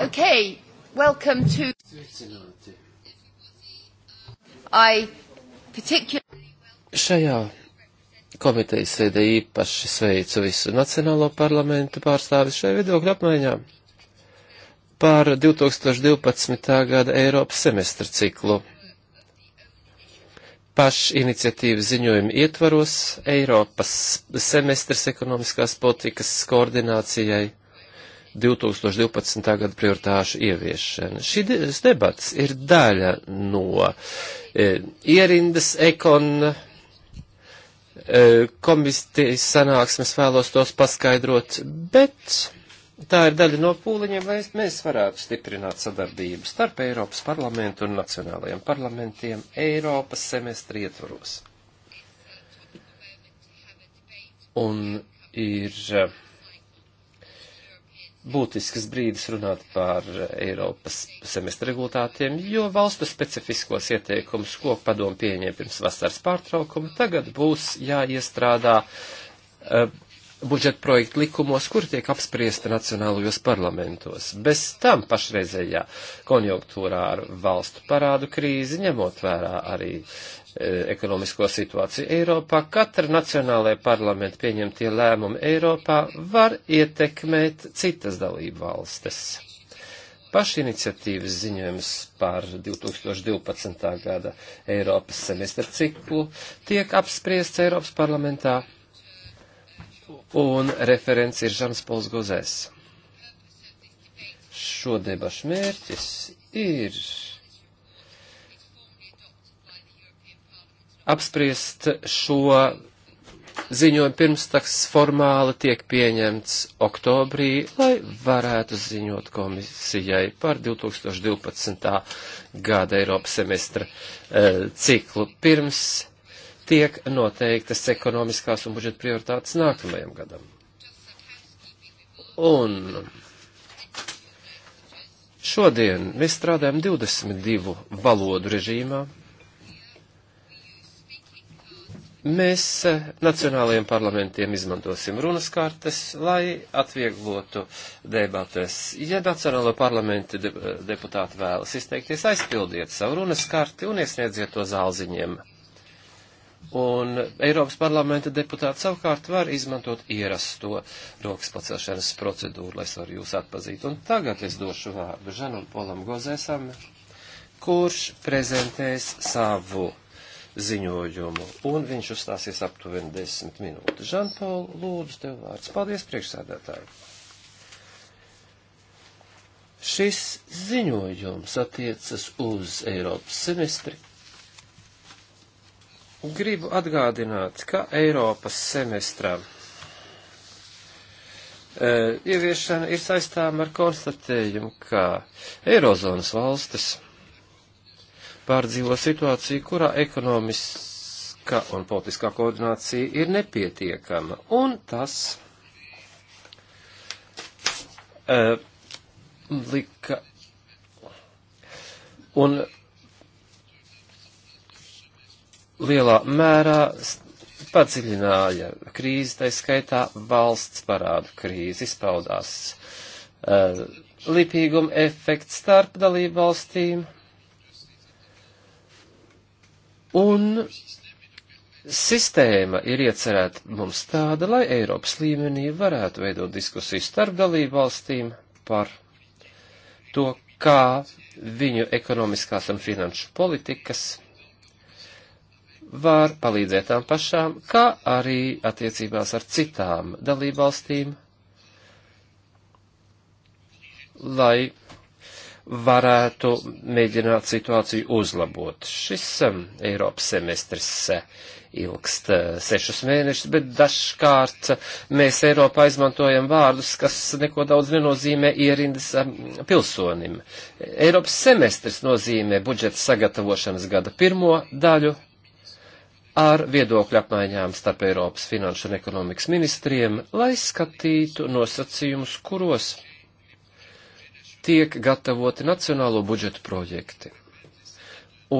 Okay, welcome to. I particularly. Šajā komitejas sēdē īpaši sveicu visu Nacionālo parlamentu pārstāvis šajā viedokļu apmaiņā par 2012. gada Eiropas semestra ciklu pašiniciatīvas ziņojuma ietvaros Eiropas semestris ekonomiskās politikas koordinācijai 2012. gada prioritāšu ieviešana. Šīs debats ir daļa no e, ierindas ekon e, komitejas sanāksmes, vēlos tos paskaidrot, bet Tā ir daļa no pūliņiem, lai mēs varētu stiprināt sadarbību starp Eiropas parlamentu un nacionālajiem parlamentiem Eiropas semestri ietvaros. Un ir eh, būtisks brīdis runāt par Eiropas semestra regulātiem, jo valstu specifiskos ieteikumus, ko padomu pieņēma pirms vasaras pārtraukuma, tagad būs jāiestrādā uh, budžeta projektu likumos, kur tiek apspriesta nacionālajos parlamentos. Bez tam pašreizējā konjunktūrā ar valstu parādu krīzi, ņemot vērā arī e, ekonomisko situāciju Eiropā, katra nacionālajā parlamenta pieņemtie lēmumi Eiropā var ietekmēt citas dalību valstis. Pašiniciatīvas ziņojums par 2012. gada Eiropas semestra ciklu tiek apspriests Eiropas parlamentā un referents ir Žans Pols Gozēs. Šo debašu mērķis ir apspriest šo ziņojumu pirms taks formāli tiek pieņemts oktobrī, lai varētu ziņot komisijai par 2012. gada Eiropas semestra e, ciklu pirms tiek noteiktas ekonomiskās un budžeta prioritātes nākamajam gadam. Un šodien mēs strādājam 22 valodu režīmā. Mēs eh, nacionālajiem parlamentiem izmantosim runas kartes, lai atvieglotu debates. Ja nacionālo parlamentu deputāti vēlas izteikties, aizpildiet savu runas karti un iesniedziet to zālziņiem. Un Eiropas parlamenta deputāti savukārt var izmantot ierasto rokas pacelšanas procedūru, lai es varu jūs atpazīt. Un tagad es došu vārdu Žanul Polam Gozēsam, kurš prezentēs savu ziņojumu, un viņš uzstāsies aptuveni desmit minūtes. Žanpol, lūdzu, tev vārds. Paldies, priekšsēdētāji. Šis ziņojums attiecas uz Eiropas semestri Gribu atgādināt, ka Eiropas semestrā e, ieviešana ir saistām ar konstatējumu, ka Eirozonas valstis pārdzīvo situāciju, kurā ekonomiskā un politiskā koordinācija ir nepietiekama, un tas uh, lika. Un lielā mērā padziļināja krīzi, tai skaitā valsts parādu krīzi, izpaudās uh, lipīguma efekts starp dalību valstīm. Un sistēma ir iecerēta mums tāda, lai Eiropas līmenī varētu veidot diskusiju starp dalību valstīm par to, kā viņu ekonomiskās un finanšu politikas var palīdzēt tām pašām, kā arī attiecībās ar citām dalībvalstīm, lai varētu mēģināt situāciju uzlabot. Šis um, Eiropas semestris uh, ilgst uh, sešus mēnešus, bet dažkārt mēs Eiropā izmantojam vārdus, kas neko daudz nenozīmē ierindas um, pilsonim. Eiropas semestris nozīmē budžeta sagatavošanas gada pirmo daļu, ar viedokļu apmaiņām starp Eiropas finanšu un ekonomikas ministriem, lai skatītu nosacījumus, kuros tiek gatavoti nacionālo budžetu projekti.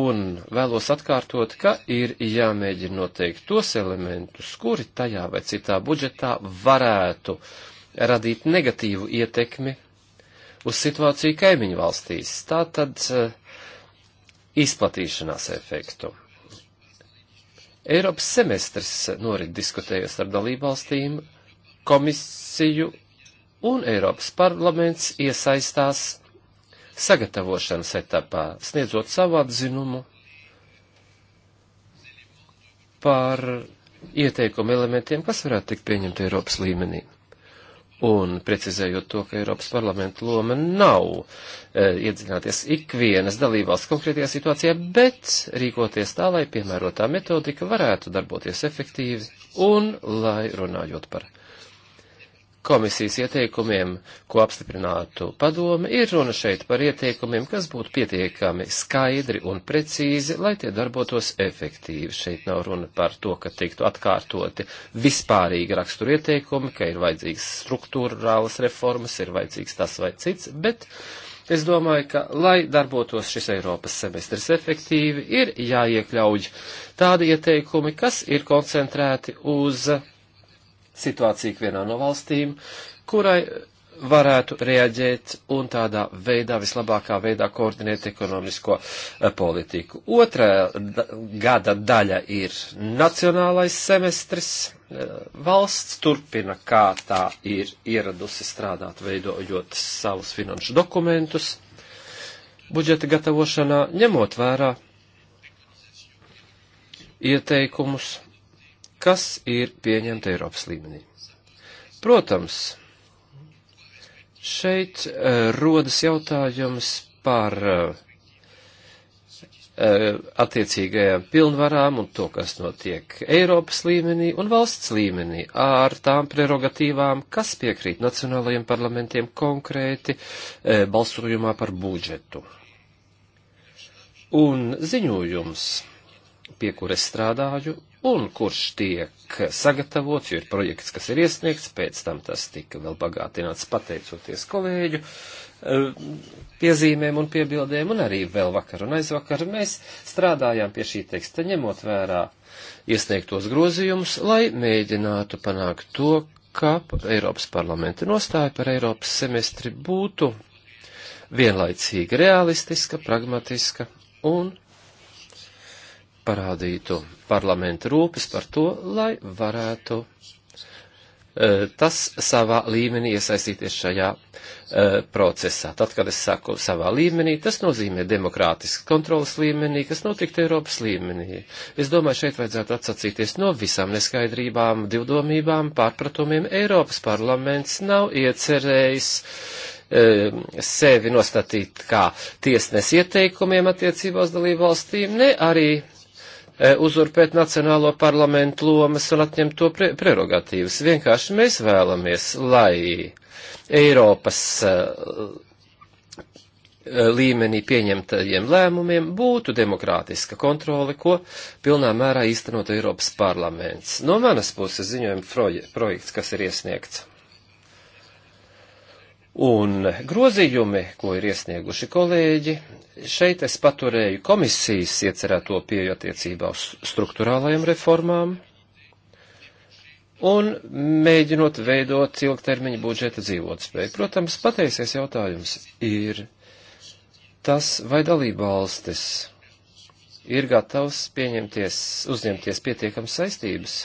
Un vēlos atkārtot, ka ir jāmēģina noteikt tos elementus, kuri tajā vai citā budžetā varētu radīt negatīvu ietekmi uz situāciju kaimiņu valstīs, tātad eh, izplatīšanās efektu. Eiropas semestris norit diskutējot starp dalībvalstīm, komisiju un Eiropas parlaments iesaistās sagatavošanas etapā, sniedzot savu atzinumu par ieteikumu elementiem, kas varētu tikt pieņemti Eiropas līmenī un precizējot to, ka Eiropas parlamenta loma nav e, iedzināties ikvienas dalībvalsts konkrētajā situācijā, bet rīkoties tā, lai piemērotā metodika varētu darboties efektīvi un lai runājot par komisijas ieteikumiem, ko apstiprinātu padome, ir runa šeit par ieteikumiem, kas būtu pietiekami skaidri un precīzi, lai tie darbotos efektīvi. Šeit nav runa par to, ka tiktu atkārtoti vispārīgi rakstur ieteikumi, ka ir vajadzīgs struktūrālas reformas, ir vajadzīgs tas vai cits, bet es domāju, ka, lai darbotos šis Eiropas semestris efektīvi, ir jāiekļauj tādi ieteikumi, kas ir koncentrēti uz situācija ikvienā no valstīm, kurai varētu reaģēt un tādā veidā, vislabākā veidā koordinēt ekonomisko eh, politiku. Otrā gada daļa ir nacionālais semestris. Eh, valsts turpina, kā tā ir ieradusi strādāt, veidojot savus finanšu dokumentus, budžeta gatavošanā, ņemot vērā ieteikumus kas ir pieņemta Eiropas līmenī. Protams, šeit uh, rodas jautājums par uh, attiecīgajām pilnvarām un to, kas notiek Eiropas līmenī un valsts līmenī ar tām prerogatīvām, kas piekrīt nacionālajiem parlamentiem konkrēti e, balsojumā par budžetu. Un ziņojums, pie kura es strādāju, un kurš tiek sagatavots, jo ir projekts, kas ir iesniegts, pēc tam tas tika vēl bagātināts pateicoties kolēģu eh, piezīmēm un piebildēm, un arī vēl vakar un aizvakar mēs strādājām pie šī teksta, ņemot vērā iesniegtos grozījumus, lai mēģinātu panākt to, ka Eiropas parlamenta nostāja par Eiropas semestri būtu vienlaicīgi realistiska, pragmatiska un parādītu parlamenta rūpes par to, lai varētu e, tas savā līmenī iesaistīties šajā uh, procesā. Tad, kad es saku savā līmenī, tas nozīmē demokrātiskas kontrolas līmenī, kas notikt Eiropas līmenī. Es domāju, šeit vajadzētu atsacīties no visām neskaidrībām, divdomībām, pārpratumiem. Eiropas parlaments nav iecerējis uh, sevi nostatīt kā tiesnes ieteikumiem attiecībās dalību valstīm, ne arī Eh, uzurpēt nacionālo parlamentu lomas un atņemt to pre prerogatīvas. Vienkārši mēs vēlamies, lai Eiropas eh, eh, līmenī pieņemtajiem lēmumiem būtu demokrātiska kontrole, ko pilnā mērā īstenot Eiropas parlaments. No manas puses ziņojuma projekts, kas ir iesniegts. Un grozījumi, ko ir iesnieguši kolēģi, šeit es paturēju komisijas iecerēto pieeju attiecībā uz struktūrālajām reformām un mēģinot veidot ilgtermiņa budžeta dzīvotspēju. Protams, pateicies jautājums ir tas, vai dalībvalstis ir gatavs pieņemties, uzņemties pietiekams saistības,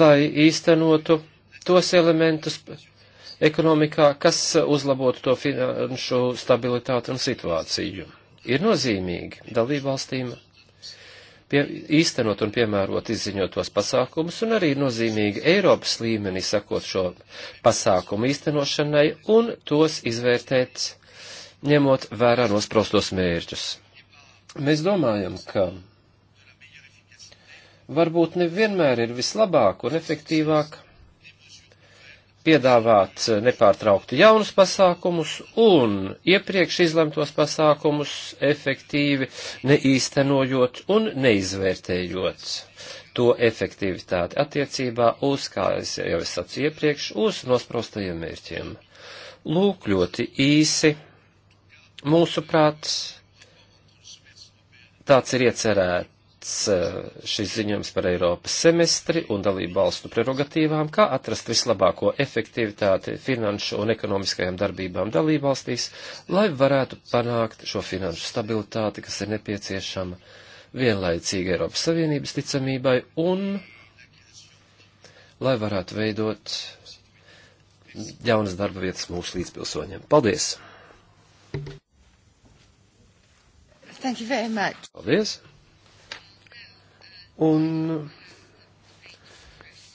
lai īstenotu tos elementus ekonomikā, kas uzlabotu to finanšu stabilitāti un situāciju. Ir nozīmīgi dalībvalstīm pie, īstenot un piemērot izziņotos pasākumus, un arī nozīmīgi Eiropas līmenī sakot šo pasākumu īstenošanai un tos izvērtēt, ņemot vērā nosprostos mērķus. Mēs domājam, ka varbūt nevienmēr ir vislabāk un efektīvāk piedāvāt eh, nepārtraukti jaunus pasākumus un iepriekš izlemtos pasākumus efektīvi neīstenojot un neizvērtējot to efektivitāti attiecībā uz, kā es jau es sacīju iepriekš, uz nosprostajiem mērķiem. Lūk, ļoti īsi, mūsuprāt, tāds ir iecerēts paredzēts eh, šis ziņojums par Eiropas semestri un dalību valstu prerogatīvām, kā atrast vislabāko efektivitāti finanšu un ekonomiskajām darbībām dalību valstīs, lai varētu panākt šo finanšu stabilitāti, kas ir nepieciešama vienlaicīgi Eiropas Savienības ticamībai un lai varētu veidot jaunas darba vietas mūsu līdzpilsoņiem. Paldies! Thank you very much. Paldies! Un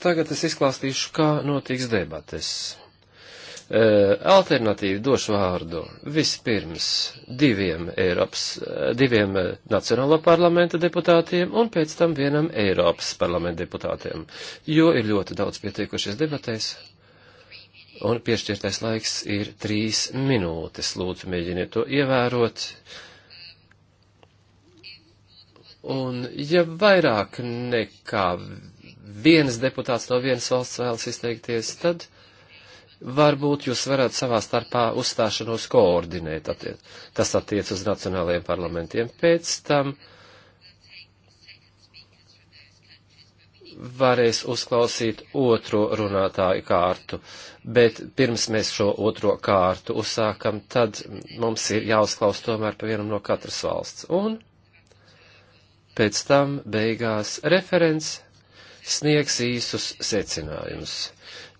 tagad es izklāstīšu, kā notiks debates. E, alternatīvi došu vārdu vispirms diviem, Eiropas, diviem Nacionālo parlamenta deputātiem un pēc tam vienam Eiropas parlamenta deputātiem, jo ir ļoti daudz pietiekušies debatēs. Un piešķirtais laiks ir trīs minūtes. Lūdzu, mēģiniet to ievērot. Uh, Un ja vairāk nekā viens deputāts no vienas valsts vēlas izteikties, tad varbūt jūs varat savā starpā uzstāšanos koordinēt. Attiec. Tas attiec uz nacionālajiem parlamentiem. Pēc tam varēs uzklausīt otro runātāju kārtu, bet pirms mēs šo otro kārtu uzsākam, tad mums ir jāuzklaus tomēr pa vienam no katras valsts. Un pēc tam beigās referents sniegs īsus secinājumus.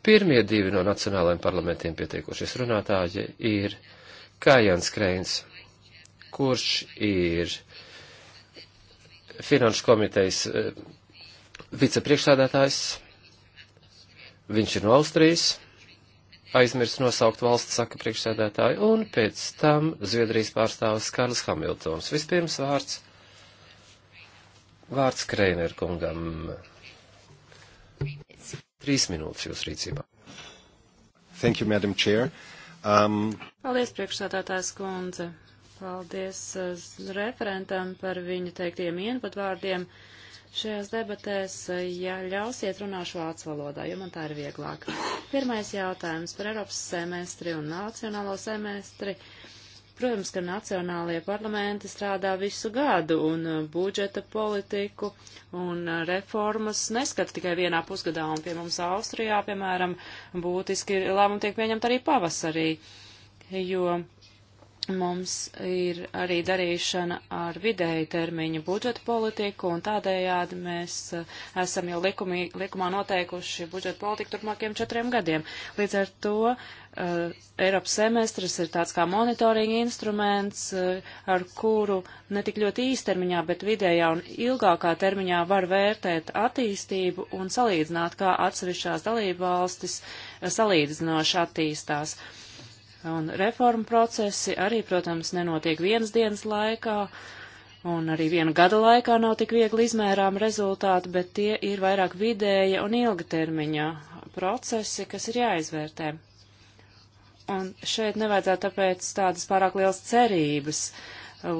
Pirmie divi no nacionālajiem parlamentiem pietiekošies runātāji ir Kājans Kreins, kurš ir Finanšu komitejas eh, vicepriekšsādātājs. Viņš ir no Austrijas, aizmirst nosaukt valsts, saka priekšsēdētāji, un pēc tam Zviedrijas pārstāvis Karls Hamiltons. Vispirms vārds Vārds Kreiner kungam. Trīs minūtes jūs rīcībā. Thank you, Madam Chair. Um... Paldies, priekšsādātājs kundze. Paldies uh, referentam par viņu teiktiem ienputvārdiem. Šajās debatēs, uh, ja ļausiet, runāšu vācu valodā, jo man tā ir vieglāk. Pirmais jautājums par Eiropas semestri un nacionālo semestri. Uh, Protams, ka nacionālajie parlamenti strādā visu gadu un uh, budžeta politiku un uh, reformas neskat tikai vienā pusgadā, un pie mums Austrijā, piemēram, būtiski lēmumi tiek pieņemti arī pavasarī, jo mums ir arī darīšana ar vidēju termiņu budžeta politiku, un tādējādi mēs eh, esam jau likumī, likumā noteikuši budžeta politiku turpmākiem četriem gadiem. Līdz ar to Uh, Eiropas semestris ir tāds kā monitoringa instruments, uh, ar kuru ne tik ļoti īstermiņā, bet vidējā un ilgākā termiņā var vērtēt attīstību un salīdzināt, kā atsevišķās dalību valstis uh, salīdzinoši attīstās. Uh, Un reforma procesi arī, protams, nenotiek vienas dienas laikā, un arī viena gada laikā nav tik viegli izmērām rezultāti, bet tie ir vairāk vidēja un ilgtermiņa procesi, kas ir jāizvērtē. Un šeit nevajadzētu tāpēc tādas pārāk liels cerības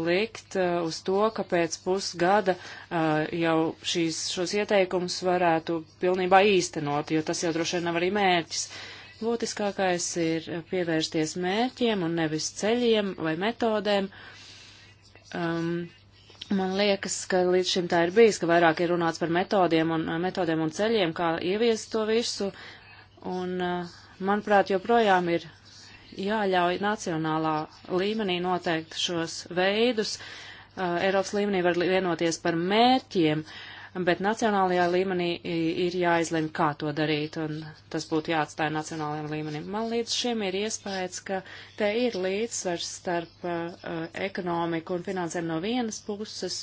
likt uh, uz to, ka pēc pusgada uh, jau šīs, šos ieteikumus varētu pilnībā īstenot, jo tas jau droši vien nav arī mērķis. Uh, Būtiskākais ir pievērsties mērķiem un nevis ceļiem vai metodēm. Um, Man liekas, ka līdz šim tā ir bijis, ka vairāk ir runāts par metodiem un, metodiem un ceļiem, kā ieviest to visu. Un, uh, manuprāt, joprojām ir jāļauj nacionālā līmenī noteikt šos veidus. Uh, Eiropas līmenī var vienoties par mērķiem, uh, bet nacionālajā līmenī ir jāizlemj, kā to darīt, un tas būtu jāatstāja nacionālajiem līmenim. Man līdz šim ir iespējas, ka te ir līdzsvars starp uh, ekonomiku un finansēm no vienas puses,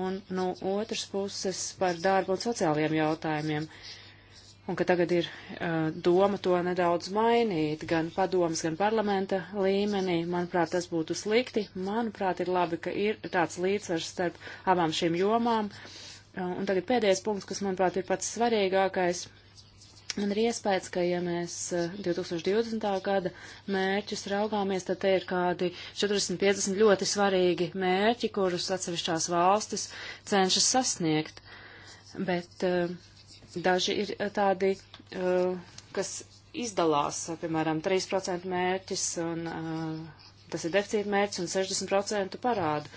un no otras puses par darbu un sociālajiem jautājumiem. Uh, un ka tagad ir uh, doma to nedaudz mainīt, gan padomas, gan parlamenta līmenī. Manuprāt, tas būtu slikti. Manuprāt, ir labi, ka ir tāds līdzsvars starp abām šīm jomām, Uh, un tagad pēdējais punkts, kas, manuprāt, ir pats svarīgākais. Man ir iespējas, ka, ja mēs 2020. Uh, gada mērķus raugāmies, tad te ir kādi 40-50 ļoti svarīgi mērķi, kurus atsevišķās valstis cenšas sasniegt. Bet uh, daži ir uh, tādi, uh, kas izdalās, piemēram, 3% mērķis un uh, Tas ir deficīta mērķis un 60% parādu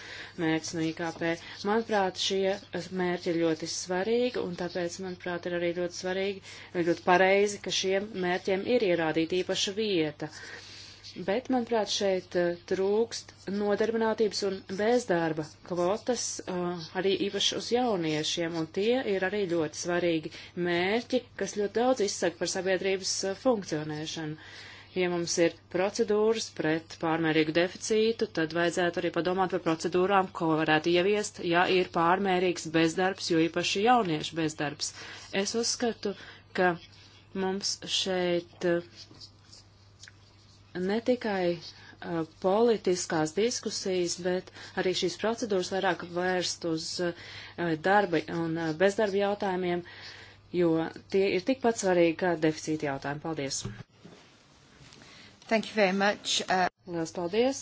mērķis no IKP. Manuprāt, šie eh, mērķi ir ļoti svarīgi, un tāpēc, manuprāt, ir arī ļoti svarīgi, ļoti pareizi, ka šiem mērķiem ir ierādīta īpaša vieta. Bet, manuprāt, šeit eh, trūkst nodarbinātības un bezdarba kvotas eh, arī īpaši uz jauniešiem, un tie ir arī ļoti svarīgi mērķi, kas ļoti daudz izsaka par sabiedrības funkcionēšanu. Ja mums ir procedūras pret pārmērīgu deficītu, tad vajadzētu arī padomāt par procedūrām, ko varētu ieviest, ja ir pārmērīgs bezdarbs, jo īpaši jauniešu bezdarbs. Es uzskatu, ka mums šeit eh, ne tikai uh, politiskās diskusijas, bet arī šīs procedūras vairāk vērst uz uh, darba un uh, bezdarba jautājumiem, jo tie ir tikpat svarīgi kā deficīta jautājumi. Paldies! Thank you very much. Uh... Lielas paldies.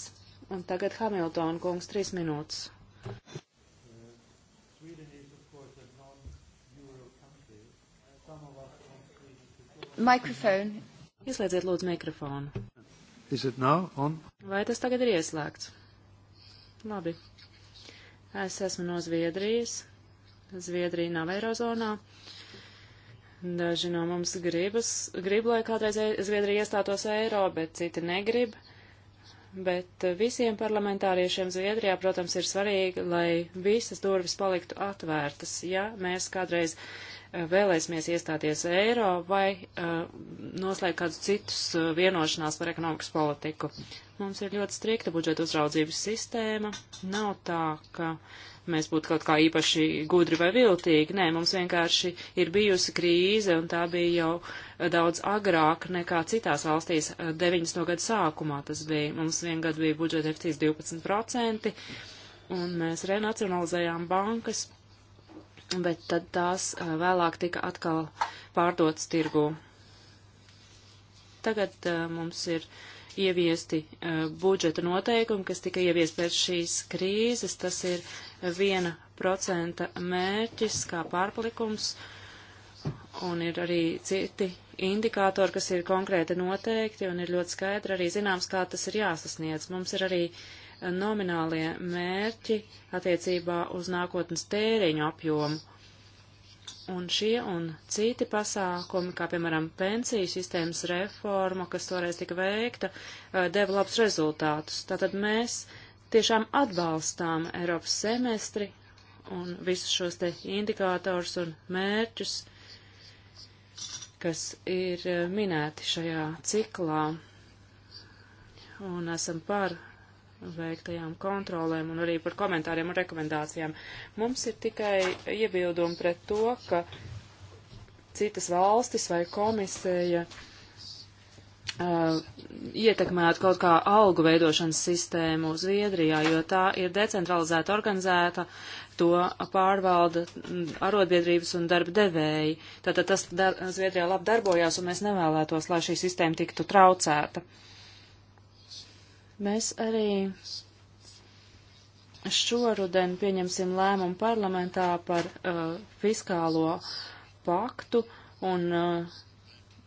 Un tagad Hamiltona kungs trīs minūtes. Mikrofonu. Ieslēdziet lūdzu mikrofonu. Vai tas tagad ir ieslēgts? Labi. Es esmu no Zviedrijas. Zviedrija nav Eirozonā. Uh, Daži no mums gribas, grib, lai kādreiz e- Zviedrija iestātos eiro, bet citi negrib. Bet visiem parlamentāriešiem Zviedrijā, protams, ir svarīgi, lai visas durvis paliktu atvērtas, ja mēs kādreiz e, vēlēsimies iestāties eiro vai uh, noslēgt kādus citus vienošanās par ekonomikas politiku. Mums ir ļoti strikta budžeta uzraudzības sistēma. Nav tā, ka uh, mēs būtu kaut kā īpaši gudri vai viltīgi. Nē, mums vienkārši ir bijusi krīze, un tā bija jau eh, daudz agrāk nekā citās valstīs. 90. Eh, gada sākumā tas bija. Mums vien gadu bija budžeta deficīts 12%, un mēs renacionalizējām bankas, bet tad tās eh, vēlāk tika atkal pārdotas tirgū. Tagad uh, mums ir uh, ieviesti uh, budžeta noteikumi, kas tika ieviest pēc šīs krīzes. Tas ir viena procenta mērķis kā pārpalikums, un ir arī citi indikātori, kas ir konkrēti noteikti, un ir ļoti skaidri arī zināms, kā tas ir jāsasniedz. Mums ir arī eh, nominālie mērķi attiecībā uz nākotnes tēriņu apjomu Un šie un citi pasākumi, kā piemēram pensiju sistēmas reforma, kas toreiz tika veikta, eh, deva labs rezultātus. Tātad mēs tiešām atbalstām Eiropas semestri un visus šos te indikātors un mērķus, kas ir eh, minēti šajā ciklā. Un esam par veiktajām kontrolēm un arī par komentāriem un rekomendācijām. Mums ir tikai iebildumi pret to, ka citas valstis vai komisija uh, ietekmētu kaut kā algu veidošanas sistēmu Zviedrijā, jo tā ir decentralizēta organizēta, to pārvalda arotbiedrības un darba devēji. Tātad tas dar Zviedrijā labi darbojās, un mēs nevēlētos, lai šī sistēma tiktu traucēta. Uh, Mēs arī šoruden pieņemsim lēmumu parlamentā par uh, fiskālo paktu un uh,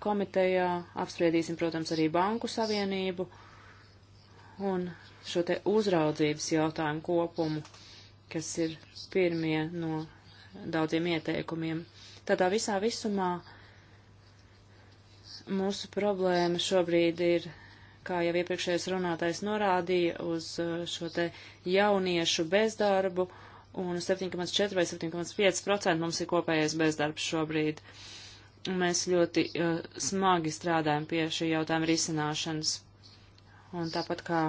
komitejā apspriedīsim, protams, arī banku savienību un šo te uzraudzības jautājumu kopumu, kas ir pirmie no daudziem ieteikumiem. Tādā visā visumā mūsu problēma šobrīd ir kā jau iepriekšējais runātais norādīja, uz uh, šo te jauniešu bezdarbu, un 7,4 vai 7,5% mums ir kopējais bezdarbs šobrīd. Mēs ļoti uh, smagi strādājam pie šī jautājuma risināšanas. Un tāpat kā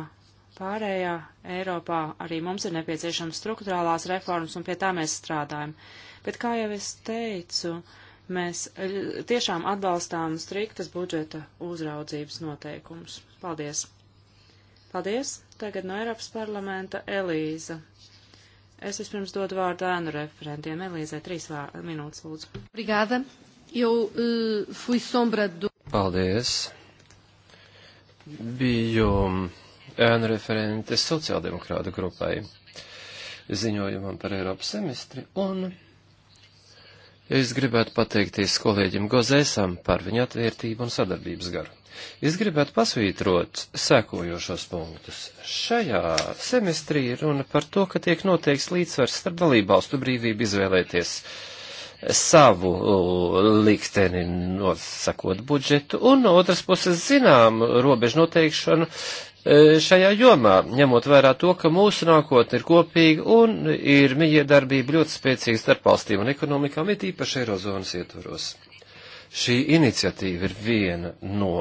pārējā Eiropā, arī mums ir nepieciešams struktūrālās reformas, un pie tā mēs strādājam. Bet, kā jau es teicu, uh, Mēs eh, tiešām atbalstām striktas budžeta uzraudzības noteikumus. Paldies! Paldies! Tagad no Eiropas parlamenta Elīza. Es vispirms dodu vārdu ēnu referentiem. Elīzai, trīs vār, minūtes lūdzu. Brigāda, jau uh, eh, fui sombra do... Paldies. Biju mm, ēnu referente sociāldemokrāta grupai ziņojumam par Eiropas semestri un Es gribētu pateikties kolēģim Gozēsam par viņa atvērtību un sadarbības garu. Es gribētu pasvītrot sekojošos punktus. Šajā semestrī runa par to, ka tiek noteikts līdzsvars starp dalībvalstu brīvību izvēlēties savu uh, likteni nosakot budžetu, un no otras puses zinām robežu noteikšanu Eh, šajā jomā, ņemot vērā to, ka mūsu nākotne ir kopīga un ir mijiedarbība ļoti spēcīga starp valstīm un ekonomikām, it īpaši Eirozonas ietvaros. Šī iniciatīva ir viena no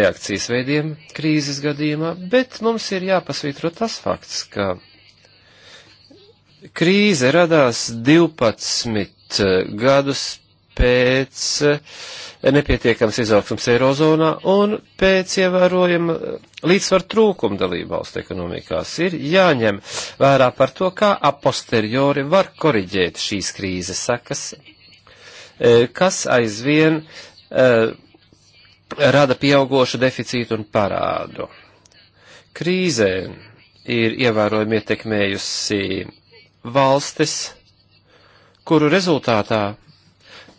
reakcijas veidiem krīzes gadījumā, bet mums ir jāpasvītro tas fakts, ka krīze radās 12 eh, gadus pēc eh, nepietiekams izaugsmas Eirozonā un pēc ievērojama eh, līdzsvar trūkuma dalību valstu ekonomikās ir jāņem vērā par to, kā a posteriori var koriģēt šīs krīzes sekas, eh, kas aizvien rada pieaugošu deficītu un parādu. Krīzē ir ievērojami ietekmējusi valstis, kuru rezultātā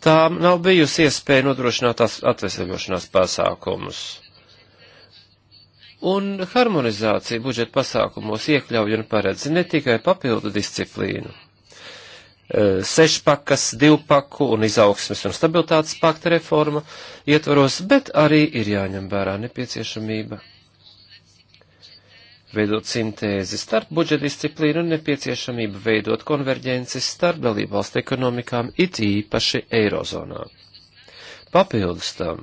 tām nav bijusi iespēja nodrošināt atvesaļošanās pasākumus. Un harmonizācija budžeta pasākumos iekļauj un paredz ne tikai papildu disciplīnu, e, sešpakas, divpaku un izaugsmes un stabilitātes pakta reforma ietvaros, bet arī ir jāņem vērā nepieciešamība veidot sintēzi starp budžeta disciplīnu un nepieciešamību veidot konverģenci starp dalībvalstu ekonomikām, it īpaši Eirozonā. Papildus tam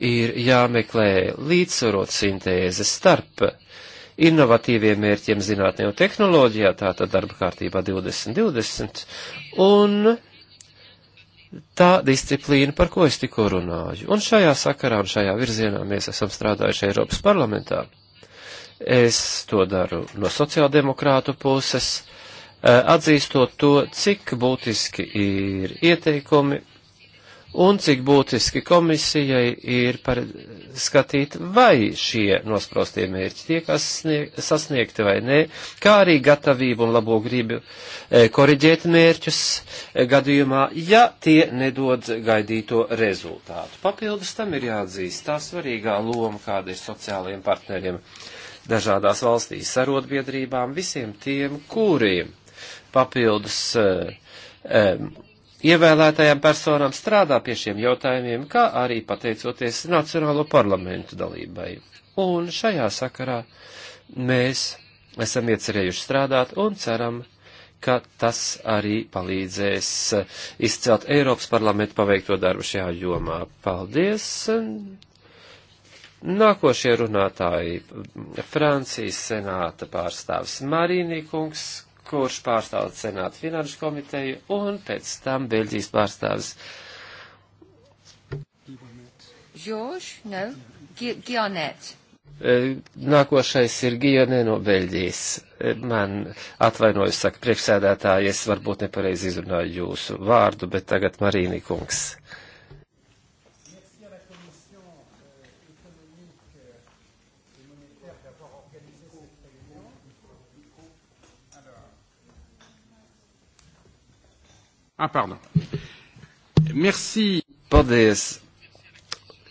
ir jāmeklē līdzsvarot sintēze starp innovatīviem mērķiem zinātnē un tehnoloģijā, tātad darba kārtībā 2020, un tā disciplīna, par ko es tikko runāju. Un šajā sakarā un šajā virzienā mēs esam strādājuši Eiropas parlamentā. Es to daru no sociāldemokrātu puses, eh, atzīstot to, cik būtiski ir ieteikumi un cik būtiski komisijai ir par skatīt, vai šie nosprostie mērķi tiek sasniegti vai nē, kā arī gatavību un labo gribu eh, koriģēt mērķus eh, gadījumā, ja tie nedod gaidīto rezultātu. Papildus tam ir jāatzīst tā svarīgā loma, kāda ir sociālajiem partneriem dažādās valstīs arotbiedrībām, visiem tiem, kuriem papildus uh, um, ievēlētajām personām strādā pie šiem jautājumiem, kā arī pateicoties Nacionālo parlamentu dalībai. Un šajā sakarā mēs esam iecerējuši strādāt un ceram, ka tas arī palīdzēs eh, izcelt Eiropas parlamentu paveikto darbu šajā jomā. Paldies! Nākošie runātāji - Francijas senāta pārstāvis Marīnīkungs, kurš pārstāv senāta finanšu komiteju, un pēc tam Beļģijas pārstāvis. Žorž, no, Gionets. E, nākošais ir Gionē no Beļģijas. E, man atvainojas, saka priekšsēdētāji, es varbūt nepareizi izrunāju jūsu vārdu, bet tagad Marīni kungs. Ah, pardon. Merci. Paldies.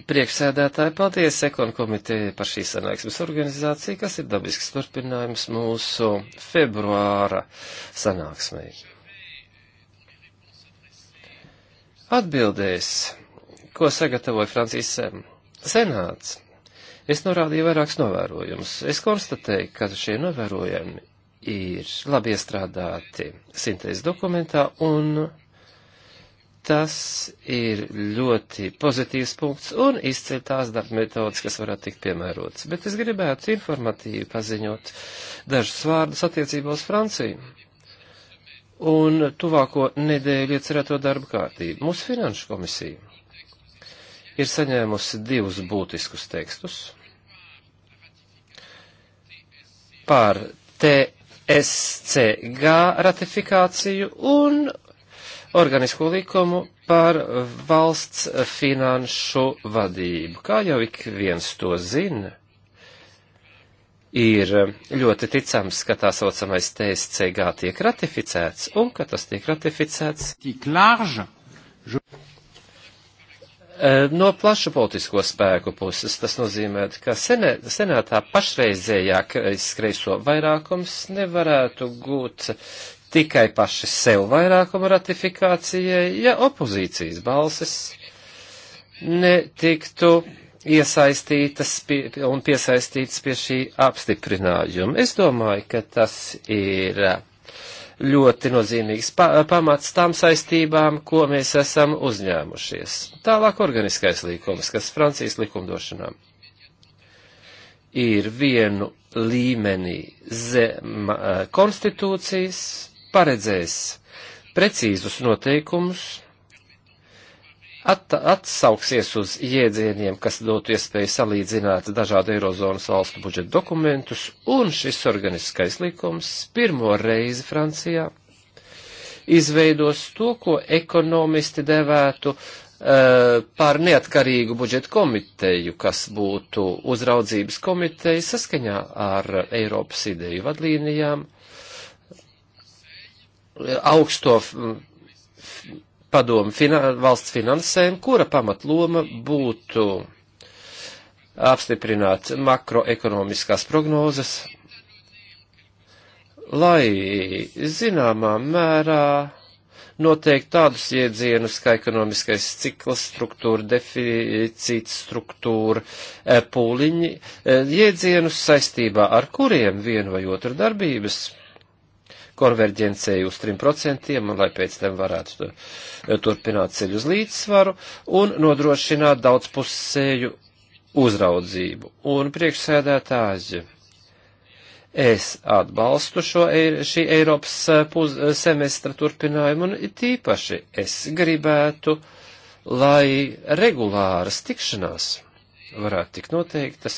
Priekšsēdētāji, paldies Ekonu komiteja par šīs sanāksmes organizāciju, kas ir dabisks turpinājums mūsu februāra sanāksmei. Atbildēs, ko sagatavoja Francijas senāts, es norādīju vairākus novērojumus. Es konstatēju, ka šie novērojumi ir labi iestrādāti sintēzes dokumentā, un tas ir ļoti pozitīvs punkts un izceļ tās darba metodas, kas varētu tikt piemērotas. Bet es gribētu informatīvi paziņot dažus vārdus attiecībā uz Franciju un tuvāko nedēļu iecerēto darba kārtību. Mūsu finanšu komisija ir saņēmusi divus būtiskus tekstus par T SCG ratifikāciju un organisko likumu par valsts finanšu vadību. Kā jau ik viens to zina, ir ļoti ticams, ka tā saucamais TSCG tiek ratificēts un ka tas tiek ratificēts. Tik large, je... Eh, no plašu politisko spēku puses tas nozīmē, ka senē, senātā pašreizējā kreiso vairākums nevarētu gūt tikai paši sev vairākumu ratifikācijai, ja opozīcijas balses netiktu iesaistītas pie, un piesaistītas pie šī apstiprinājuma. Es domāju, ka tas ir ļoti nozīmīgs pa pamats tām saistībām, ko mēs esam uzņēmušies. Tālāk organiskais līkums, kas Francijas likumdošanām ir vienu līmenī zem eh, konstitūcijas, paredzēs precīzus noteikumus, at, atsauksies uz jēdzieniem, kas dotu iespēju salīdzināt dažādu Eirozonas valstu budžeta dokumentus, un šis organiskais likums pirmo reizi Francijā izveidos to, ko ekonomisti devētu uh, par neatkarīgu budžeta komiteju, kas būtu uzraudzības komiteja saskaņā ar Eiropas ideju vadlīnijām, augsto padomu finan valsts finansēm, kura pamatloma būtu apstiprināt makroekonomiskās prognozes, lai zināmā mērā noteikt tādus iedzienus kā ekonomiskais cikls, struktūra, deficīts, struktūra, e, pūliņi, e, iedzienus saistībā ar kuriem vienu vai otru darbības konverģencei uz 3% un lai pēc tam varētu to, eh, turpināt ceļu uz līdzsvaru un nodrošināt daudzpusēju uzraudzību. Un priekšsēdētāji, es atbalstu šo, e, šī Eiropas eh, puz, eh, semestra turpinājumu un tīpaši es gribētu, lai regulāras tikšanās varētu tikt noteiktas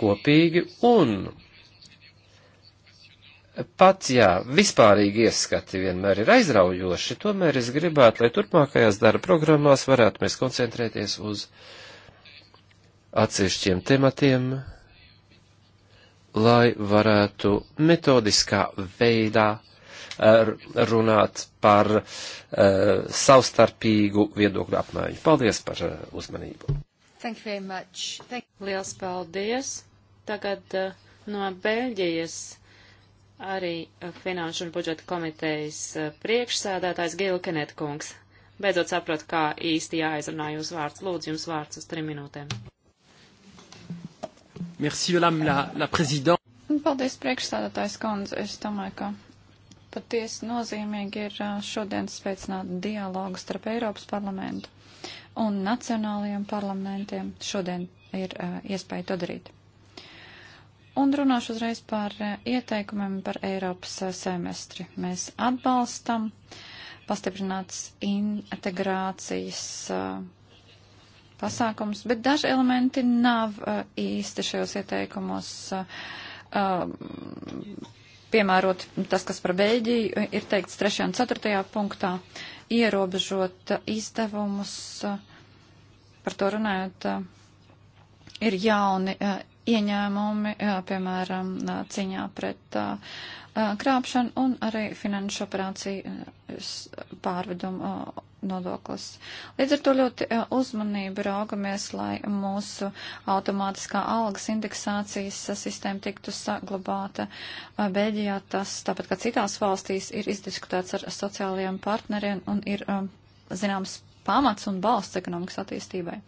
kopīgi un Pat jā, vispārīgi ieskati vienmēr ir aizraujoši, tomēr es gribētu, lai turpmākajās darba programmās varētu mēs koncentrēties uz atsevišķiem tematiem, lai varētu metodiskā veidā eh, runāt par uh, savstarpīgu viedokļu apmaiņu. Paldies par uh, uzmanību. Thank you very much. Thank you. Liels paldies. Tagad uh, no Beļģijas arī eh, Finanšu un budžeta komitejas eh, priekšsēdētājs Gila Kenetkungs. Beidzot saprot, kā īsti jāizrunā jūs vārds. Lūdzu, jums vārds uz trim minūtēm. Merci, madame la, la présidente. Paldies, priekšsēdētājs Kondze. Es domāju, ka patiesi nozīmīgi ir eh, šodien spēcināt dialogu starp Eiropas parlamentu un nacionālajiem parlamentiem. Šodien ir uh, iespēja to darīt. Un runāšu uzreiz par eh, ieteikumiem par Eiropas eh, semestri. Mēs atbalstam pastiprinātas integrācijas eh, pasākums, bet daži elementi nav īsti šajos ieteikumos piemērot tas, kas par Beļģiju ir teikts 3. un 4. punktā, ierobežot izdevumus, par to runājot, ir jauni ieņēmumi, piemēram, cīņā pret krāpšanu un arī finanšu operāciju pārvedumu nodoklis. Līdz ar to ļoti uzmanību raugamies, lai mūsu automātiskā algas indeksācijas sistēma tiktu saglabāta. Beļģijā tas, tāpat kā citās valstīs, ir izdiskutēts ar sociālajiem partneriem un ir zināms pamats un balsts ekonomikas attīstībai.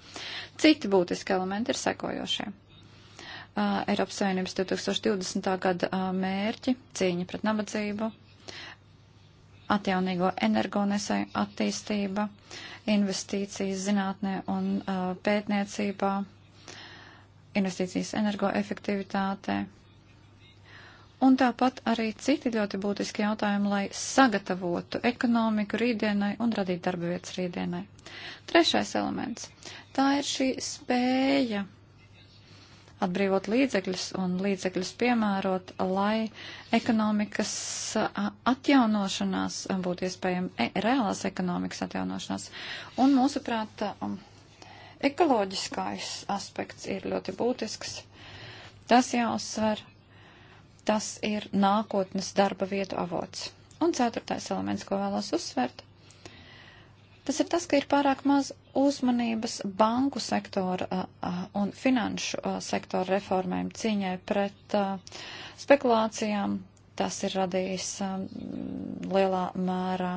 Citi būtiski elementi ir sekojošie uh, Eiropas Savienības 2020. gada uh, mērķi - cīņa pret nabadzību, atjaunīgo energonesēju attīstība, investīcijas zinātnē un uh, pētniecībā, investīcijas energoefektivitātē. Un tāpat arī citi ļoti būtiski jautājumi, lai sagatavotu ekonomiku rītdienai un radītu darba vietas rītdienai. Trešais elements. Tā ir šī spēja atbrīvot līdzekļus un līdzekļus piemērot, lai ekonomikas atjaunošanās būtu iespējama, e reālās ekonomikas atjaunošanās. Un mūsuprāt, um, ekoloģiskais aspekts ir ļoti būtisks. Tas jāuzsver, tas ir nākotnes darba vietu avots. Un ceturtais elements, ko vēlos uzsvert, Tas ir tas, ka ir pārāk maz uzmanības banku sektora un finanšu sektora reformēm cīņai pret spekulācijām. Tas ir radījis lielā mērā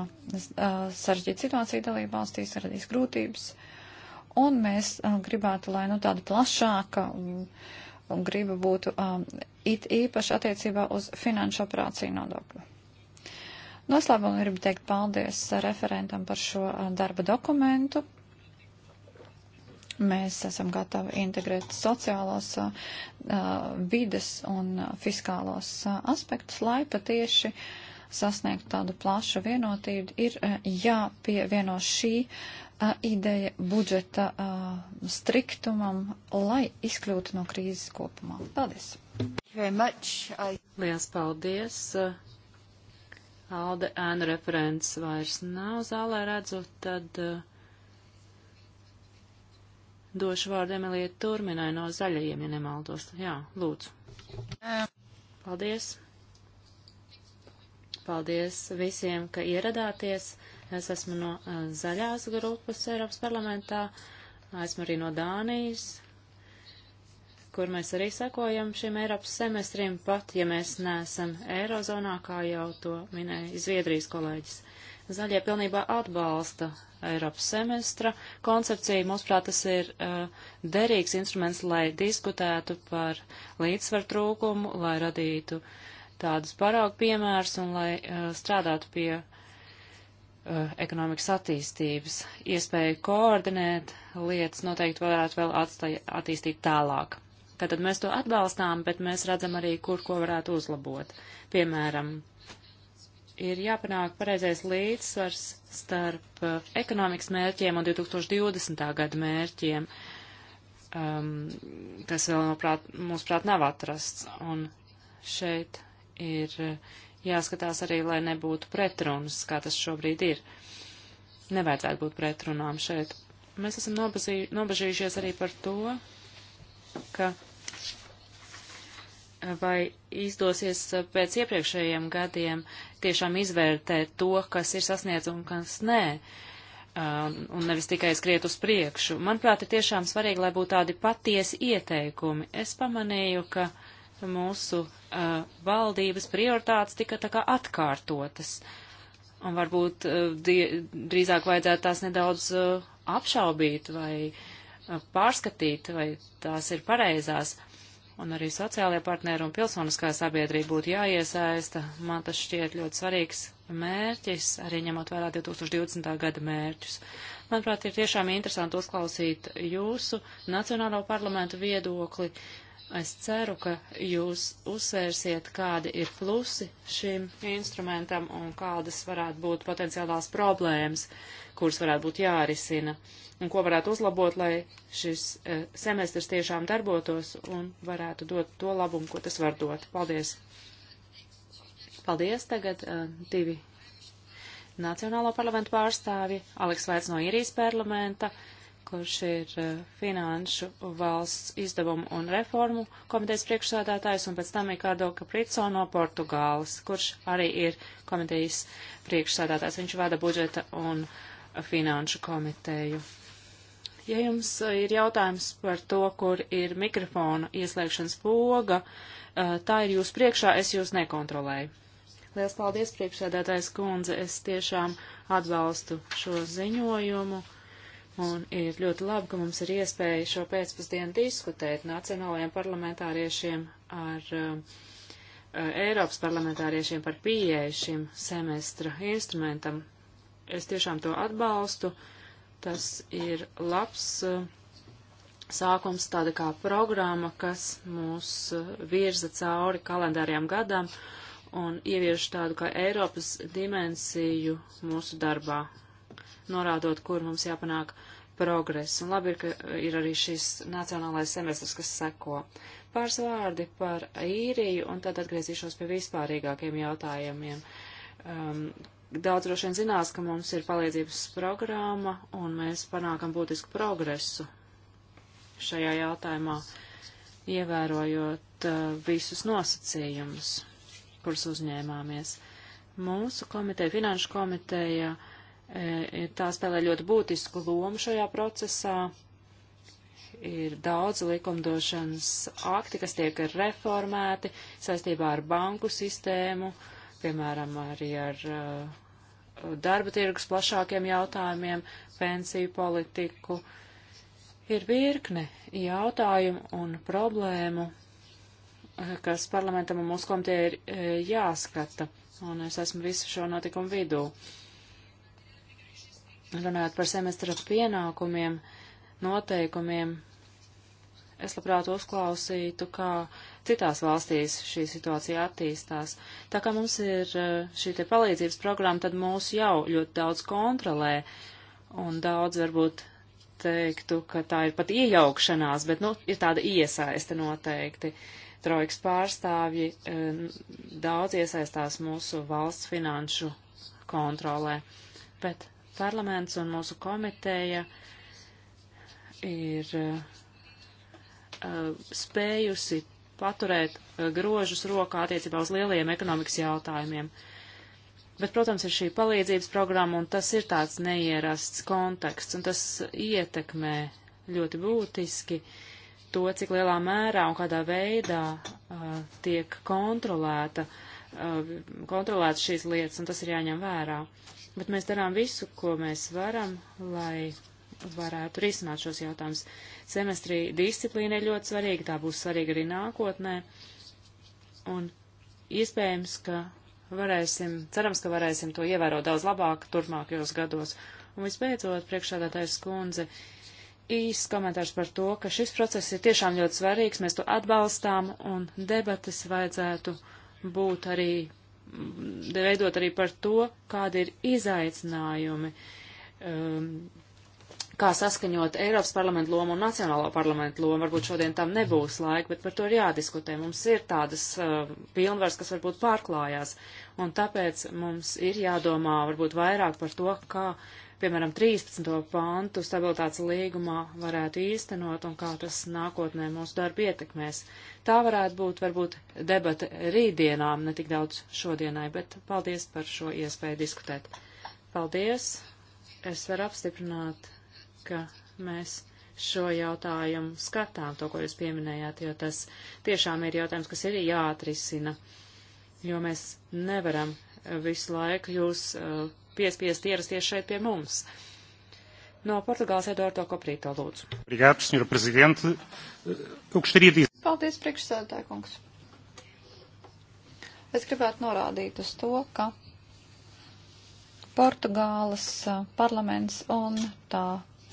sarežģītu situāciju dalību valstīs, radījis grūtības. Un mēs gribētu, lai nu tāda plašāka griba būtu it īpaši attiecībā uz finanšu operāciju nodokļu. Noslēgumā gribu teikt paldies referentam par šo darba dokumentu. Mēs esam gatavi integrēt sociālos, vides un fiskālos aspektus, lai patieši sasniegtu tādu plašu vienotību. Ir jāpievieno šī ideja budžeta striktumam, lai izkļūtu no krīzes kopumā. Paldies! I... Lielas paldies! Alde ēnu referents vairs nav zālē redzu, tad uh, došu vārdu Emilija Turminai no zaļajiem, ja nemaldos. Jā, lūdzu. Paldies. Paldies visiem, ka ieradāties. Es esmu no uh, zaļās grupas Eiropas parlamentā, esmu arī no Dānijas, kur mēs arī sekojam šiem Eiropas semestriem, pat ja mēs neesam Eirozonā, kā jau to minēja Zviedrijas kolēģis. Zaļie pilnībā atbalsta Eiropas semestra koncepciju. Mūsuprāt, tas ir uh, derīgs instruments, lai diskutētu par līdzsvaru trūkumu, lai radītu tādus paraugu piemērus un lai uh, strādātu pie uh, ekonomikas attīstības. Iespēja koordinēt lietas noteikti varētu vēl atstāj, attīstīt tālāk. Tātad mēs to atbalstām, bet mēs redzam arī, kur ko varētu uzlabot. Piemēram, ir jāpanāk pareizais līdzsvars starp uh, ekonomikas mērķiem un 2020. gada mērķiem, um, kas vēl, manuprāt, mūsuprāt nav atrasts. Un šeit ir uh, jāskatās arī, lai nebūtu pretrunas, kā tas šobrīd ir. Nevajadzētu būt pretrunām šeit. Mēs esam nobažījušies arī par to, ka vai izdosies eh, pēc iepriekšējiem gadiem tiešām izvērtēt to, kas ir sasniedz un kas nē, um, un nevis tikai skriet uz priekšu. Manuprāt, ir tiešām svarīgi, lai būtu tādi patiesi ieteikumi. Es pamanīju, ka mūsu eh, valdības prioritātes tika tā kā atkārtotas, un varbūt eh, drīzāk vajadzētu tās nedaudz apšaubīt vai pārskatīt, vai tās ir pareizās un arī sociālajie partneri un pilsoniskā sabiedrība būtu jāiesaista. Man tas šķiet ļoti svarīgs mērķis, arī ņemot vērā 2020. gada mērķus. Manuprāt, ir tiešām interesanti uzklausīt jūsu nacionālo parlamentu viedokli Es ceru, ka jūs uzsvērsiet, kādi ir plusi šim instrumentam un kādas varētu būt potenciālās problēmas, kuras varētu būt jārisina, un ko varētu uzlabot, lai šis e, semestrs tiešām darbotos un varētu dot to labumu, ko tas var dot. Paldies! Paldies! Tagad e, divi Nacionālo parlamentu pārstāvi, Aleks Vaits no Irijas parlamenta. Uh, kurš ir eh, finanšu valsts izdevumu un reformu komitejas priekšsādātājs, un pēc tam ir Kādo Kaprico no Portugāles, kurš arī ir komitejas priekšsādātājs. Viņš vada budžeta un finanšu komiteju. Ja jums eh, ir jautājums par to, kur ir mikrofona ieslēgšanas poga, eh, tā ir jūs priekšā, es jūs nekontrolēju. Liels paldies, priekšsēdētājs kundze, es tiešām atbalstu šo ziņojumu Un ir ļoti labi, ka mums ir iespēja šo pēcpusdienu diskutēt nacionālajiem parlamentāriešiem ar uh, Eiropas parlamentāriešiem par pieeju šim semestra instrumentam. Es tiešām to atbalstu. Tas ir labs uh, sākums, tāda kā programma, kas mūs uh, virza cauri kalendāriem gadam un ievieš tādu kā Eiropas dimensiju mūsu darbā norādot, kur mums jāpanāk progress. Un labi, ka ir arī šis nacionālais semestrs, kas seko. Pāris vārdi par īriju, un tad atgriezīšos pie vispārīgākiem jautājumiem. Um, daudz droši vien zinās, ka mums ir palīdzības programma, un mēs panākam būtisku progresu šajā jautājumā, ievērojot uh, visus nosacījumus, kurus uzņēmāmies. Mūsu komiteja, finanšu komiteja, uh, E, e, tā spēlē ļoti būtisku lomu šajā procesā. Ir daudz likumdošanas akti, kas tiek reformēti saistībā ar banku sistēmu, piemēram, arī ar e, darba tirgus plašākiem jautājumiem, pensiju politiku. Ir virkne jautājumu un problēmu, kas parlamentam un mūsu komitē ir jāskata, un es esmu visu šo notikumu vidū. Uh, runājot par semestra pienākumiem, noteikumiem, es labprāt uzklausītu, kā citās valstīs šī situācija attīstās. Tā kā mums ir eh, šī te palīdzības programma, tad mūs jau ļoti daudz kontrolē, un daudz varbūt teiktu, ka tā ir pat iejaukšanās, bet, nu, ir tāda iesaiste noteikti. Trojkas pārstāvji eh, daudz iesaistās mūsu valsts finanšu kontrolē, bet parlaments un mūsu komiteja ir uh, spējusi paturēt uh, grožus rokā attiecībā uz lielajiem ekonomikas jautājumiem. Bet, protams, ir šī palīdzības programma, un tas ir tāds neierasts konteksts, un tas ietekmē ļoti būtiski to, cik lielā mērā un kādā veidā uh, tiek kontrolēta, uh, kontrolēta šīs lietas, un tas ir jāņem vērā. Uh, bet mēs darām visu, ko mēs varam, lai varētu risināt šos jautājumus. Semestrī disciplīna ir ļoti svarīga, tā būs svarīga arī nākotnē, un iespējams, ka varēsim, cerams, ka varēsim to ievērot daudz labāk turpmākajos gados. Un visbeidzot, priekšādātais skundze, īsts komentārs par to, ka šis process ir tiešām ļoti svarīgs, mēs to atbalstām, un debatas vajadzētu būt arī veidot arī par to, kādi ir izaicinājumi, um, kā saskaņot Eiropas parlamentu lomu un Nacionālo parlamentu lomu. Varbūt šodien tam nebūs laika, bet par to ir jādiskutē. Mums ir tādas uh, pilnvaras, kas varbūt pārklājās, un tāpēc mums ir jādomā varbūt vairāk par to, kā piemēram, 13. pantu stabilitātes līgumā varētu īstenot un kā tas nākotnē mūsu darbu ietekmēs. Tā varētu būt varbūt debata rītdienām, ne tik daudz šodienai, bet paldies par šo iespēju diskutēt. Paldies! Es varu apstiprināt, ka mēs šo jautājumu skatām, to, ko jūs pieminējāt, jo tas tiešām ir jautājums, kas ir jāatrisina, jo mēs nevaram visu laiku jūs uh, piespiest ierasties šeit pie mums. No Portugāles Eduardo Koprīto lūdzu. Obrigado, senhora prezidente. Eu gostaria de... Paldies, priekšsēdētāj, kungs. Es gribētu norādīt uz to, ka Portugāles parlaments un tā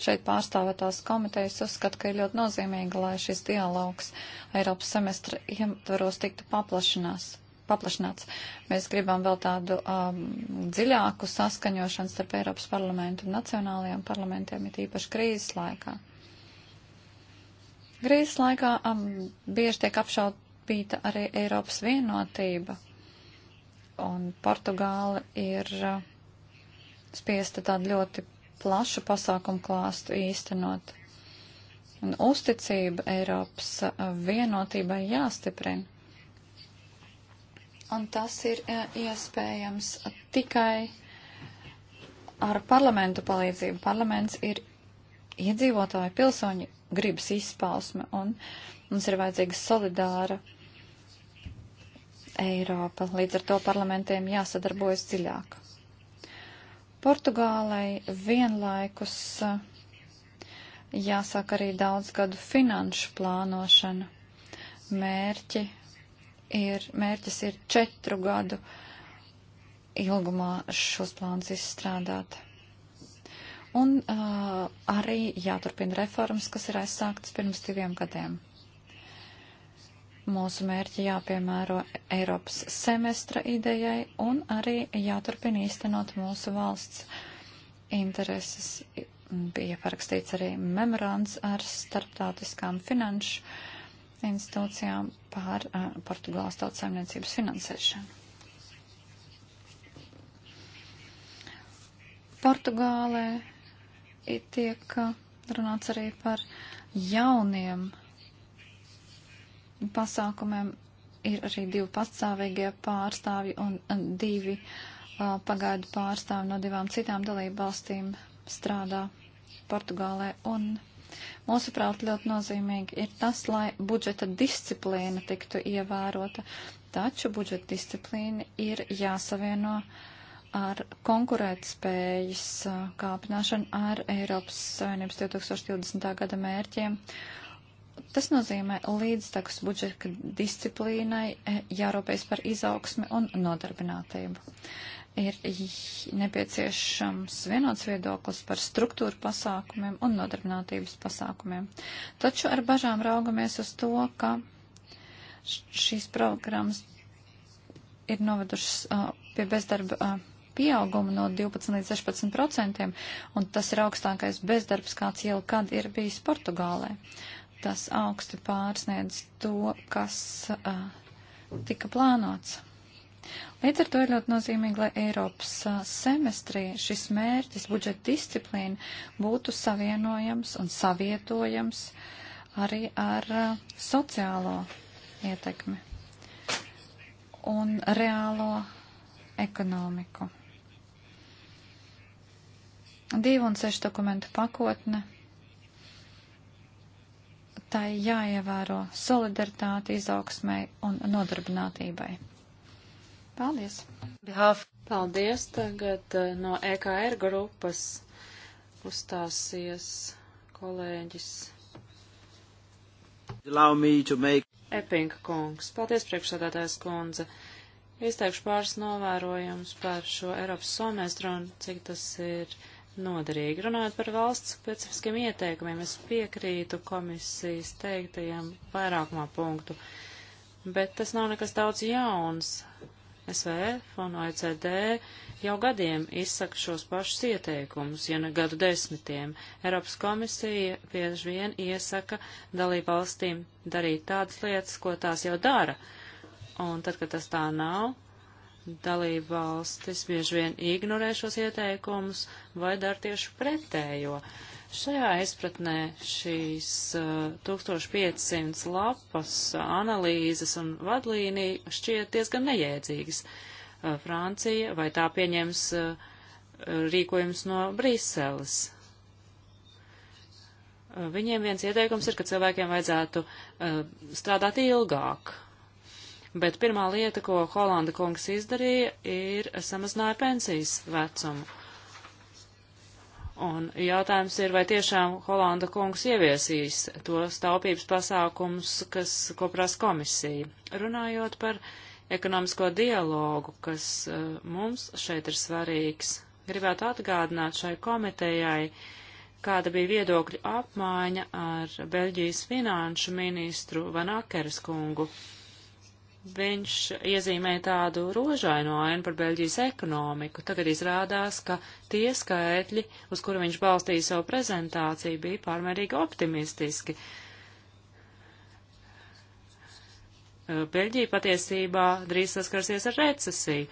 šeit pārstāvētās komitejas uzskata, ka ir ļoti nozīmīgi, lai šis dialogs Eiropas semestra ietvaros tiktu paplašinās paplašināts. Mēs gribam vēl tādu um, dziļāku saskaņošanu starp Eiropas parlamentu un nacionālajiem parlamentiem, it īpaši krīzes laikā. Krīzes laikā um, bieži tiek apšaubīta arī Eiropas vienotība, un Portugāla ir uh, spiesta tādu ļoti plašu pasākumu klāstu īstenot. Un uzticība Eiropas uh, vienotībai jāstiprina un tas ir e, iespējams tikai ar parlamentu palīdzību. Parlaments ir iedzīvotāju pilsoņu gribas izpausme, un mums ir vajadzīga solidāra Eiropa. Līdz ar to parlamentiem jāsadarbojas dziļāk. Portugālei vienlaikus e, jāsāk arī daudz gadu finanšu plānošana, mērķi ir, mērķis ir četru gadu ilgumā šos plānus izstrādāt. Un uh, arī jāturpina reformas, kas ir aizsāktas pirms diviem gadiem. Mūsu mērķi jāpiemēro Eiropas semestra idejai un arī jāturpina īstenot mūsu valsts intereses. Bija parakstīts arī memorands ar starptautiskām finanšu institūcijām pār uh, Portugāles tautsājumniecības finansēšanu. Portugālē tiek runāts arī par jauniem pasākumiem. Ir arī divi pastāvīgie pārstāvji un divi uh, pagaidu pārstāvji no divām citām dalību valstīm strādā Portugālē un Mūsuprāt, ļoti nozīmīgi ir tas, lai budžeta disciplīna tiktu ievērota, taču budžeta disciplīna ir jāsavieno ar konkurētspējas kāpināšanu ar Eiropas Savienības 2020. gada mērķiem. Tas nozīmē līdztekus budžeta disciplīnai jārūpējas par izaugsmi un nodarbinātību ir nepieciešams vienots viedoklis par struktūru pasākumiem un nodarbinātības pasākumiem. Taču ar bažām raugamies uz to, ka šīs programmas ir novedušas uh, pie bezdarba uh, pieauguma no 12 līdz 16 procentiem, un tas ir augstākais bezdarbs, kāds jau kad ir bijis Portugālē. Tas augsti pārsniedz to, kas uh, tika plānots. Līdz ar to ir ļoti nozīmīgi, lai Eiropas semestrī šis mērķis, budžeta disciplīna, būtu savienojams un savietojams arī ar sociālo ietekmi un reālo ekonomiku. Divu un sešu dokumentu pakotne. Tai jāievēro solidaritāte izaugsmai un nodarbinātībai. Paldies! Behalf. Paldies! Tagad eh, no EKR grupas uzstāsies kolēģis. Make... Epinga kungs. Paldies, priekšsādātājs kundze. Izteikšu pāris novērojumus par šo Eiropas somestru un cik tas ir noderīgi. Runājot par valsts specifiskiem ieteikumiem, es piekrītu komisijas teiktajiem vairākumā punktu, bet tas nav nekas daudz jauns. SVF un OECD jau gadiem izsaka šos pašus ieteikumus, ja ne gadu desmitiem. Eiropas komisija bieži vien iesaka dalību valstīm darīt tādas lietas, ko tās jau dara. Un tad, kad tas tā nav, dalību valstis bieži vien ignorē šos ieteikumus vai dara tieši pretējo. Uh, Šajā izpratnē šīs 1500 eh, lapas analīzes un vadlīnija šķiet diezgan nejēdzīgas. Eh, Francija vai tā pieņems eh, rīkojums no Briseles. Viņiem viens ieteikums ir, ka cilvēkiem vajadzētu strādāt ilgāk. Bet pirmā lieta, ko Holanda kungs izdarīja, ir samazināja pensijas vecumu Un jautājums ir, vai tiešām Holanda kungs ieviesīs tos taupības pasākums, kas, ko prasa komisija. Runājot par ekonomisko dialogu, kas uh, mums šeit ir svarīgs, gribētu atgādināt šai komitejai, kāda bija viedokļu apmaiņa ar Beļģijas finanšu ministru Van Akeres kungu. Uh, viņš iezīmēja tādu rožaino ainu par Beļģijas ekonomiku. Tagad izrādās, ka tie skaitļi, uz kuru viņš balstīja savu prezentāciju, bija pārmērīgi optimistiski. Eh, Beļģija patiesībā drīz saskarsies ar recesiju.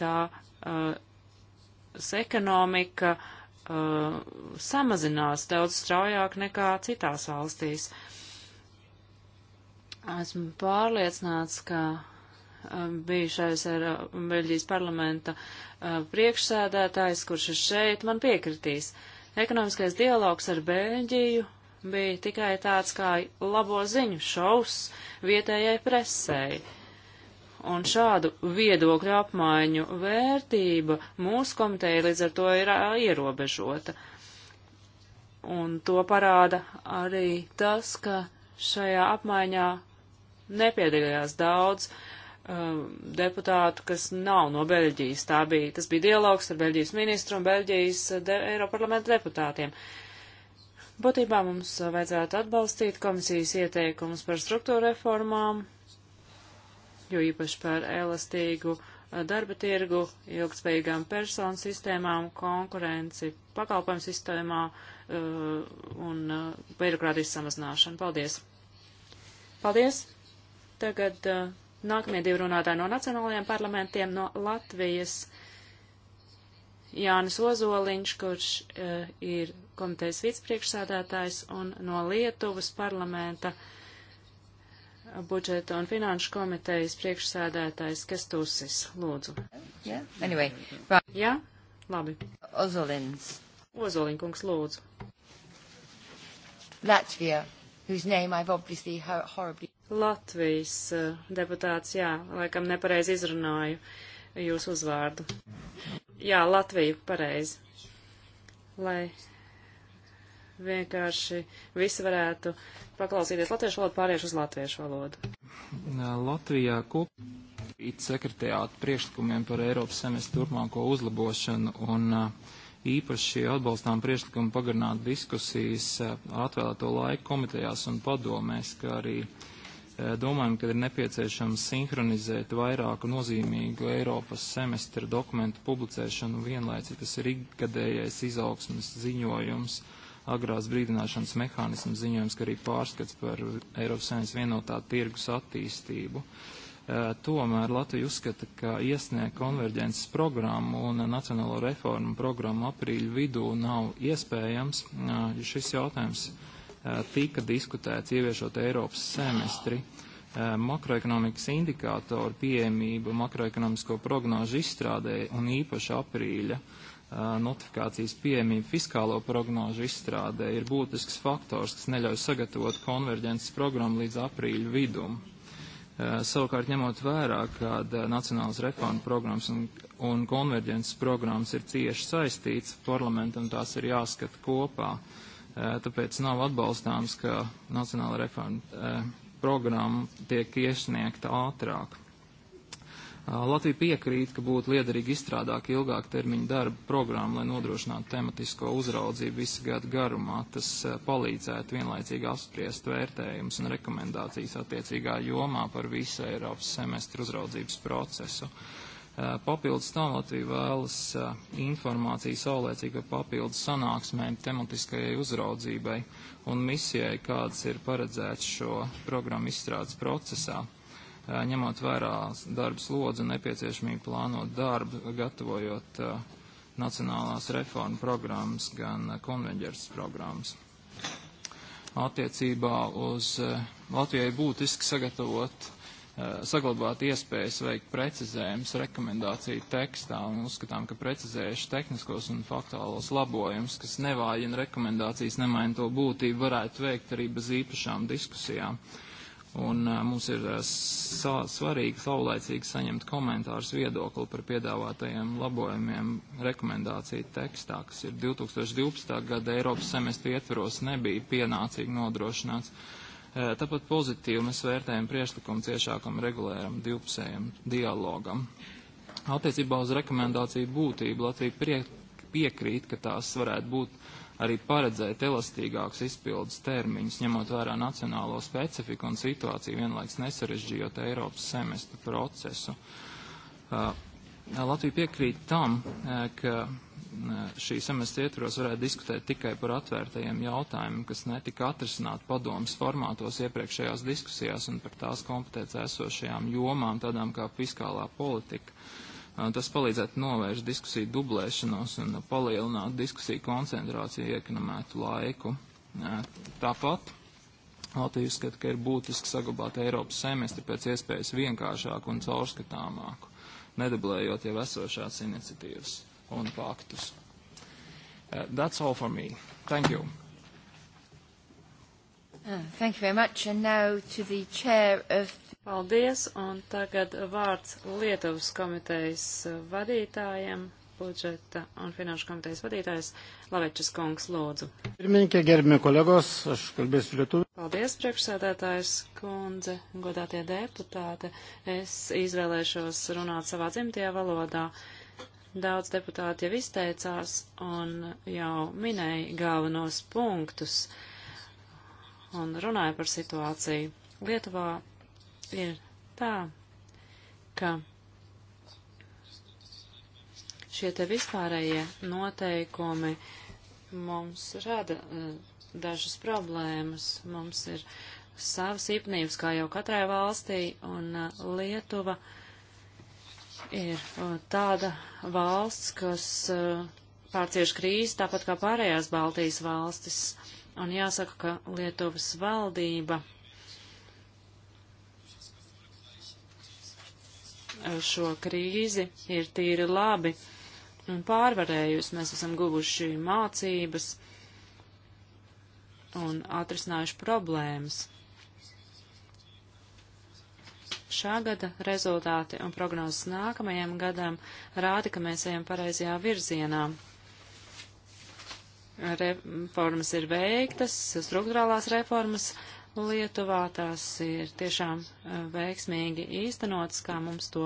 Tā uh, ekonomika uh, samazinās daudz straujāk nekā citās valstīs. Uh, Esmu pārliecināts, ka um, bijušais ar um, Beļģijas parlamenta uh, priekšsēdētājs, kurš ir šeit, man piekritīs. Ekonomiskais dialogs ar Beļģiju bija tikai tāds kā labo ziņu šovs vietējai presēji. Un šādu viedokļu apmaiņu vērtība mūsu komiteja līdz ar to ir uh, ierobežota. Un to parāda arī tas, ka šajā apmaiņā nepiedalījās daudz um, deputātu, kas nav no Beļģijas. Tā bija, tas bija dialogs ar Beļģijas ministru un Beļģijas uh, de, Eiroparlamenta deputātiem. Būtībā mums uh, vajadzētu atbalstīt komisijas ieteikumus par struktūra reformām, jo īpaši par elastīgu uh, darba tirgu, ilgspējīgām personu sistēmām, konkurenci, pakalpojumu sistēmā uh, un uh, birokrātijas samazināšanu. Paldies! Paldies! Tagad uh, nākamie divi runātāji no nacionālajiem parlamentiem, no Latvijas Jānis Ozoliņš, kurš uh, ir komitejas vicepriekšsādātājs, un no Lietuvas parlamenta budžeta un finanšu komitejas priekšsādātājs Kestusis. Lūdzu. Yeah. Anyway. Right. Jā, labi. Ozolins. Ozoliņkungs, lūdzu. Latvija, whose name I've obviously horribly Latvijas eh, deputāts, jā, laikam nepareiz izrunāju jūsu uzvārdu. Jā, Latvija, pareizi. Lai vienkārši visi varētu paklausīties latviešu valodu, pāriešu uz latviešu valodu. Latvijā kopīt sekretējāt priekšlikumiem par Eiropas semestru turpmāko uzlabošanu un eh, īpaši atbalstām priekšlikumu pagarināt diskusijas eh, atvēlēto laiku komitejās un padomēs, kā arī uh, Eh, domājam, ka ir nepieciešams sinhronizēt vairāku nozīmīgu Eiropas semestra dokumentu publicēšanu vienlaicīgi. Tas ir ikgadējais izaugsmes ziņojums, agrās brīdināšanas mehānismu ziņojums, kā arī pārskats par Eiropas saimnes vienotā tirgus attīstību. Eh, tomēr Latvija uzskata, ka iesniegt konverģences programmu un nacionālo reformu programmu aprīļu vidū nav iespējams, eh, jo šis jautājums uh, Eh, tika diskutēts ieviešot Eiropas semestri, eh, makroekonomikas indikātoru pieejamību, makroekonomisko prognožu izstrādē un īpaši aprīļa eh, notifikācijas pieejamība fiskālo prognožu izstrādē ir būtisks faktors, kas neļauj sagatavot konverģences programmu līdz aprīļu vidum. Savukārt, ņemot vērā, ka Nacionālas reforma programmas un, un konverģences programmas ir cieši saistīts, parlamentam tās ir jāskata kopā. Uh, Tāpēc nav atbalstāms, ka Nacionāla reforma programma tiek iesniegta ātrāk. Latvija piekrīt, ka būtu liederīgi izstrādāt ilgāk termiņu darba programmu, lai nodrošinātu tematisko uzraudzību visu gadu garumā. Tas palīdzētu vienlaicīgi apspriest vērtējumus un rekomendācijas attiecīgā jomā par visu Eiropas semestru uzraudzības procesu. Uh, Uh, papildus tam Latvija vēlas uh, informāciju saulēcīgi par papildus sanāksmēm, tematiskajai uzraudzībai un misijai, kādas ir paredzēts šo programmu izstrādes procesā, uh, ņemot vērā darba slodzi un nepieciešamību plānot darbu, gatavojot nacionālās reformu programmas, gan konvenģers programmas. Attiecībā uz Latvijai būtiski sagatavot uh, Eh, saglabāt iespējas veikt precizējumus rekomendāciju tekstā un uzskatām, ka precizējuši tehniskos un faktuālos labojumus, kas nevājina rekomendācijas, nemaina to būtību, varētu veikt arī bez īpašām diskusijām. Un uh, mums ir uh, svarīgi saulēcīgi saņemt komentārus viedokli par piedāvātajiem labojumiem rekomendāciju tekstā, kas ir 2012. gada Eiropas semestri ietveros nebija pienācīgi nodrošināts. Uh, Tāpat pozitīvi mēs vērtējam priešlikumu ciešākam regulējam divpusējam dialogam. Attiecībā uz rekomendāciju būtību Latvija prie, piekrīt, ka tās varētu būt arī paredzēt elastīgākus izpildus termiņus, ņemot vērā nacionālo specifiku un situāciju, vienlaiks nesarežģījot Eiropas semestra procesu. Uh, Latvija piekrīt tam, ka šī semestra ietvaros varētu diskutēt tikai par atvērtajiem jautājumiem, kas netika atrisināt padomas formātos iepriekšējās diskusijās un par tās kompetencē esošajām jomām, tādām kā fiskālā politika. Tas palīdzētu novērst diskusiju dublēšanos un palielināt diskusiju koncentrāciju iekonomētu laiku. Tāpat Latvija uzskata, ka ir būtiski saglabāt Eiropas semestri pēc iespējas vienkāršāku un caurskatāmāku, nedublējot jau esošās iniciatīvas on faktus. Uh, that's all for me. Thank you. Uh, thank you very much. And now to the chair of... Paldies, un tagad vārds Lietuvas komitejas vadītājiem, budžeta un finanšu komitejas vadītājs Lavečas kungs, lūdzu. Pirmininkē, gerbimie kolegos, aš kalbēšu Lietuvu. Paldies, priekšsēdētājs kundze, godātie deputāte. Es izvēlēšos runāt savā dzimtajā valodā. Uh, Daudz deputāti jau izteicās un jau minēja galvenos punktus un runāja par situāciju. Lietuvā ir tā, ka šie te vispārējie noteikumi mums rada eh, dažas problēmas. Mums ir savas īpnības, kā jau katrai valstī, un eh, Lietuva uh, ir uh, tāda valsts, kas uh, pārcieš krīzi, tāpat kā pārējās Baltijas valstis. Un jāsaka, ka Lietuvas valdība uh, šo krīzi ir tīri labi un pārvarējusi. Mēs esam guvuši mācības un atrisinājuši problēmas. Šā gada rezultāti un prognozes nākamajam gadam rāda, ka mēs ejam pareizajā virzienā. Reformas ir veiktas, struktūrālās reformas Lietuvā tās ir tiešām eh, veiksmīgi īstenotas, kā mums to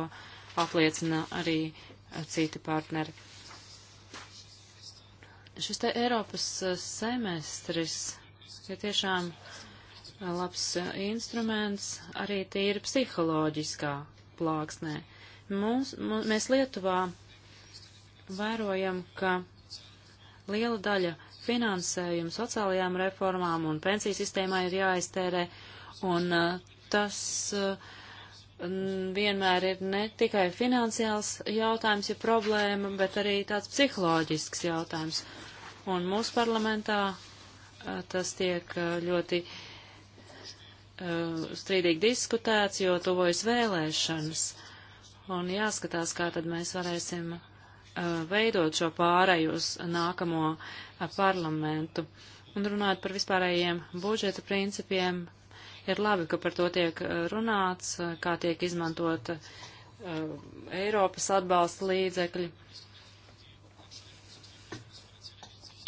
apliecina arī eh, citi partneri. Šis te Eiropas eh, semestris ir tiešām uh, labs e, instruments arī tīri psiholoģiskā plāksnē. Mums, mums, mēs Lietuvā vērojam, ka liela daļa finansējuma sociālajām reformām un pensiju sistēmai ir jāiztērē, un e, tas e, vienmēr ir ne tikai finansiāls jautājums, ja problēma, bet arī tāds psiholoģisks jautājums. Un mūsu parlamentā tas tiek ļoti uh, Eh, strīdīgi diskutēts, jo tuvojas vēlēšanas. Un jāskatās, kā tad mēs varēsim eh, veidot šo pārēju uz nākamo eh, parlamentu. Un runājot par vispārējiem budžeta principiem, ir labi, ka par to tiek runāts, kā tiek izmantot uh, Eiropas atbalsta līdzekļi.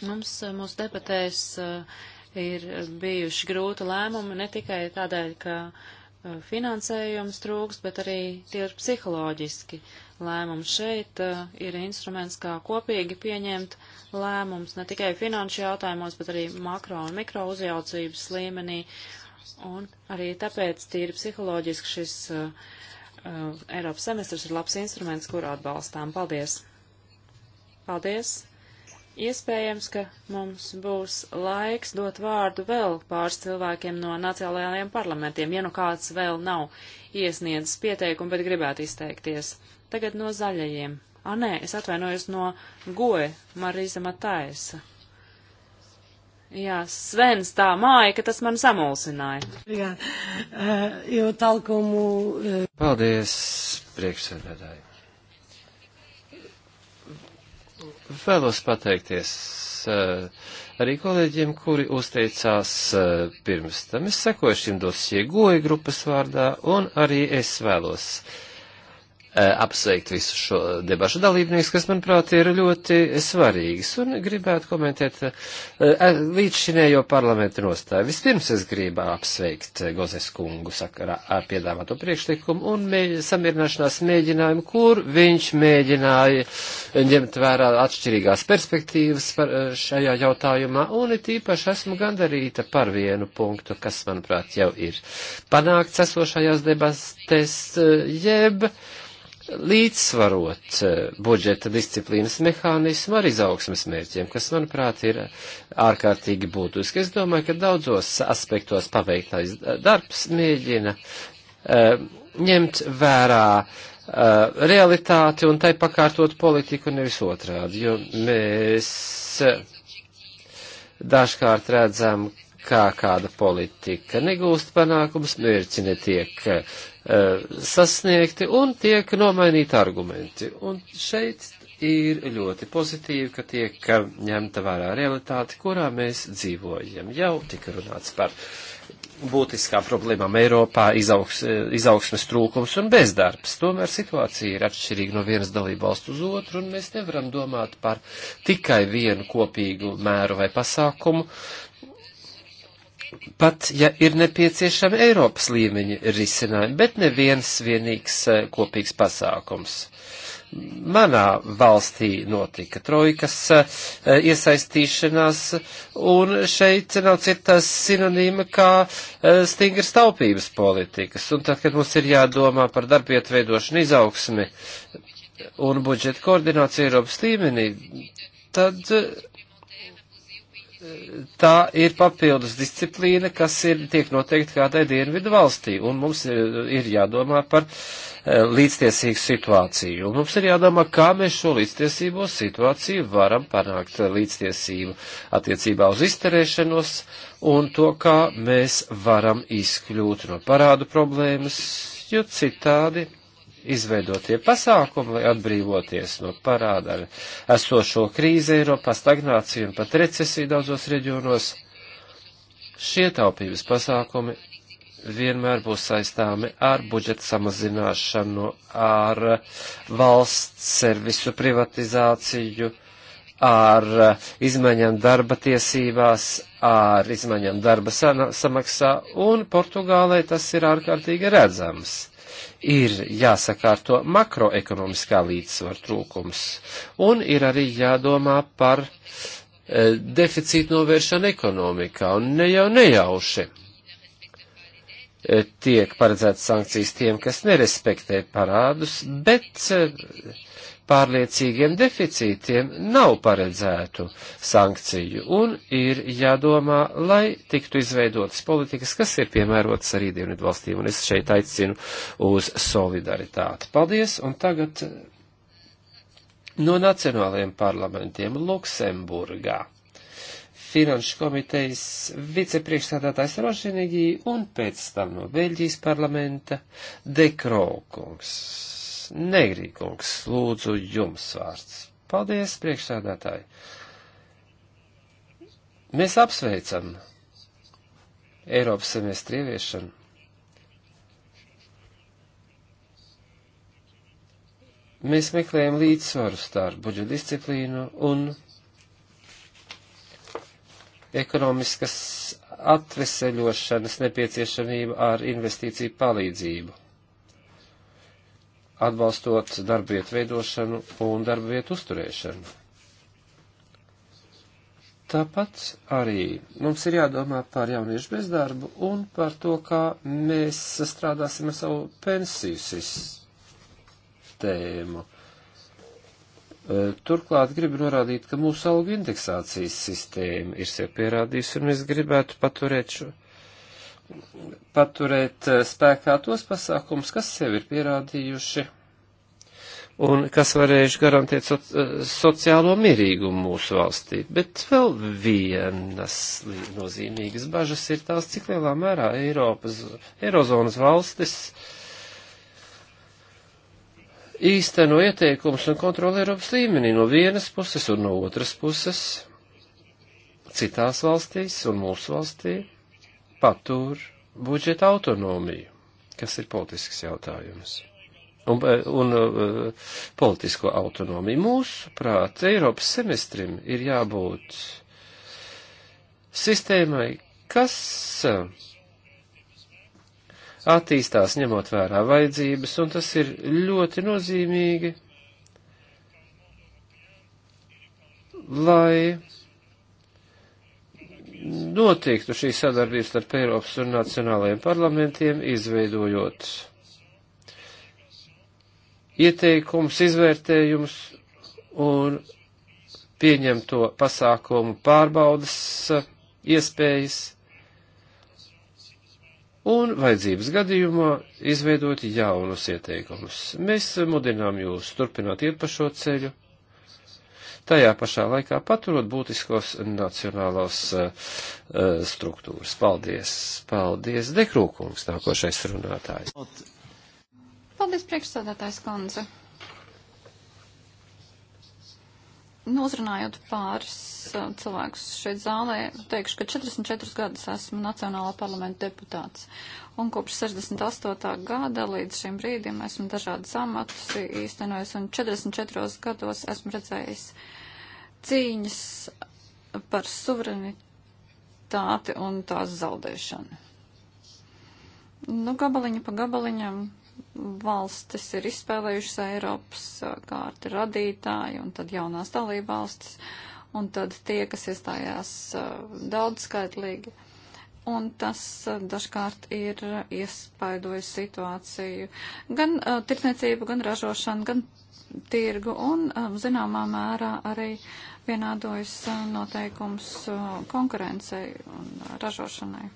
Mums mūsu debatēs uh, ir bijuši grūti lēmumi ne tikai tādēļ, ka uh, finansējums trūkst, bet arī tie ir psiholoģiski lēmumi. Šeit uh, ir instruments, kā kopīgi pieņemt lēmumus ne tikai finanšu jautājumos, bet arī makro un mikro uzjaucības līmenī. Un arī tāpēc tīri psiholoģiski šis uh, uh, Eiropas semestrs ir labs instruments, kuru atbalstām. Paldies! Paldies! Iespējams, ka mums būs laiks dot vārdu vēl pāris cilvēkiem no nacionālajiem parlamentiem, ja nu kāds vēl nav iesniedzis pieteikumu, bet gribētu izteikties. Tagad no zaļajiem. A, nē, es atvainojos no goe Marīza Mataisa. Jā, Svens tā māja, ka tas man samulsināja. Jā, jo talkumu. Paldies, priekšsēdētāji. Vēlos pateikties eh, arī kolēģiem, kuri uzteicās eh, pirms tam. Es sekoju šim dosie goja grupas vārdā, un arī es vēlos apsveikt visu šo debašu dalībniekus, kas, manuprāt, ir ļoti svarīgs un gribētu komentēt līdz šinējo parlamentu nostāju. Vispirms es gribu apsveikt Gozes kungu sakarā ar piedāvāto priekšlikumu un mēģi, samierināšanās mēģinājumu, kur viņš mēģināja ņemt vērā atšķirīgās perspektīvas par šajā jautājumā un it īpaši esmu gandarīta par vienu punktu, kas, manuprāt, jau ir panākts esošajās debatēs, jeb līdzsvarot eh, budžeta disciplīnas mehānismu ar izaugsmes mērķiem, kas, manuprāt, ir ārkārtīgi būtiski. Es domāju, ka daudzos aspektos paveiktais darbs mēģina uh, ņemt vērā uh, realitāti un tai pakārtot politiku nevis otrādi, jo mēs dažkārt redzam, kā kāda politika negūst panākumus, mērķi netiek Eh, sasniegti un tiek nomainīti argumenti. Un šeit ir ļoti pozitīvi, ka tiek ņemta vērā realitāte, kurā mēs dzīvojam. Jau tika runāts par būtiskām problēmām Eiropā, izaugs, eh, izaugsmes trūkums un bezdarbs. Tomēr situācija ir atšķirīga no vienas dalību valsts uz otru, un mēs nevaram domāt par tikai vienu kopīgu mēru vai pasākumu, pat ja ir nepieciešami Eiropas līmeņa risinājumi, bet neviens vienīgs eh, kopīgs pasākums. Manā valstī notika trojkas eh, iesaistīšanās, un šeit nav citas sinonīma kā eh, stingras taupības politikas. Un tad, kad mums ir jādomā par darbietu veidošanu izaugsmi un budžeta koordināciju Eiropas līmenī, tad tā ir papildus disciplīna, kas ir, tiek noteikti kādai dienvidu valstī, un mums e, ir jādomā par e, līdztiesīgu situāciju. Un mums ir jādomā, kā mēs šo līdztiesību situāciju varam panākt līdztiesību attiecībā uz izterēšanos un to, kā mēs varam izkļūt no parādu problēmas, jo citādi izveidotie pasākumi, lai atbrīvoties no parāda ar esošo krīzi Eiropā, stagnāciju un pat recesiju daudzos reģionos, šie taupības pasākumi vienmēr būs saistāmi ar budžeta samazināšanu, ar valsts servisu privatizāciju, ar izmaiņām darba tiesībās, ar izmaiņām darba samaksā, un Portugālē tas ir ārkārtīgi redzams ir jāsakārto makroekonomiskā līdzsvara trūkums, un ir arī jādomā par e, deficītu novēršanu ekonomikā, un ne jau nejauši e, tiek paredzētas sankcijas tiem, kas nerespektē parādus, bet e, pārliecīgiem deficītiem nav paredzētu sankciju un ir jādomā, lai tiktu izveidotas politikas, kas ir piemērotas arī dienvidu valstīm, un es šeit aicinu uz solidaritāti. Paldies, un tagad eh, no nacionālajiem parlamentiem Luksemburgā. Finanšu komitejas vicepriekšstādātājs Rošinīgi un pēc tam no Beļģijas parlamenta Dekrokungs. Negrīkungs, lūdzu jums vārds. Paldies, priekšsēdētāji. Mēs apsveicam Eiropas semestri ieviešanu. Mēs meklējam līdzsvaru starp budžeta disciplīnu un ekonomiskas atveseļošanas nepieciešamību ar investīciju palīdzību atbalstot darbvietu veidošanu un darbvietu uzturēšanu. Tāpat arī mums ir jādomā par jauniešu bezdarbu un par to, kā mēs strādāsim ar savu pensiju sistēmu. E, turklāt gribu norādīt, ka mūsu algu indeksācijas sistēma ir sev pierādījusi, un es gribētu paturēt šo, paturēt eh, spēkā tos pasākums, kas sev ir pierādījuši un kas varējuši garantēt so eh, sociālo mierīgumu mūsu valstī. Bet vēl vienas nozīmīgas bažas ir tās, cik lielā mērā Eiropas, Eirozonas valstis īsteno ieteikums un kontroli Eiropas līmenī no vienas puses un no otras puses citās valstīs un mūsu valstī patur budžeta autonomiju, kas ir politisks jautājums. Un, e, un uh, politisko autonomiju. Mūsu prāt, Eiropas semestrim ir jābūt sistēmai, kas e, attīstās ņemot vērā vajadzības, un tas ir ļoti nozīmīgi, lai notiktu šī sadarbība starp Eiropas un nacionālajiem parlamentiem, izveidojot ieteikums, izvērtējums un pieņemto pasākumu pārbaudas iespējas un vajadzības gadījumā izveidot jaunus ieteikumus. Mēs mudinām jūs turpināt iet pa šo ceļu tajā pašā laikā paturot būtiskos nacionālos uh, struktūras. Paldies, paldies, Dekrūkungs, nākošais runātājs. Paldies, priekšsādātājs Konze. Nozrunājot nu, pāris uh, cilvēkus šeit zālē, teikšu, ka 44 gadus esmu Nacionālā parlamenta deputāts. Un kopš 68. gada līdz šim brīdim esmu dažādas amatus īstenojis un 44 gados esmu redzējis uh, cīņas par suverenitāti un tās zaudēšanu. Nu, gabaliņa pa gabaliņam valstis ir izspēlējušas Eiropas kārti radītāji un tad jaunās dalība valstis un tad tie, kas iestājās daudzskaitlīgi. Un tas dažkārt ir iespaidojis situāciju gan uh, tirtniecību, gan ražošanu, gan tirgu un, um, zināmā mērā, arī vienādojas uh, noteikums uh, konkurencei un ražošanai.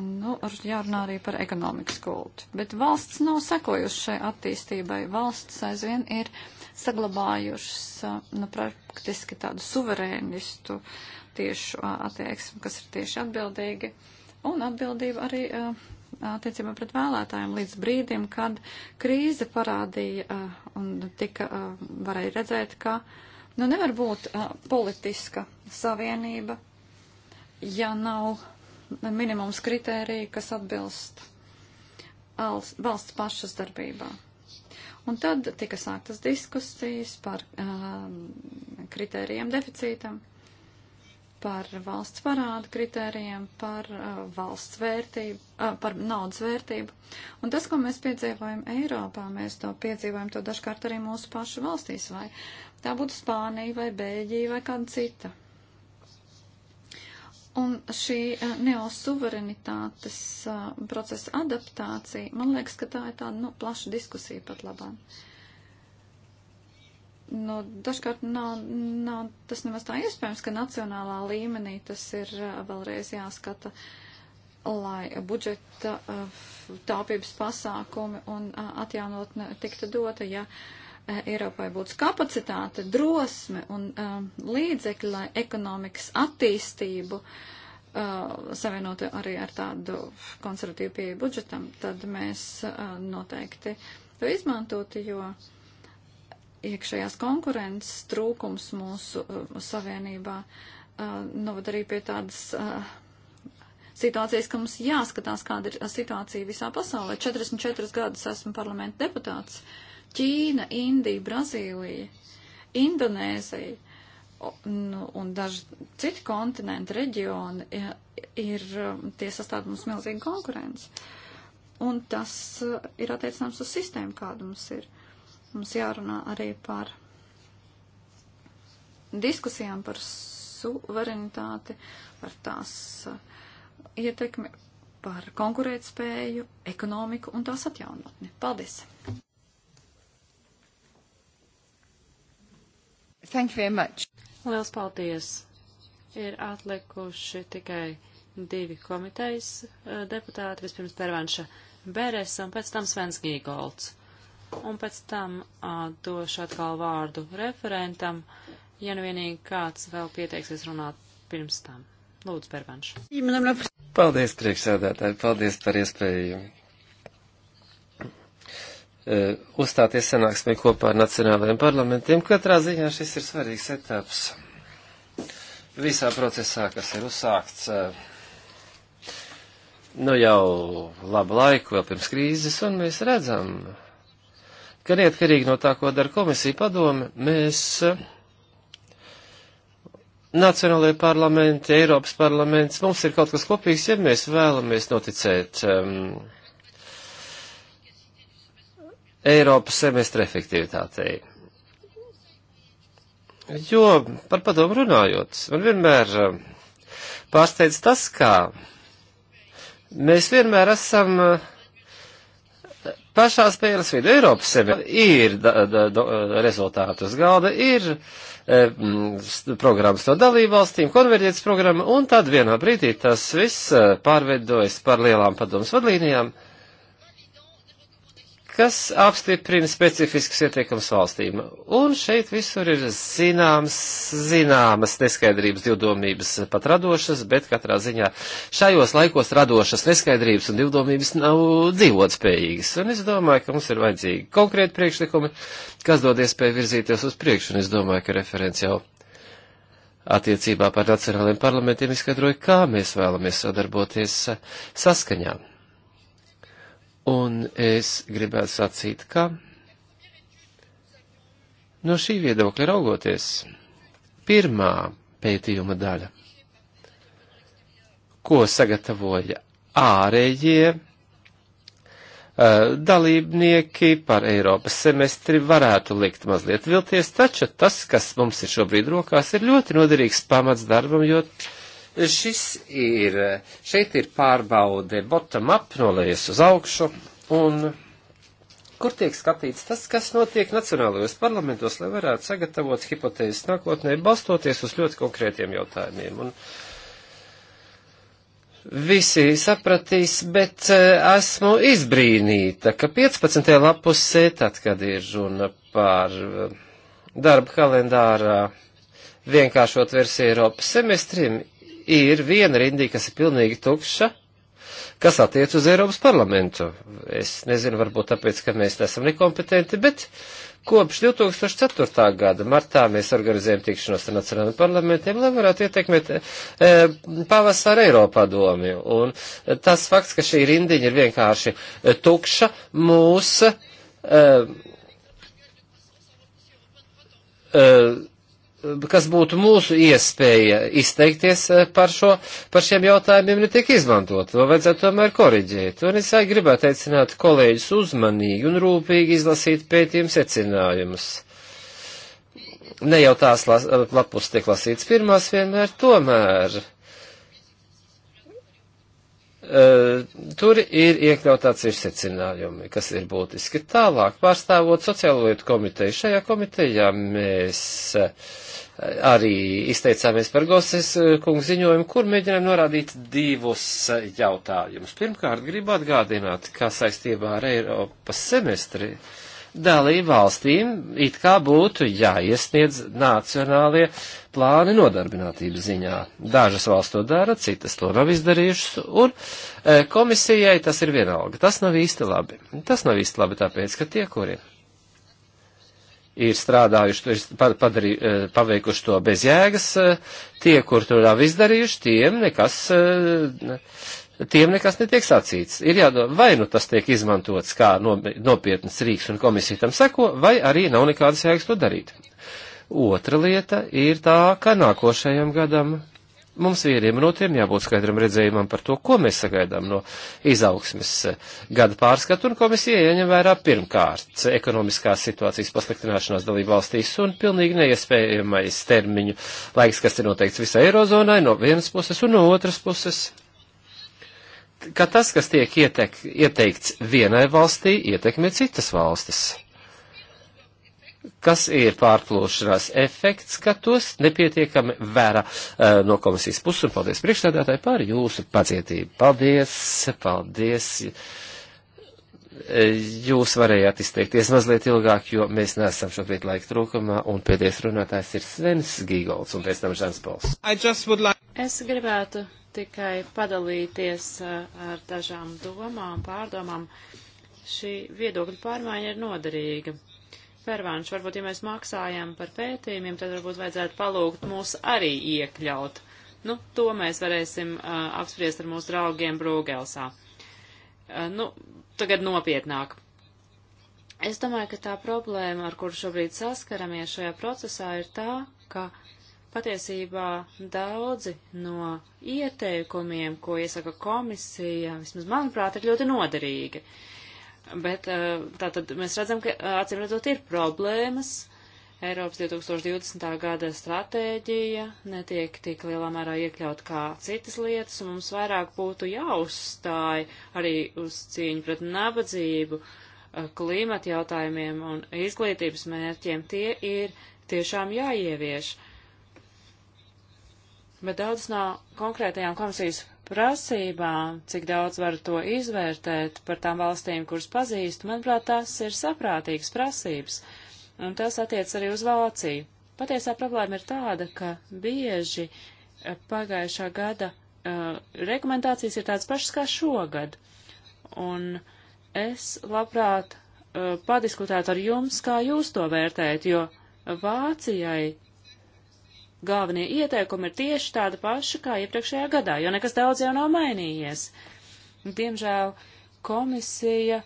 Nu, jārunā arī par ekonomikas kultu. Bet valsts nav sekojusi šai attīstībai. Valsts aizvien ir saglabājušas uh, nu, praktiski tādu suverēnistu tiešu attieksmi, kas ir tieši atbildīgi. Un atbildība arī uh, attiecībā pret vēlētājiem līdz brīdim, kad krīze parādīja un tika varēja redzēt, ka nu, nevar būt politiska savienība, ja nav minimums kritērija, kas atbilst valsts pašas darbībā. Un tad tika sāktas diskusijas par uh, kritērijiem deficītam par valsts parādu kritērijiem, par uh, valsts vērtību, uh, par naudas vērtību. Un tas, ko mēs piedzīvojam Eiropā, mēs to piedzīvojam to dažkārt arī mūsu pašu valstīs, vai tā būtu Spānija vai Bēļģija vai kāda cita. Un šī uh, neosuverenitātes uh, procesa adaptācija, man liekas, ka tā ir tāda nu, plaša diskusija pat labāk. Uh, nu, dažkārt nav, nav tas nemaz tā iespējams, ka nacionālā līmenī tas ir eh, vēlreiz jāskata, lai budžeta eh, tāpības pasākumi un eh, atjaunotne tiktu dota, ja Eiropai būtu kapacitāte, drosme un um, līdzekļi, lai ekonomikas attīstību uh, savienotu arī ar tādu konservatīvu pieeju budžetam, tad mēs uh, noteikti to izmantotu, jo uh, iekšējās konkurences trūkums mūsu uh, savienībā uh, novad arī pie tādas uh, situācijas, ka mums jāskatās, kāda ir situācija visā pasaulē. 44 gadus esmu parlamenta deputāts. Ķīna, Indija, Brazīlija, Indonēzija nu, un daži citi kontinenti, reģioni ir, um, tie sastāv mums milzīgu konkurenci. Un tas ir attiecināms uz sistēmu, kāda mums ir. Uh, Mums jārunā arī par diskusijām par suverenitāti, par tās uh, ietekmi, par konkurētspēju, ekonomiku un tās atjaunotni. Paldies! Thank you very much. Liels paldies! Ir atlikuši tikai divi komitejas uh, deputāti, vispirms Pervanša Beres un pēc tam Svens Gīgolds un pēc tam uh, došu atkal vārdu referentam, ja nu vienīgi kāds vēl pieteiksies runāt pirms tam. Lūdzu, Bervanš. Paldies, priekšsēdētāji, paldies par iespēju uh, uzstāties sanāksmē kopā ar nacionālajiem parlamentiem. Katrā ziņā šis ir svarīgs etaps visā procesā, kas ir uzsākts uh, nu jau labu laiku, vēl pirms krīzes, un mēs redzam, ka neatkarīgi no tā, ko dara komisija padome, mēs eh, Nacionālajie parlamenti, Eiropas parlaments, mums ir kaut kas kopīgs, ja mēs vēlamies noticēt um, Eiropas semestra efektivitātei. Jo par padomu runājot, man vienmēr eh, pārsteidz tas, kā mēs vienmēr esam uh, pašā spēles vidū. Eiropas sevi ir da, da, da, rezultāti uz galda, ir e, programmas no dalībvalstīm, konverģētas programma, un tad vienā brīdī tas viss e, pārveidojas par lielām padomas vadlīnijām. E, kas apstiprina specifiskas ieteikums valstīm. Un šeit visur ir zināms, zināmas neskaidrības, divdomības pat radošas, bet katrā ziņā šajos laikos radošas neskaidrības un divdomības nav dzīvotspējīgas. Un es domāju, ka mums ir vajadzīgi konkrēti priekšlikumi, kas dod iespēju virzīties uz priekšu, un es domāju, ka referents jau attiecībā par nacionāliem parlamentiem izskaidroja, kā mēs vēlamies sadarboties saskaņām. Un es gribētu sacīt, ka no šī viedokļa raugoties, pirmā pētījuma daļa, ko sagatavoja ārējie eh, dalībnieki par Eiropas semestri varētu likt mazliet vilties, taču tas, kas mums ir šobrīd rokās, ir ļoti noderīgs pamats darbam, jo Šis ir, šeit ir pārbaude bottom up nolējas uz augšu un kur tiek skatīts tas, kas notiek nacionālajos parlamentos, lai varētu sagatavot hipotēzes nākotnē, balstoties uz ļoti konkrētiem jautājumiem. Un, Visi sapratīs, bet e, esmu izbrīnīta, ka 15. lapusē, tad, kad ir runa par e, darba kalendārā vienkāršot versiju Eiropas semestrim, ir viena rindī, kas ir pilnīgi tukša, kas attiec uz Eiropas parlamentu. Es nezinu, varbūt tāpēc, ka mēs neesam nekompetenti, bet kopš 2004. gada martā mēs organizējam tikšanos ar nacionālajiem parlamentiem, lai varētu ietekmēt e, pavasara Eiropā domi. Un tas fakts, ka šī rindiņa ir vienkārši e, tukša, mūs e, e, kas būtu mūsu iespēja izteikties eh, par, šo, par šiem jautājumiem, netiek izmantot. To vajadzētu tomēr koriģēt. Un es gribētu aicināt kolēģus uzmanīgi un rūpīgi izlasīt pētījumu secinājumus. Ne jau tās las, lapus tiek lasīts pirmās vienmēr, tomēr Eh, tur ir iekļaut atsevišķi secinājumi, kas ir būtiski. Tālāk, pārstāvot sociālo lietu komiteju, šajā komitejā mēs eh, arī izteicāmies par Goses eh, kungu ziņojumu, kur mēģinām norādīt divus jautājumus. Pirmkārt, gribu atgādināt, kā saistībā ar Eiropas semestri dalību valstīm it kā būtu jāiesniedz nacionālie plāni nodarbinātības ziņā. Dažas valsts to dara, citas to nav izdarījušas, un e, komisijai tas ir vienalga. Tas nav īsti labi. Tas nav īsti labi tāpēc, ka tie, kuri ir strādājuši, ir padarī, e, paveikuši to bez jēgas, e, tie, kur to nav izdarījuši, tiem nekas e, tiem nekas netiek sacīts. Ir jādomā, vai nu tas tiek izmantots kā nopietnas rīks un komisija tam seko, vai arī nav nekādas jēgas to darīt. Otra lieta ir tā, ka nākošajam gadam mums vīriem un otriem jābūt skaidram redzējumam par to, ko mēs sagaidām no izaugsmes eh, gada pārskatu, un komisija ieņem vērā pirmkārt ekonomiskās situācijas pasliktināšanās dalību valstīs un pilnīgi neiespējamais termiņu laiks, kas ir noteikts visai Eirozonai no vienas puses un no otras puses ka tas, kas tiek ietek, ieteikts vienai valstī, ietekmē citas valstis. Kas ir pārplūšanās efekts, ka tos nepietiekami vērā uh, no komisijas puses, un paldies priekšstādātāji par jūsu pacietību. Paldies, paldies. Eh, jūs varējāt izteikties mazliet ilgāk, jo mēs neesam šobrīd laika trūkumā, un pēdējais runātājs ir Svens Gīgolds, un pēc tam Žans Pols. Like... Es gribētu tikai padalīties eh, ar dažām domām, pārdomām. Šī viedokļa pārmaiņa ir noderīga. Pervāns, varbūt, ja mēs maksājam par pētījumiem, tad varbūt vajadzētu palūgt mūs arī iekļaut. Nu, to mēs varēsim uh, apspriest ar mūsu draugiem Brūgelsā. Uh, nu, tagad nopietnāk. Es domāju, ka tā problēma, ar kuru šobrīd saskaramies šajā procesā, ir tā, ka uh, Patiesībā daudzi no ieteikumiem, ko iesaka komisija, vismaz manuprāt, ir ļoti noderīgi. Bet eh, tātad mēs redzam, ka eh, acīm redzot ir problēmas. Eiropas 2020. gada stratēģija netiek tik lielā mērā iekļaut kā citas lietas, un mums vairāk būtu jāuzstāj arī uz cīņu pret nabadzību, eh, klimata jautājumiem un izglītības mērķiem. Tie ir tiešām jāievieš. Uh, bet daudz nav konkrētajām komisijas prasībām, cik daudz var to izvērtēt par tām valstīm, kuras pazīst, manuprāt, tas ir saprātīgas prasības, un tas attiec arī uz Vāciju. Patiesā problēma ir tāda, ka bieži eh, pagājušā gada uh, rekomendācijas ir tādas pašas kā šogad, un es labprāt uh, padiskutētu ar jums, kā jūs to vērtējat, jo Vācijai galvenie ieteikumi ir tieši tādi paši kā iepriekšējā gadā, jo nekas daudz jau nav mainījies. Diemžēl komisija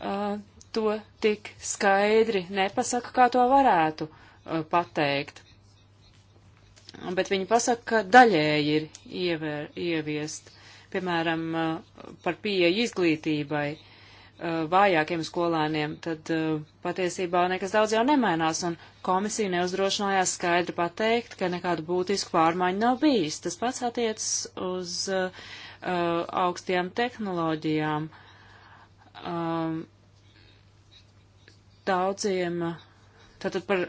uh, to tik skaidri nepasaka, kā to varētu uh, pateikt. Bet viņi pasaka, ka daļēji ir ievēr, ieviest, piemēram, uh, par pieeja izglītībai. Uh, Eh, vājākiem skolēniem, tad eh, patiesībā nekas daudz jau nemainās, un komisija neuzdrošinājās skaidri pateikt, ka nekādu būtisku pārmaiņu nav bijis. Tas pats attiecas uz uh, eh, augstiem tehnoloģijām. Um, daudziem, tātad par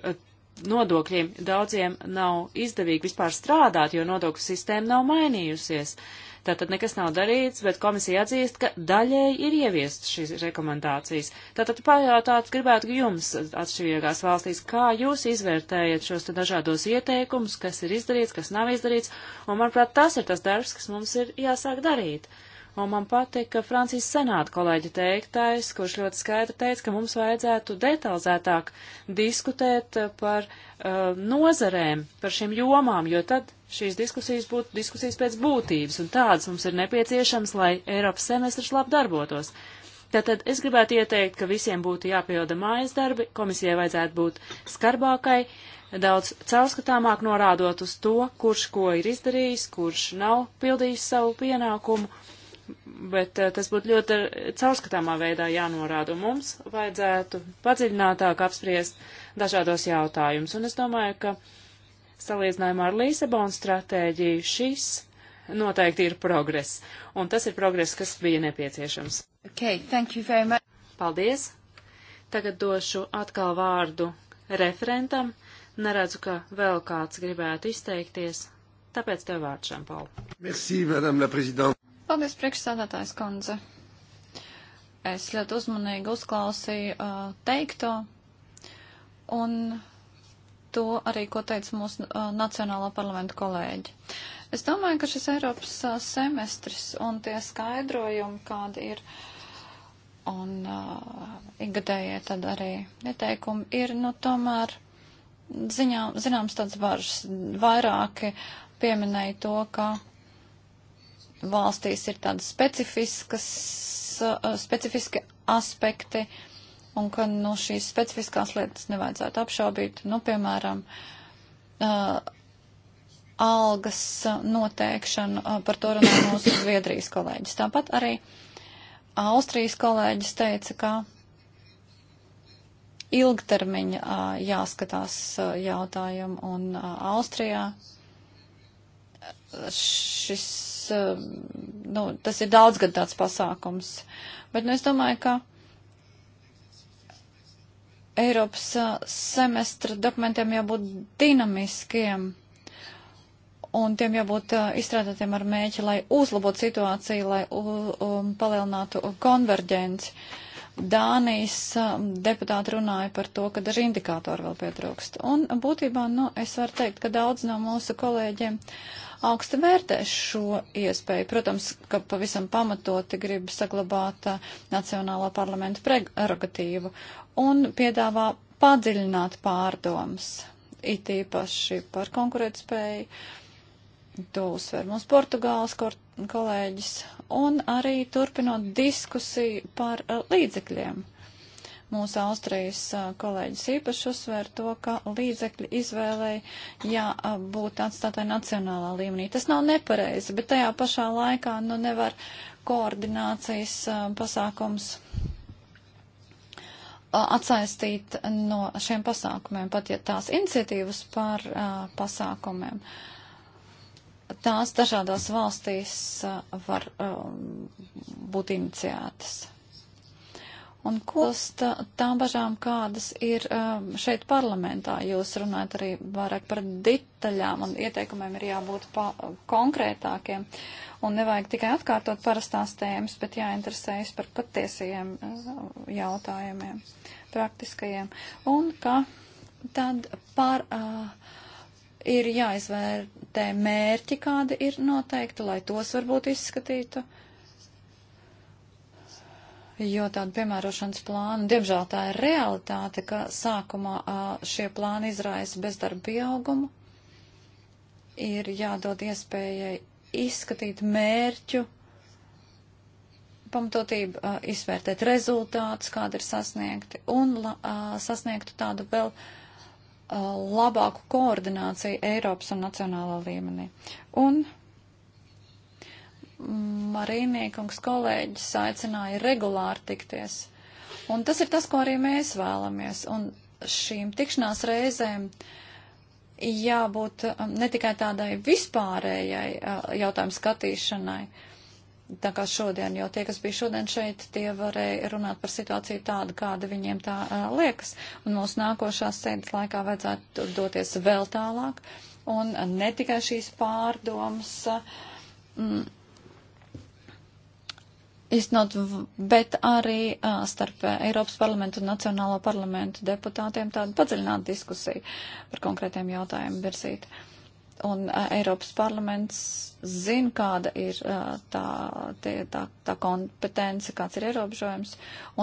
nodokļiem, daudziem nav izdevīgi vispār strādāt, jo nodokļu sistēma nav mainījusies. Uh, Tātad nekas nav darīts, bet komisija atzīst, ka daļēji ir ieviest šīs rekomendācijas. Tātad pajautāt gribētu jums atšķirīgās valstīs, kā jūs izvērtējat šos te dažādos ieteikumus, kas ir izdarīts, kas nav izdarīts, un manuprāt, tas ir tas darbs, kas mums ir jāsāk darīt. Uh, un man patika Francijas senāta kolēģa teiktais, kurš ļoti skaidri teica, ka mums vajadzētu detalizētāk diskutēt par uh, nozarēm, par šīm jomām, jo tad šīs diskusijas būtu diskusijas pēc būtības, un tādas mums ir nepieciešams, lai Eiropas semestrs labi darbotos. Tātad es gribētu ieteikt, ka visiem būtu jāpilda mājas darbi, komisijai vajadzētu būt skarbākai, daudz caurskatāmāk norādot uz to, kurš ko ir izdarījis, kurš nav pildījis savu pienākumu, bet eh, tas būtu ļoti caurskatāmā veidā jānorāda. Mums vajadzētu padziļinātāk apspriest dažādos jautājumus. Un es domāju, ka salīdzinājumā ar Līsabonas stratēģiju šis noteikti ir progress. Un tas ir progress, kas bija nepieciešams. Okay, thank you very much. Paldies. Tagad došu atkal vārdu referentam. Neredzu, ka vēl kāds gribētu izteikties. Tāpēc tev vārds, Šampaul. Merci, madame la présidente. Paldies, priekšsādātājs kundze. Es ļoti uzmanīgi uzklausīju uh, teikto un to arī, ko teica mūsu uh, Nacionālā parlamenta kolēģi. Es domāju, ka šis Eiropas uh, semestris un tie skaidrojumi, kādi ir uh, un uh, ikgadējie tad arī ieteikumi ir, nu, tomēr ziņā, zināms tāds varš. Vairāki pieminēja to, ka valstīs ir tādas specifiskas, uh, specifiski aspekti, un ka, nu, šīs specifiskās lietas nevajadzētu apšaubīt, nu, piemēram, uh, algas noteikšanu, uh, par to runāja mūsu Zviedrijas kolēģis. Tāpat arī Austrijas kolēģis teica, ka ilgtermiņa jāskatās jautājumu, un Austrijā šis, um, nu, tas ir daudzgad tāds pasākums. Bet nu, es domāju, ka Eiropas uh, semestra dokumentiem jābūt dinamiskiem un tiem jābūt uh, izstrādātiem ar mēķi, lai uzlabotu situāciju, lai u, u, um, palielinātu konverģenci. Uh, Dānijas deputāti runāja par to, ka daži indikātori vēl pietrūkst. Un būtībā, nu, es varu teikt, ka daudz no mūsu kolēģiem augsti vērtē šo iespēju. Protams, ka pavisam pamatoti grib saglabāt Nacionālā parlamenta prerogatīvu un piedāvā padziļināt pārdomas, it īpaši par konkurētspēju To uzsver mūsu Portugāles kolēģis. Un arī turpinot diskusiju par uh, līdzekļiem. Mūsu Austrijas uh, kolēģis īpaši uzsver to, ka līdzekļu izvēlei jābūt eh, atstātai nacionālā līmenī. Tas nav nepareizi, bet tajā pašā laikā nu nevar koordinācijas uh, pasākums atsaistīt no šiem pasākumiem, pat ja tās iniciatīvas par uh, pasākumiem. Uh, tās dažādās valstīs uh, var um, būt iniciētas. Un ko tā, tām bažām, kādas ir um, šeit parlamentā? Jūs runājat arī vairāk par detaļām un ieteikumiem ir jābūt pa, konkrētākiem. Un nevajag tikai atkārtot parastās tēmas, bet jāinteresējas par patiesajiem uh, jautājumiem, praktiskajiem. Un ka tad par. Uh, ir jāizvēr jāvērtē mērķi, kādi ir noteikti, lai tos varbūt izskatītu. Jo tāda piemērošanas plāna, diemžēl tā ir realitāte, ka sākumā šie plāni izraisa bezdarba pieaugumu, ir jādod iespējai izskatīt mērķu pamatotību, izvērtēt rezultātus, kādi ir sasniegti, un sasniegtu tādu vēl. Uh, Uh, labāku koordināciju Eiropas un nacionālā līmenī. Un Marīnīkungs kolēģis aicināja regulāri tikties. Un tas ir tas, ko arī mēs vēlamies. Un šīm tikšanās reizēm jābūt uh, ne tikai tādai vispārējai uh, jautājumu skatīšanai, uh, tā kā šodien, jo tie, kas bija šodien šeit, tie varēja runāt par situāciju tādu, kāda viņiem tā uh, liekas. Un mūsu nākošās sēdes laikā vajadzētu doties vēl tālāk. Un uh, ne tikai šīs pārdomas. Uh, mm, Iznot, bet arī uh, starp Eiropas parlamentu un Nacionālo parlamentu deputātiem tāda padziļināta diskusija par konkrētiem jautājumiem virzīt. Uh, un uh, Eiropas parlaments zina, kāda ir uh, tā, tie, tā, tā kompetence, kāds ir ierobežojums,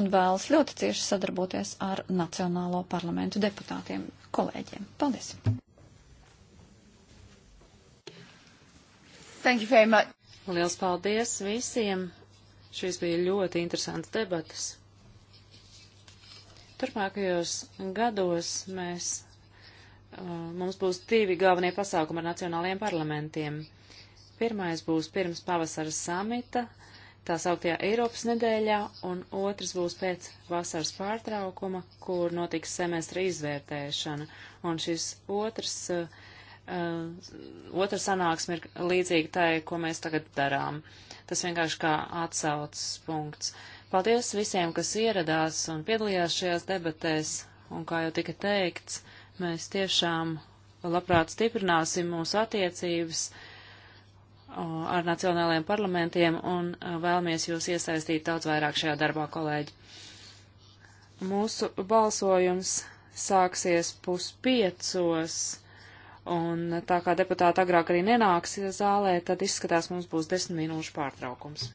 un vēlas ļoti cieši sadarboties ar Nacionālo parlamentu deputātiem, kolēģiem. Paldies! Thank you very much. Liels paldies visiem! Šīs bija ļoti interesants debatas. Turpmākajos gados mēs Eh, mums būs divi galvenie pasākumi ar nacionālajiem parlamentiem. Pirmais būs pirms pavasara samita, tā sauktajā Eiropas nedēļā, un otrs būs pēc vasaras pārtraukuma, kur notiks semestra izvērtēšana. Un šis otrs, uh, otra sanāksme ir līdzīga tai, ko mēs tagad darām. Tas vienkārši kā atsaucas punkts. Paldies visiem, kas ieradās un piedalījās šajās debatēs, un kā jau tika teikts, Mēs tiešām labprāt stiprināsim mūsu attiecības ar nacionālajiem parlamentiem un e, vēlamies jūs iesaistīt daudz vairāk šajā darbā, kolēģi. Mūsu balsojums sāksies puspiecos, un tā kā deputāti agrāk arī nenāks zālē, tad izskatās mums būs desmit minūšu pārtraukums.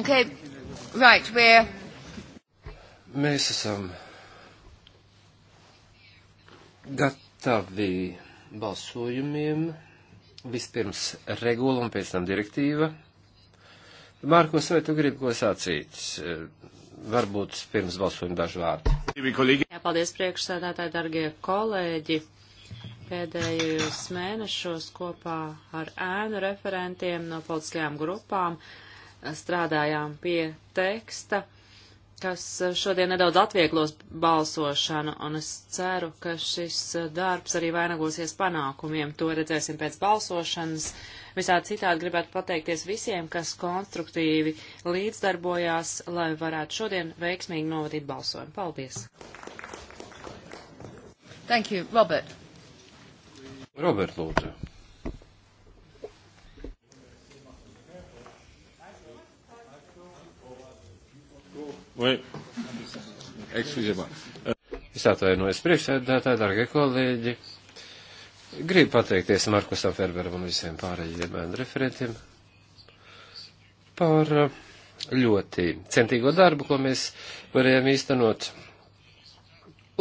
Okay. Right, we're... Mēs esam gatavi balsojumiem. Vispirms regula un pēc tam direktīva. Mārkos, vai tu gribi ko sacīt? Varbūt pirms balsojuma daži vārdi. Jā, paldies priekšsēdētāji, dargie kolēģi pēdējos mēnešos kopā ar ēnu referentiem no politiskajām grupām strādājām pie teksta, kas šodien nedaudz atvieglos balsošanu, un es ceru, ka šis darbs arī vainagosies panākumiem. To redzēsim pēc balsošanas. Visādi citādi gribētu pateikties visiem, kas konstruktīvi līdzdarbojās, lai varētu šodien veiksmīgi novadīt balsojumu. Paldies! Thank you, Robert. Robert, lūdzu. Vai? Excuse-moi. Euh, es atvainojos priekšsēdētāji, dargie kolēģi. Gribu pateikties Markusam Ferberam un visiem pārējiem referentiem par uh, ļoti centīgo darbu, ko mēs varējām īstenot.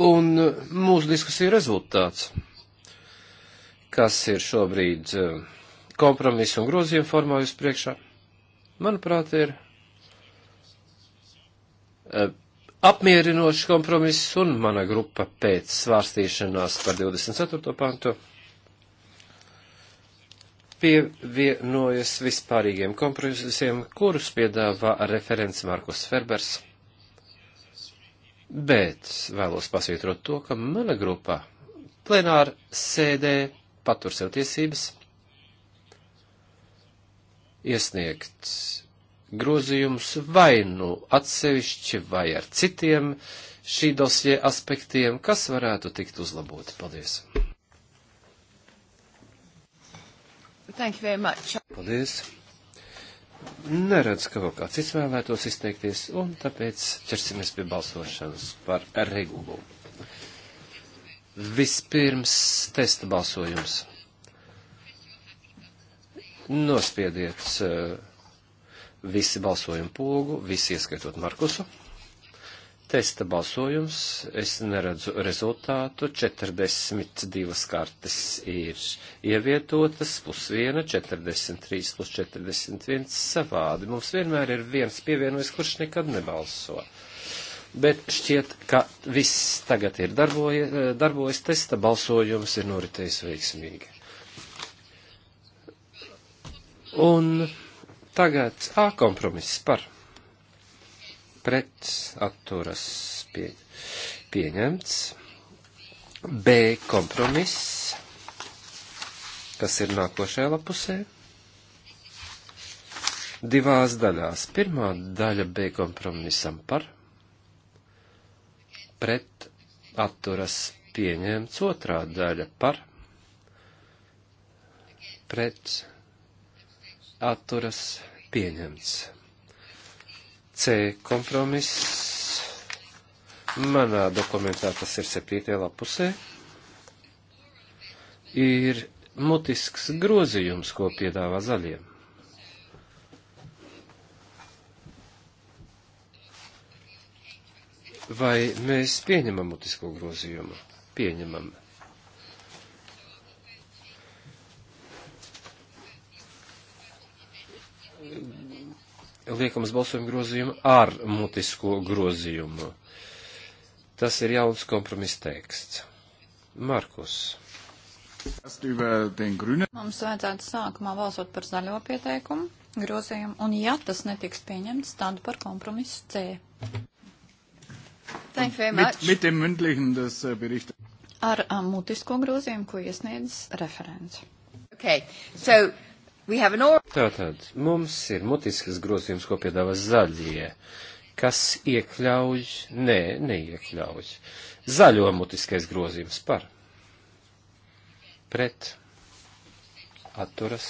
Un uh, mūsu diskusija rezultāts, kas ir šobrīd uh, kompromisu un grozījumu formā jūs priekšā, manuprāt, ir Eh, apmierinošs kompromiss, un mana grupa pēc svārstīšanās par 24. pantu pievienojas vispārīgiem kompromisiem, kurus piedāvā referents Markus Ferbers. Bet vēlos pasvītrot to, ka mana grupa plenāra sēdē patur sev tiesības iesniegt grozījumus vai nu atsevišķi vai ar citiem šī dosie aspektiem, kas varētu tikt uzlaboti. Paldies! Thank you very much. Paldies! Neredz, ka vēl kāds izvēlētos izteikties, un tāpēc ķersimies pie balsošanas par regulu. Vispirms testa balsojums. Nospiediet uh, Visi balsojam pogu, visi ieskaitot Markusu. Testa balsojums, es neredzu rezultātu, 42 kartes ir ievietotas, plus 1, 43 plus 41 savādi. Mums vienmēr ir viens pievienojis, kurš nekad nebalso bet šķiet, ka viss tagad ir darboja, darbojas, testa balsojums ir noritējis veiksmīgi. Un Tagad A kompromiss par pret atturas pie, pieņemts. B kompromiss, kas ir nākošajā lapusē. Divās daļās. Pirmā daļa B kompromisam par pret atturas pieņemts. Otrā daļa par pret atturas pieņemts atturas pieņemts. C kompromiss. Manā dokumentā tas ir 7. lapusē. Ir mutisks grozījums, ko piedāvā zaļiem. Vai mēs pieņemam mutisko grozījumu? Pieņemam. liekamas balsojuma grozījumu ar mutisko grozījumu. Tas ir jauns kompromiss teksts. Markus. Mums vajadzētu sākumā balsot par zaļo pieteikumu, grozījumu, un ja tas netiks pieņemts, tad par kompromisu C. Thank you very much. Mit, mit dem mündlichen des uh, äh, Berichts ar um, mutisko grozījumu, ko iesniedz referents. Okay. So, Or... Tātad mums ir mutiskas grozījums, ko piedāvā zaļie, kas iekļauj, nē, neiekļauj. Zaļo mutiskais grozījums par. Pret. Atturas.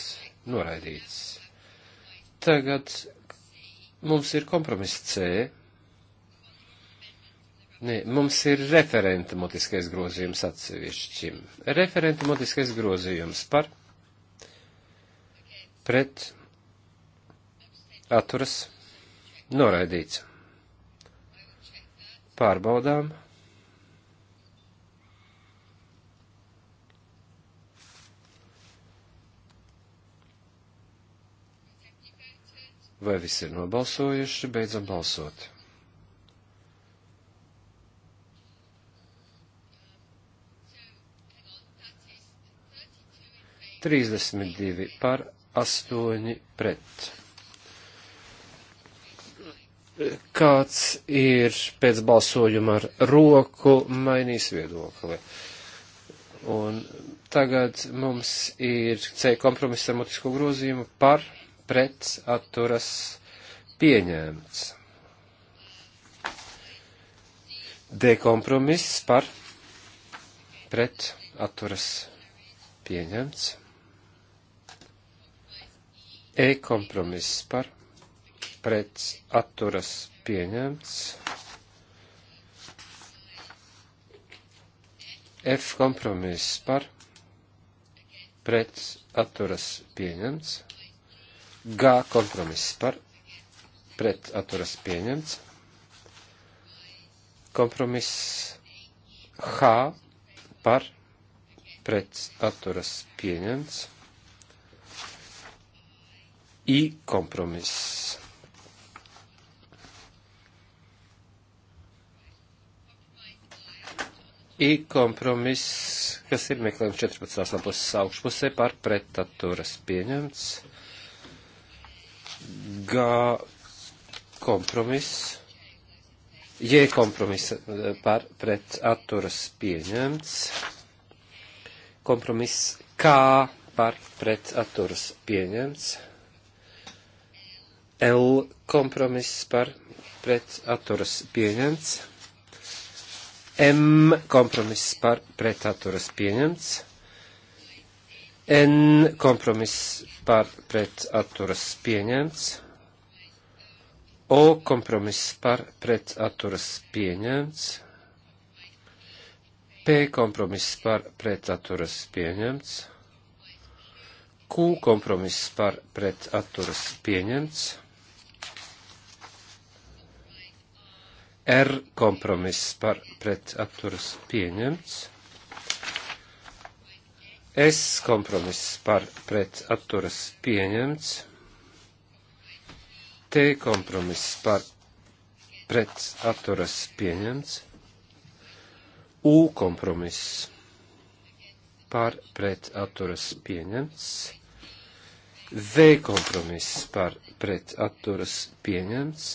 Noraidīts. Tagad mums ir kompromiss C. Nē, mums ir referenta mutiskais grozījums atsevišķim. Referenta mutiskais grozījums par pret atturas noraidīts. Pārbaudām. Vai visi ir nobalsojuši? Beidzam balsot. Trīsdesmit divi par astoņi pret. Kāds ir pēc balsojuma ar roku mainījis viedokli? Un tagad mums ir C kompromiss ar mutisko grozījumu par pret atturas pieņēmts. D kompromiss par pret atturas pieņemts. E-kompromiss par pret atturas pieņemts. F kompromiss par pret atturas pieņemts. G kompromiss par pret atturas pieņemts. Kompromiss H par pret atturas pieņemts. I kompromiss. I kompromiss, kas ir meklējums 14. lapas augšpusē par pretaturas pieņemts. G kompromiss. J kompromiss par pretaturas pieņemts. Kompromiss K par pretaturas pieņemts. L kompromiss par pret atturas pieņemts. M kompromiss par pret atturas pieņemts. N kompromiss par pret atturas pieņemts. O kompromiss par pret atturas pieņemts. P kompromiss par pret atturas pieņemts. Q kompromiss par pret atturas pieņemts. R kompromiss par pret atturas pieņemts. S kompromiss par pret atturas pieņemts. T kompromiss par pret atturas pieņemts. U kompromiss par pret atturas pieņemts. V kompromiss par pret atturas pieņemts.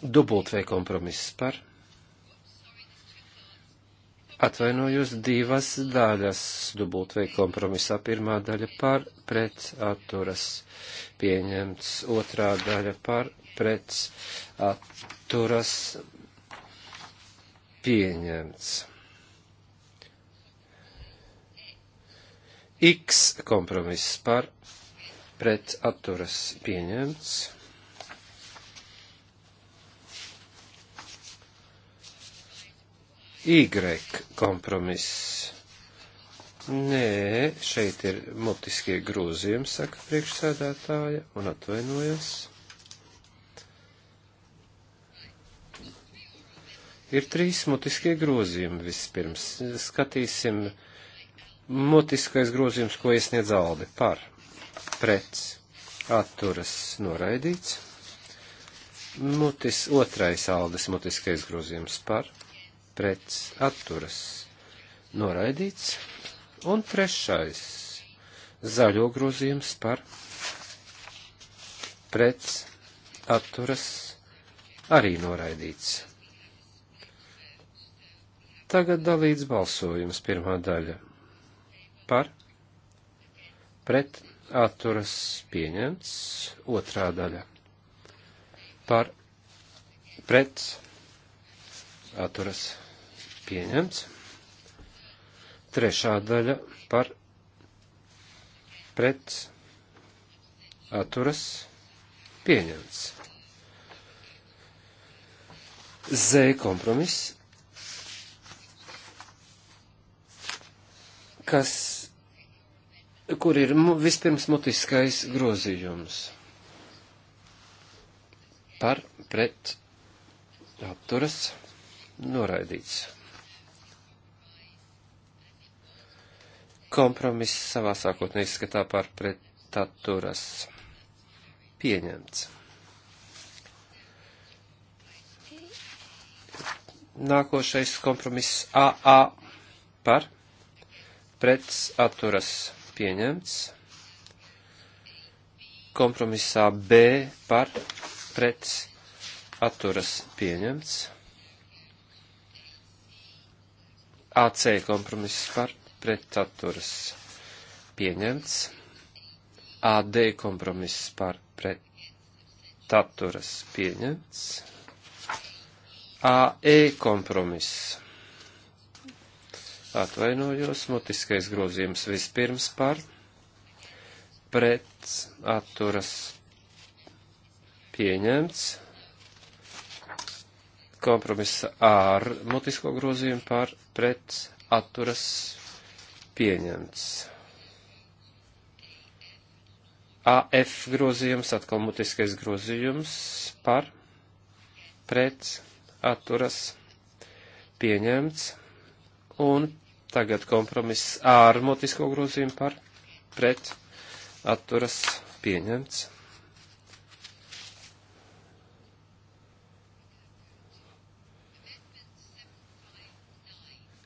Dubult vai kompromiss par? Atvainojos divas daļas dubultvei kompromisā. Pirmā daļa par pret atturas pieņemts, otrā daļa par pret atturas pieņemts. X kompromiss par pret atturas pieņemts. Y kompromiss. Nē, šeit ir mutiskie grūzījumi, saka priekšsēdētāja, un atvainojas. Ir trīs mutiskie grozījumi vispirms. Skatīsim mutiskais grozījums, ko iesniedz Aldi par pret atturas noraidīts. Mutis, otrais Aldes mutiskais grozījums par pret atturas noraidīts. Un trešais zaļo grozījums par pret atturas arī noraidīts. Tagad dalīts balsojums pirmā daļa par pret atturas pieņemts otrā daļa par pret atturas pieņemts pieņemts. Trešā daļa par pret atturas pieņemts. Z kompromiss, kas, kur ir mu, vispirms mutiskais grozījums par pret apturas noraidīts. Kompromiss savā sākotnē izskatā par pretaturas pieņemts. Nākošais kompromiss AA par pretsaturas pieņemts. Kompromisā B par pretsaturas pieņemts. AC kompromiss par pret atturas pieņemts. AD kompromiss par pret atturas pieņemts. AE kompromiss. Atvainojos, mutiskais grozījums vispirms par pret atturas pieņemts kompromisa ar mutisko grozījumu par pret atturas pieņemts. AF grozījums, atkal mutiskais grozījums par, pret, atturas, pieņemts. Un tagad kompromiss ar mutisko grozījumu par, pret, atturas, pieņemts.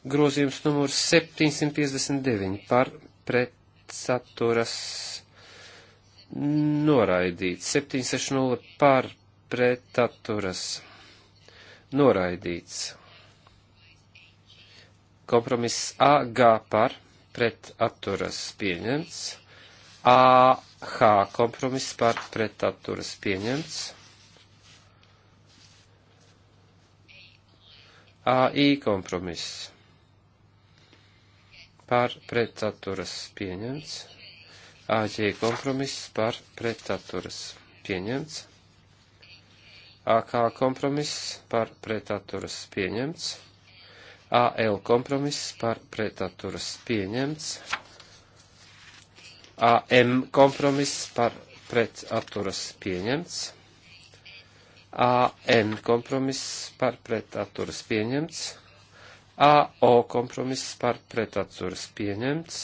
grozījums numurs 759 par pretsaturas noraidīts, 760 par pretaturas noraidīts. Kompromiss AG par pretaturas pieņemts, AH kompromiss par pretaturas pieņemts. AI kompromiss par pretaturas pieņemts. AG kompromiss par pretaturas pieņemts. AK kompromiss par pretaturas pieņemts. AL kompromiss par pretaturas pieņemts. AM kompromiss par pretaturas pieņemts. AN kompromiss par pretaturas pieņemts. AO kompromiss par pretatturas pieņemts.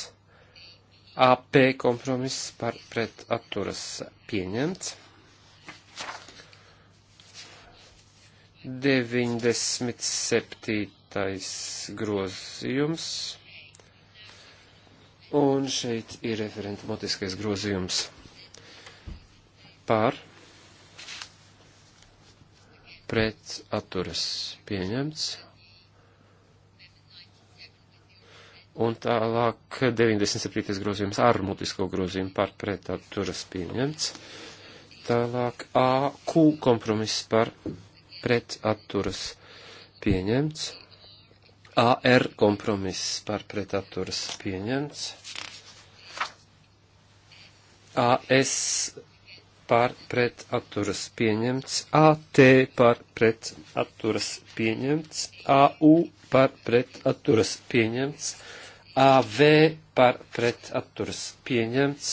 AP kompromiss par pretatturas pieņemts. 97. grozījums. Un šeit ir referenta motiskais grozījums par pret atturas pieņemts. Un tālāk 97. grozījums ar mutisko grozījumu par pretatturas pieņemts. Tālāk AQ kompromiss par pretatturas pieņemts. AR kompromiss par pretatturas pieņemts. AS par pretatturas pieņemts, AT par pretatturas pieņemts, AU par pretatturas pieņemts, AV par pret atturas pieņemts,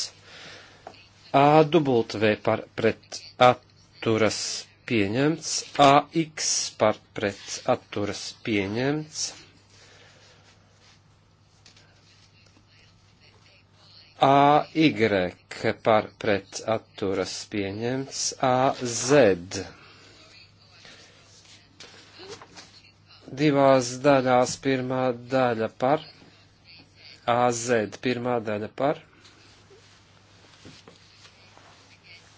AW par pret atturas pieņemts, AX par pret atturas pieņemts, AY par pret atturas pieņemts, AZ divās daļās pirmā daļa par AZ pirmā daļa par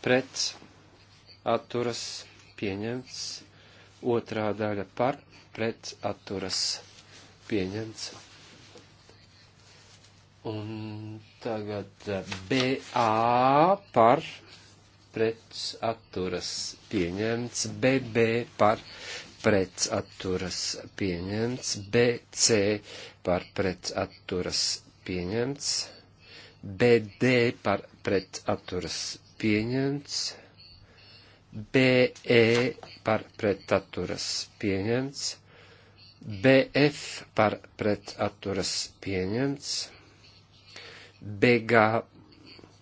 pret atturas pieņemts, otrā daļa par pret atturas pieņemts. Un tagad eh, BA par pret atturas pieņemts, BB par pret atturas pieņemts, BC par pret atturas pieņemts, BD par pret atturas pieņemts, BE par pret atturas pieņemts, BF par pret atturas pieņemts, BG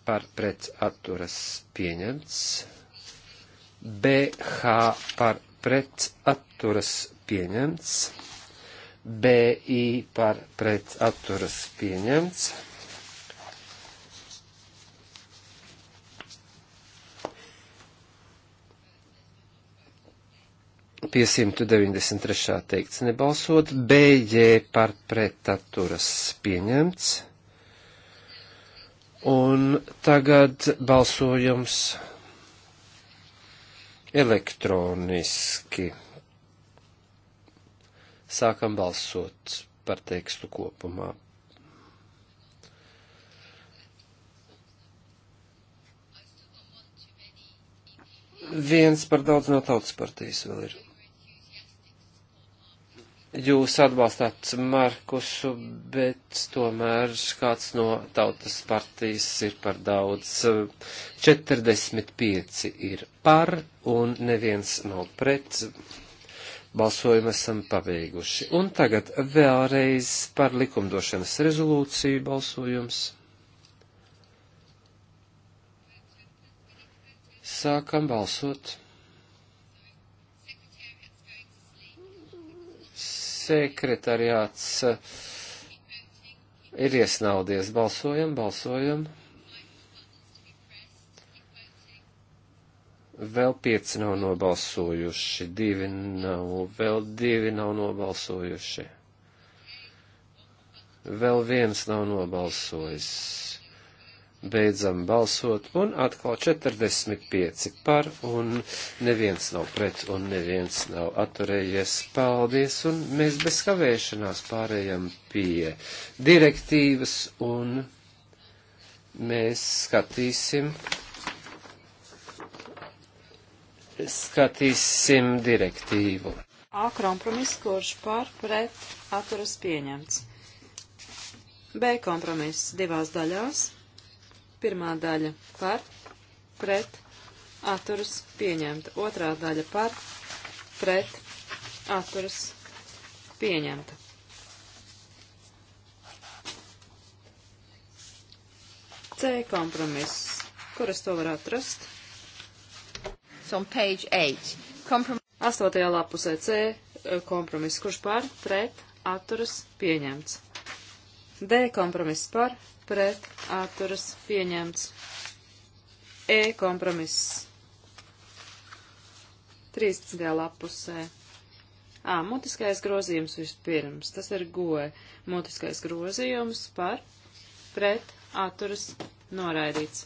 par pret atturas pieņemts, BH par pret atturas pieņemts. BI par pret atturas pieņemts. Pie 193. teikts nebalsot, BJ par pretaturas pieņemts. Un tagad balsojums elektroniski. Sākam balsot par tekstu kopumā. Viens par daudz no tautas partijas vēl ir jūs atbalstāt Markušu, bet tomēr kāds no tautas partijas ir par daudz. 45 ir par un neviens nav pret. Balsojumu esam pabeiguši. Un tagad vēlreiz par likumdošanas rezolūciju balsojums. Sākam balsot. sekretariāts eh, ir iesnaudies. Balsojam, balsojam. Vēl pieci nav nobalsojuši, divi nav, vēl divi nav nobalsojuši. Vēl viens nav nobalsojis. Beidzam balsot un atkal 45 par un neviens nav pret un neviens nav atturējies. Paldies un mēs bez kavēšanās pārējam pie direktīvas un mēs skatīsim skatīsim direktīvu. A kompromiss, kurš par pret atturas pieņemts. B kompromiss divās daļās. Pirmā daļa par, pret, atturas pieņemta. Otrā daļa par, pret, atturas pieņemta. C kompromiss. Kur es to varu atrast? on page 8. Komprom 8. lapusē C eh, kompromiss, kurš par, pret, atturas, pieņemts. D kompromiss par, pret atturas pieņemts. E kompromiss. 13. lapusē. Ā, mutiskais grozījums vispirms. Tas ir goe. Mutiskais grozījums par pret atturas noraidīts.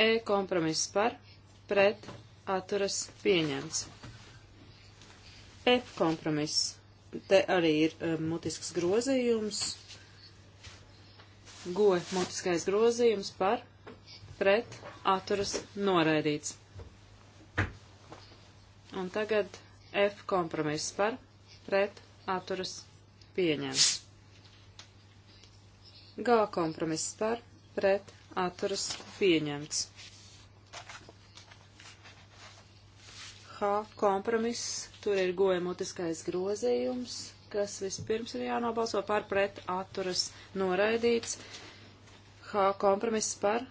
E kompromiss par pret atturas pieņemts. F kompromiss. Te arī ir um, mutisks grozījums Goja mutiskais grozījums par pret atturas noraidīts. Un tagad F kompromiss par pret atturas pieņems. G kompromiss par pret atturas pieņemts. H kompromiss, tur ir goja mutiskais grozījums kas vispirms ir jānobalso par pret atturas noraidīts. H kompromiss par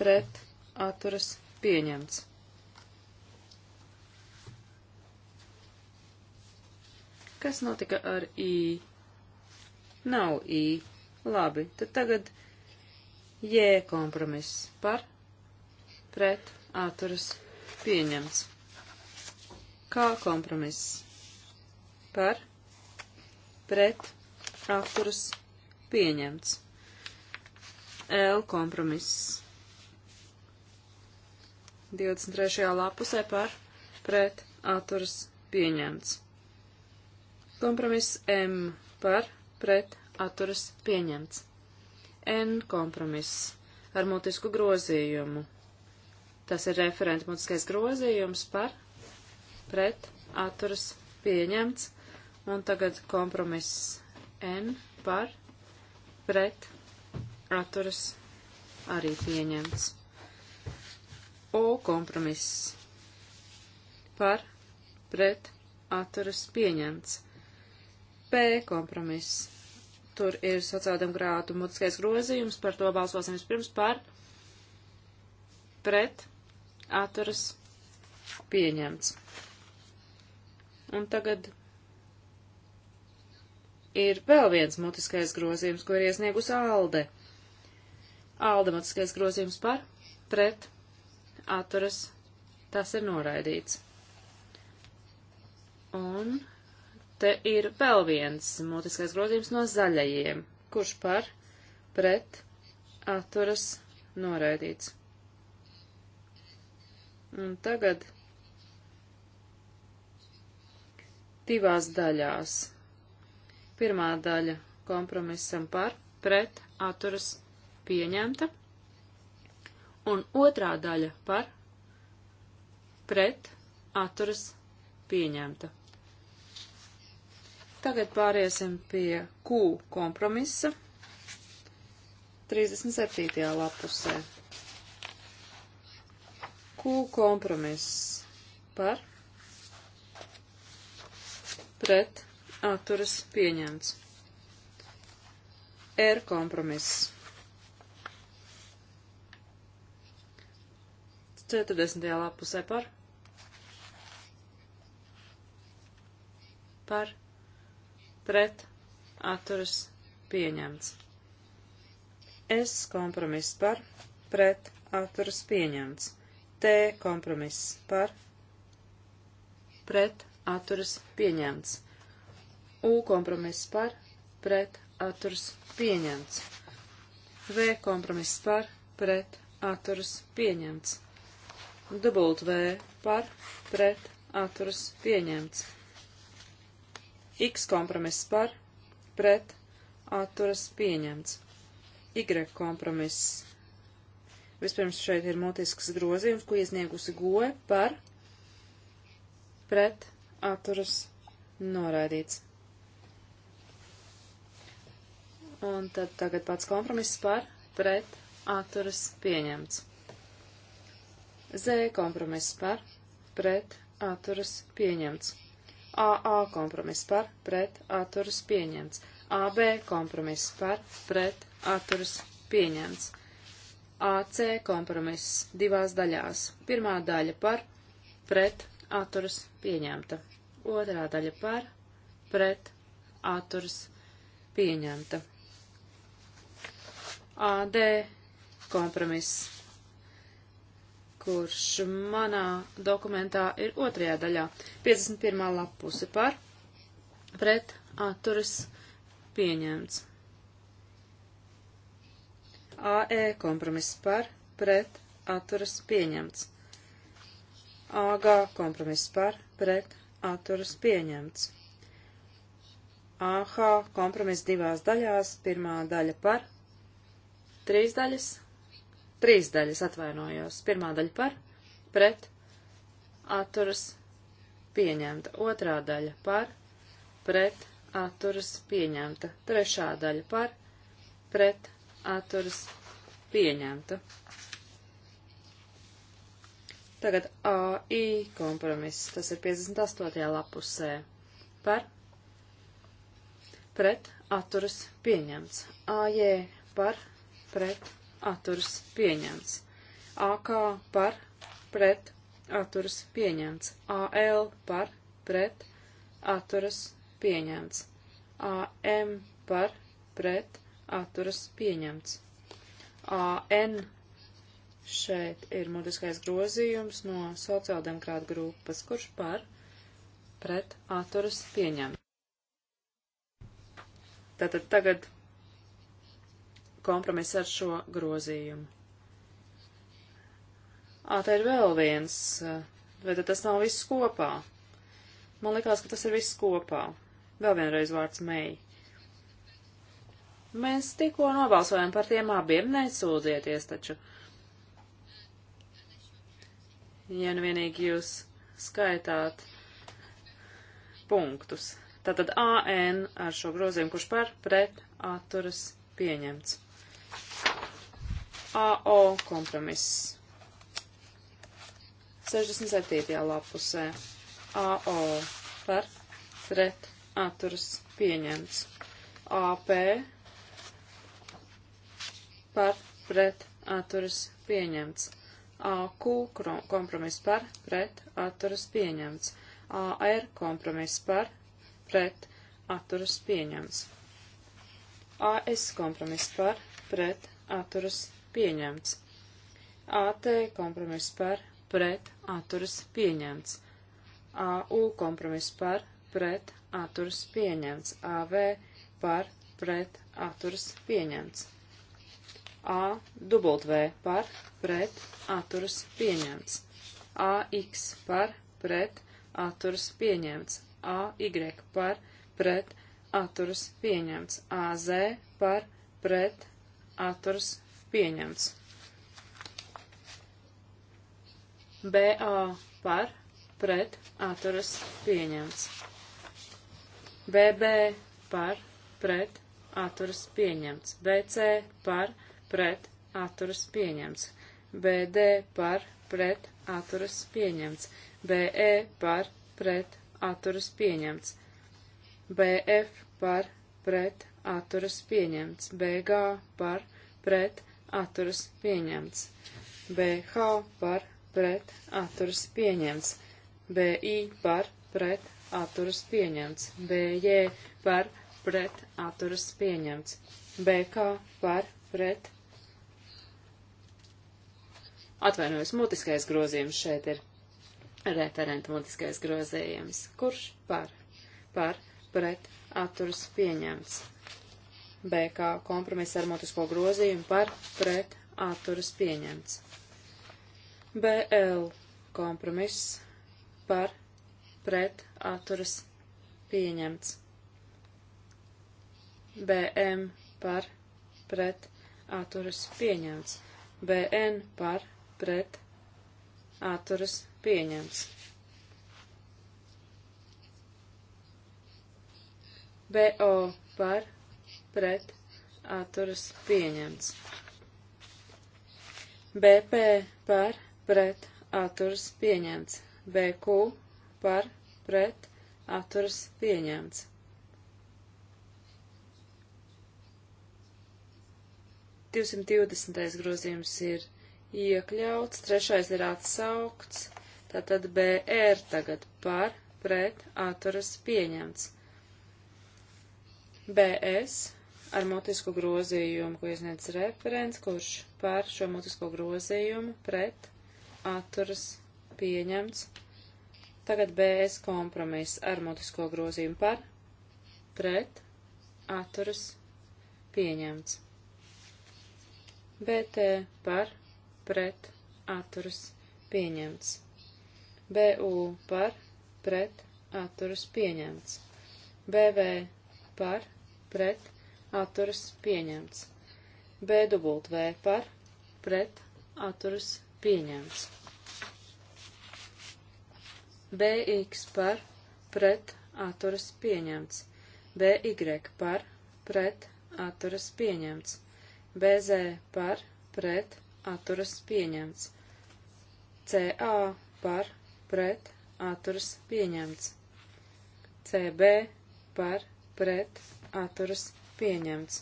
pret atturas pieņemts. Kas notika ar I? Nav I. Labi, tad tagad J kompromiss par pret atturas pieņemts. K kompromiss par pret atturas pieņemts. L kompromiss. 23. lapusē par pret atturas pieņemts. Kompromiss M par pret atturas pieņemts. N kompromiss ar mutisku grozījumu. Tas ir referenta mutiskais grozījums par pret atturas pieņemts. Un tagad kompromiss N par pret atturas arī pieņemts. O kompromiss par pret atturas pieņemts. P kompromiss. Tur ir sociāldemokrātu mutiskais grozījums, par to balsosim vispirms par pret atturas pieņemts. Un tagad ir vēl viens mutiskais grozījums, ko ir iesniegus Alde. Alde mutiskais grozījums par, pret, atturas, tas ir noraidīts. Un te ir vēl viens mutiskais grozījums no zaļajiem, kurš par, pret, atturas, noraidīts. Un tagad divās daļās Pirmā daļa kompromisam par, pret, atturas pieņemta. Un otrā daļa par, pret, atturas pieņemta. Tagad pāriesim pie Q kompromisa 37. lapusē. Q kompromiss par, pret, atturas pieņemts. R kompromiss. 40. lapusē par par pret atturas pieņemts. S kompromiss par pret atturas pieņemts. T kompromiss par pret atturas pieņemts. U kompromiss par, pret, atturas pieņemts. V kompromiss par, pret, atturas pieņemts. Dubult V par, pret, atturas pieņemts. X kompromiss par, pret, atturas pieņemts. Y kompromiss. Vispirms šeit ir mutisks grozījums, ko iesniegusi goe par, pret, atturas noraidīts. Un tad tagad pats kompromiss par, pret, atturas pieņemts. Z kompromiss par, pret, atturas pieņemts. AA kompromiss par, pret, atturas pieņemts. AB kompromiss par, pret, atturas pieņemts. AC kompromiss divās daļās. Pirmā daļa par, pret, atturas pieņemta. Otrā daļa par, pret, atturas pieņemta. AD kompromiss, kurš manā dokumentā ir otrajā daļā, 51. lapuse par pret atturas pieņemts. AE kompromiss par pret atturas pieņemts. AG kompromiss par pret atturas pieņemts. AH kompromiss divās daļās, pirmā daļa par Trīs daļas. Trīs daļas atvainojos. Pirmā daļa par, pret, atturas, pieņemta. Otrā daļa par, pret, atturas, pieņemta. Trešā daļa par, pret, atturas, pieņemta. Tagad AI kompromiss, tas ir 58. lapusē. Par, pret, atturas, pieņemts. AJ par, pret atturas pieņemts. AK par pret atturas pieņemts. AL par pret atturas pieņemts. AM par pret atturas pieņemts. AN šeit ir mutiskais grozījums no sociāldemokrāta grupas, kurš par pret atturas pieņemts. Tātad tagad kompromisu ar šo grozījumu. Ā, te ir vēl viens, vai tad tas nav viss kopā? Man likās, ka tas ir viss kopā. Vēl vienreiz vārds mei. Mēs tikko nobalsojam par tiem abiem, nesūdzieties taču. Ja nu vienīgi jūs skaitāt punktus. Tātad AN ar šo grozījumu, kurš par pret atturas pieņemts. AO kompromiss. 67. lapusē. AO par pret atturas pieņemts. AP par pret atturas pieņemts. AQ kompromiss par pret atturas pieņemts. AR kompromiss par pret atturas pieņemts. AS kompromiss par pret atturas pieņemts. AT kompromiss par pret atturas pieņemts. AU kompromiss par pret atturas pieņemts. AV par pret atturas pieņemts. AW par pret atturas pieņemts. AX par pret atturas pieņemts. AY par pret atturas pieņemts. AZ par pret atturas pieņemts. BA par pret atturas pieņemts. BB par pret atturas pieņemts. BC par pret atturas pieņemts. BD par pret atturas pieņemts. BE par pret atturas pieņemts. BF par pret atturas pieņemts, BG par pret atturas pieņemts, BH par pret atturas pieņemts, BI par pret atturas pieņemts, BJ par pret atturas pieņemts, BK par pret. Atvainojos, mutiskais grozījums šeit ir referenta mutiskais grozījums. Kurš par? Par pret atturas pieņemts. BK kompromisa ar motisko grozījumu par pret atturas pieņemts. BL kompromiss par pret atturas pieņemts. BM par pret atturas pieņemts. BN par pret atturas pieņemts. BO par pret atturas pieņemts. BP par pret atturas pieņemts. BQ par pret atturas pieņemts. Divsimt divdesmitais grozījums ir iekļauts, trešais ir atsaukts, tātad BR tagad par pret atturas pieņemts. BS ar mutisku grozījumu, ko iesniedz referents, kurš pār šo mutisko grozījumu pret atturas pieņemts. Tagad BS kompromiss ar mutisko grozījumu par pret atturas pieņemts. BT par pret atturas pieņemts. BU par pret atturas pieņemts. BV par pret atturas pieņemts atturas pieņemts. B dubult V par pret atturas pieņemts. BX par pret atturas pieņemts. BY par pret atturas pieņemts. BZ par pret atturas pieņemts. CA par pret atturas pieņemts. CB par pret atturas pieņemts pieņemts.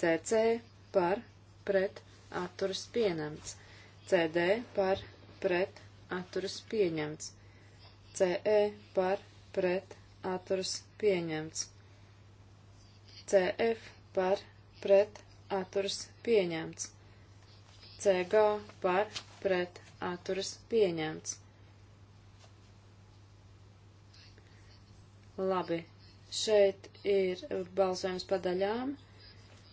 CC par pret atturas pieņemts. CD par pret atturas pieņemts. CE par pret atturas pieņemts. CF par pret atturas pieņemts. CG par pret atturas pieņemts. Labi, Šeit ir balsojums pa daļām.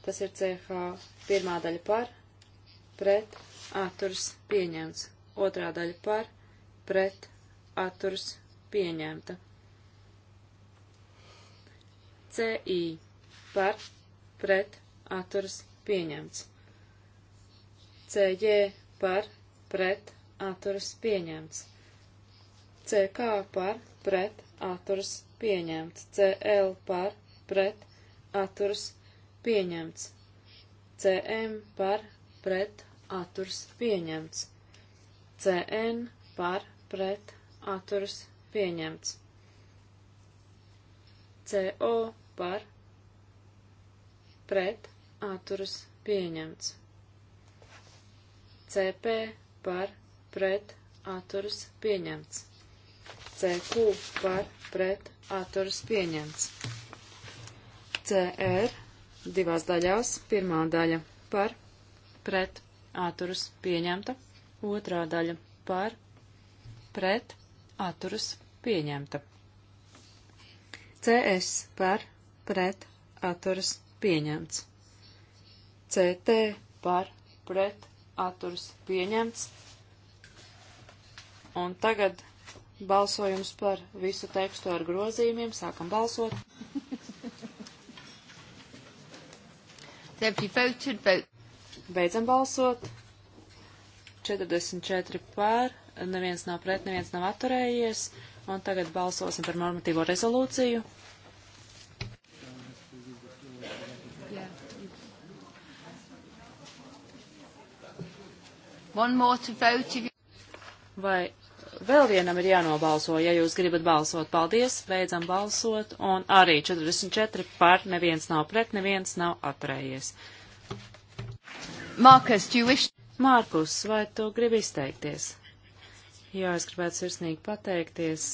Tas ir CH pirmā daļa par, pret, atturs pieņemts. Otrā daļa par, pret, atturs pieņemta. CI par, pret, atturs pieņemts. CJ par, pret, atturs pieņemts. CK par pret atturas pieņemts, CL par pret atturas pieņemts, CM par pret atturas pieņemts, CN par pret atturas pieņemts, CO par pret atturas pieņemts, CP par pret atturas pieņemts. CQ par pret atturas pieņemts. CR divās daļās pirmā daļa par pret atturas pieņemta, otrā daļa par pret atturas pieņemta. CS par pret atturas pieņemts. CT par pret atturas pieņemts. Un tagad Balsojums par visu tekstu ar grozījumiem. Sākam balsot. voted, vote. Beidzam balsot. 44 pār, neviens nav pret, neviens nav atturējies. Un tagad balsosim par normatīvo rezolūciju. One more to vote. Vai vēl vienam ir jānobalso, ja jūs gribat balsot. Paldies, beidzam balsot, un arī 44 par, neviens nav pret, neviens nav atturējies. Markus, wish... Markus, vai tu gribi izteikties? Jā, es gribētu sirsnīgi pateikties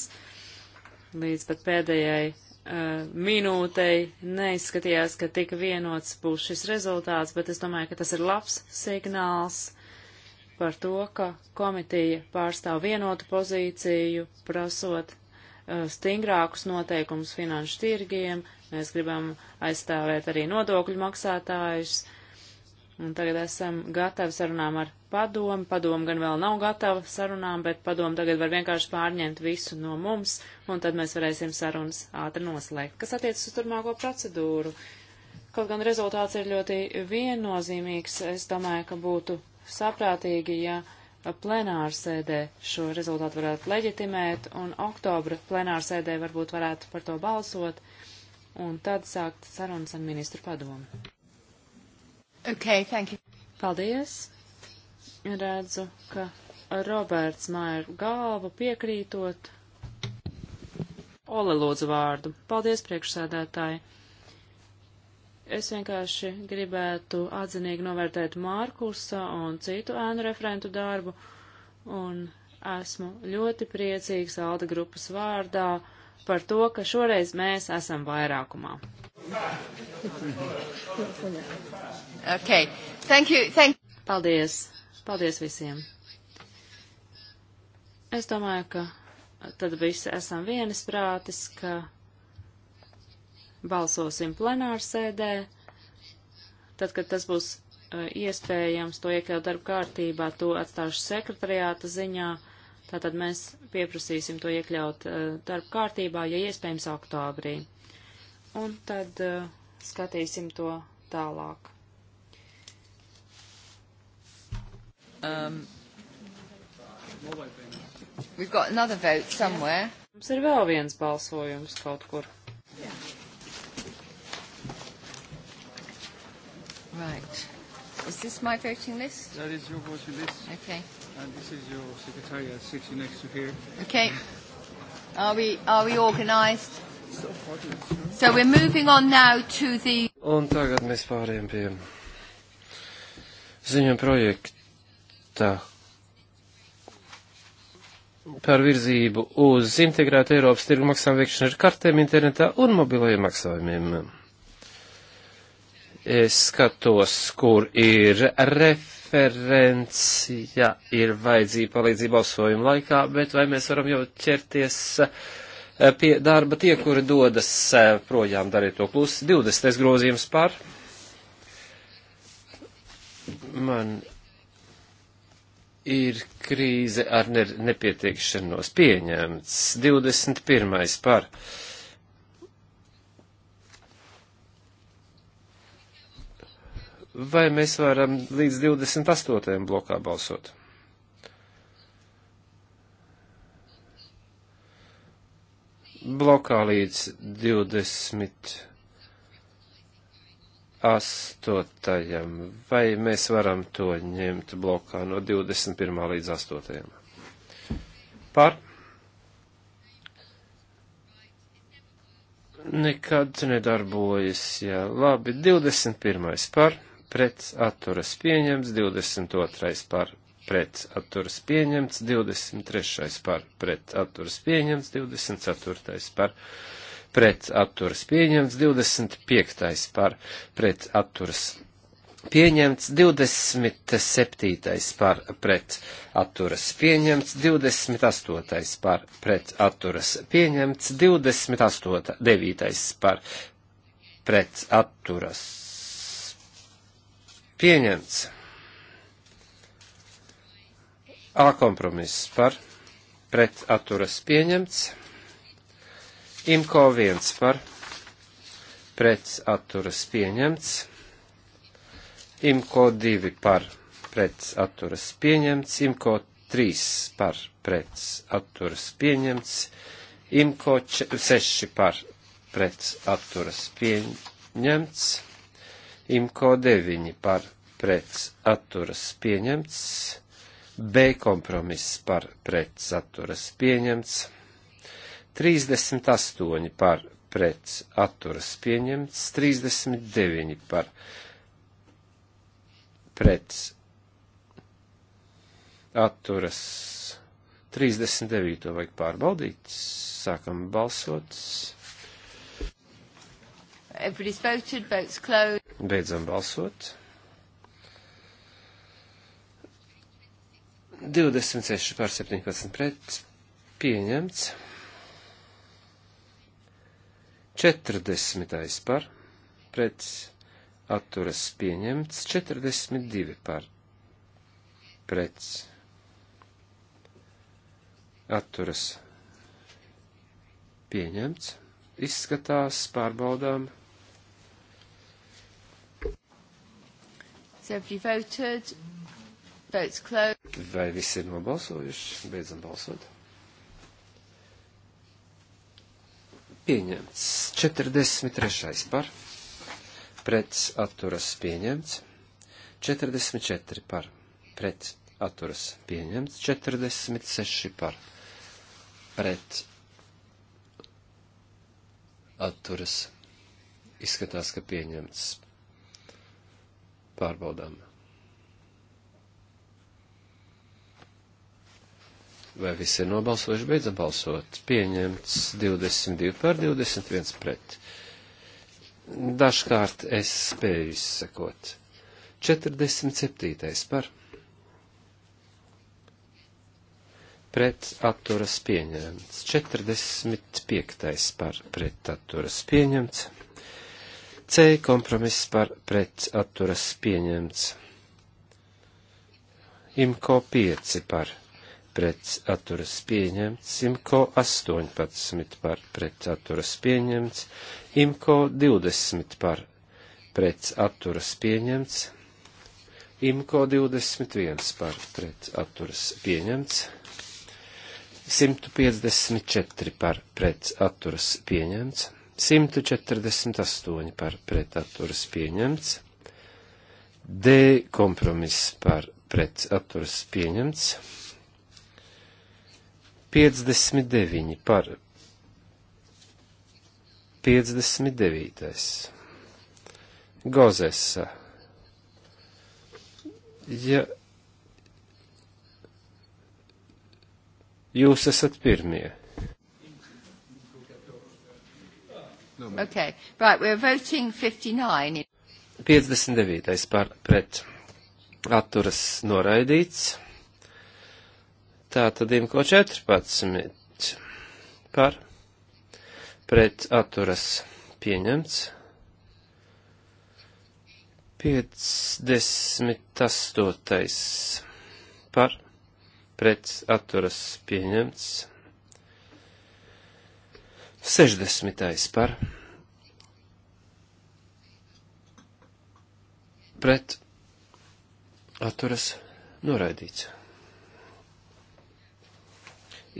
līdz pat pēdējai uh, minūtei. Neizskatījās, ka tik vienots būs šis rezultāts, bet es domāju, ka tas ir labs signāls par to, ka komitija pārstāv vienotu pozīciju, prasot uh, stingrākus noteikumus finanšu tirgiem, mēs gribam aizstāvēt arī nodokļu maksātājus, un tagad esam gatavi sarunām ar padomu, padomu gan vēl nav gatava sarunām, bet padomu tagad var vienkārši pārņemt visu no mums, un tad mēs varēsim sarunas ātri noslēgt. Kas attiecas uz turmāko procedūru? Kaut gan rezultāts ir ļoti viennozīmīgs, es domāju, ka būtu saprātīgi, ja plenārsēdē šo rezultātu varētu leģitimēt, un oktobra plenārsēdē varbūt varētu par to balsot, un tad sākt sarunas ar ministru padomu. Okay, thank you. Paldies. Redzu, ka Roberts māja galvu piekrītot. Ole lūdzu vārdu. Paldies, priekšsēdētāji. Es vienkārši gribētu atzinīgi novērtēt Mārkusa un citu ēnu referentu darbu, un esmu ļoti priecīgs Alda grupas vārdā par to, ka šoreiz mēs esam vairākumā. Okay. Thank you. Thank you. Paldies. Paldies visiem. Es domāju, ka tad visi esam vienas prātis, ka balsosim plenārsēdē, tad, kad tas būs uh, iespējams, to iekļaut darba kārtībā, to atstāšu sekretariāta ziņā, tātad mēs pieprasīsim to iekļaut uh, darba kārtībā, ja iespējams, oktobrī. Un tad uh, skatīsim to tālāk. Um, we've got another vote somewhere. Mums ir vēl viens balsojums kaut kur. Right. Is this my voting list? That is your voting list. Okay. And this is your secretariat uh, sitting next to here. Okay. Are we, are we organised? So we're moving on now to the... Un tagad mēs pārējām pie ziņām projekta par virzību uz integrētu Eiropas tirgu maksājumu veikšanu ar kartēm internetā un mobilajiem maksājumiem skatos, kur ir referencija, ir vajadzība palīdzība balsojuma laikā, bet vai mēs varam jau ķerties eh, pie darba tie, kuri dodas eh, projām darīt to klusi. 20. grozījums par. Man ir krīze ar ne nepietiekšanos pieņemts. 21. par. Uh, vai mēs varam līdz 28. blokā balsot? Blokā līdz 28. Vai mēs varam to ņemt blokā no 21. līdz 8. Par? Nekad nedarbojas, jā, labi, 21. par pret atturas pieņemts, 22. par pret atturas pieņemts, 23. par pret atturas pieņemts, 24. par pret atturas pieņemts, 25. par pret atturas pieņemts, 27. par pret atturas pieņemts, 28. par pret atturas pieņemts, 28. 9. par pret atturas pieņemts. A kompromiss par pret atturas pieņemts. Imko 1 par pret atturas pieņemts. Imko 2 par pret atturas pieņemts. Imko 3 par pret atturas pieņemts. Imko 6 par pret atturas pieņemts. IMCO 9 par pret atturas pieņemts, B kompromiss par pret atturas pieņemts, 38 par pret atturas pieņemts, 39 par pret atturas 39. vajag pārbaudīt, sākam balsot. Everybody's voted, votes closed. Beidzam balsot. 26 pār 17 pret. Pieņemts. 40 par pret. Atturas pieņemts. 42 par pret. Atturas pieņemts. Izskatās, pārbaudām. Vai visi ir nobalsojuši? Beidzam balsot. Pieņemts. 43. par. Pret atturas pieņemts. 44 par. Pret atturas pieņemts. 46 par. Pret atturas. Izskatās, ka pieņemts. Pārbaudām. Vai visi ir nobalsojuši? Beidzam balsot. Pieņemts 22 par 21 pret. Dažkārt es spēju izsekot. 47. par. Pret atturas pieņemts. 45. par pret atturas pieņemts. C kompromiss par pret atturas pieņemts. Imko 5 par pret atturas pieņemts. Imko 18 par pret atturas pieņemts. Imko 20 par pret atturas pieņemts. Imko 21 par pret atturas pieņemts. 154 par pret atturas pieņemts. 148 par pretaturas pieņemts, D kompromiss par pretaturas pieņemts, 59 par 59. Gozesa. Ja jūs esat pirmie. Okay. Right, we're voting 59. 59. par pret atturas noraidīts. Tātad imko 14 par pret atturas pieņemts. 58. par pret atturas pieņemts. 60. par pret atturas noraidīts.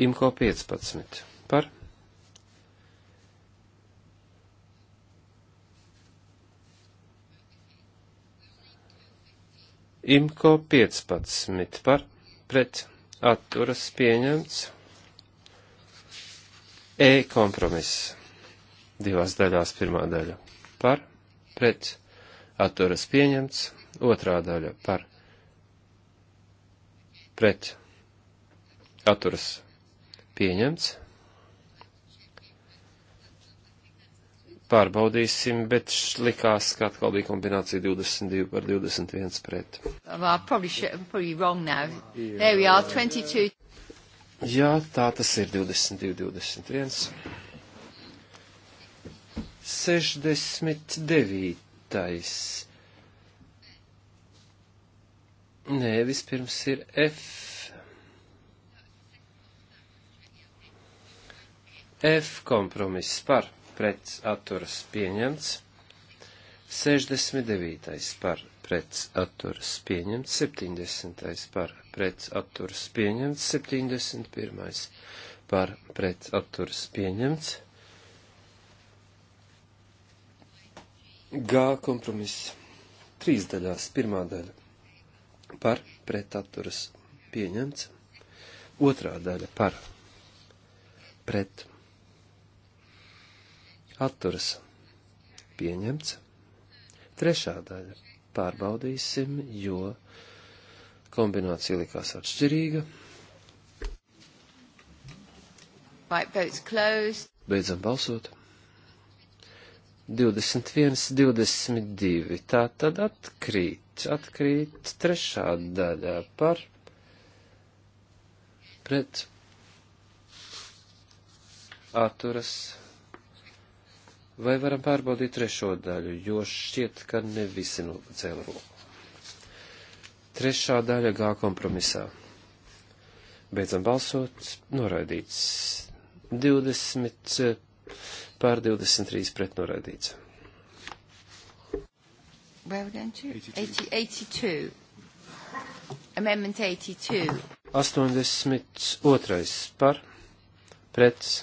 Imko 15 par Imko 15 par pret atturas pieņemts E kompromiss divās daļās pirmā daļa par, pret, atturas pieņemts, otrā daļa par, pret, atturas pieņemts. Pārbaudīsim, bet likās, ka atkal bija kombinācija 22 par 21 pret. Well, probably, probably wrong now. There we are, 22. Jā, tā tas ir 22, 21. 69. Nē, vispirms ir F. F kompromiss par pret atturas pieņemts. 69. par pretsaturas pieņemts 70. par pretsaturas pieņemts 71. par pretsaturas pieņemts. G kompromiss trīs daļās. Pirmā daļa par pretaturas pieņemts, otrā daļa par pret atturas pieņemts, trešā daļa pārbaudīsim, jo kombinācija likās atšķirīga. Beidzam balsot. 21, 22. Tā tad atkrīt, atkrīt trešā daļā par pret atturas Vai varam pārbaudīt trešo daļu, jo šķiet, ka ne visi nocēla nu roku. Trešā daļa G kompromisā. Beidzam balsot, noraidīts. 20 eh, pār 23 pret noraidīts. Where we going to? 80, 82. Amendment 82. 82. par pret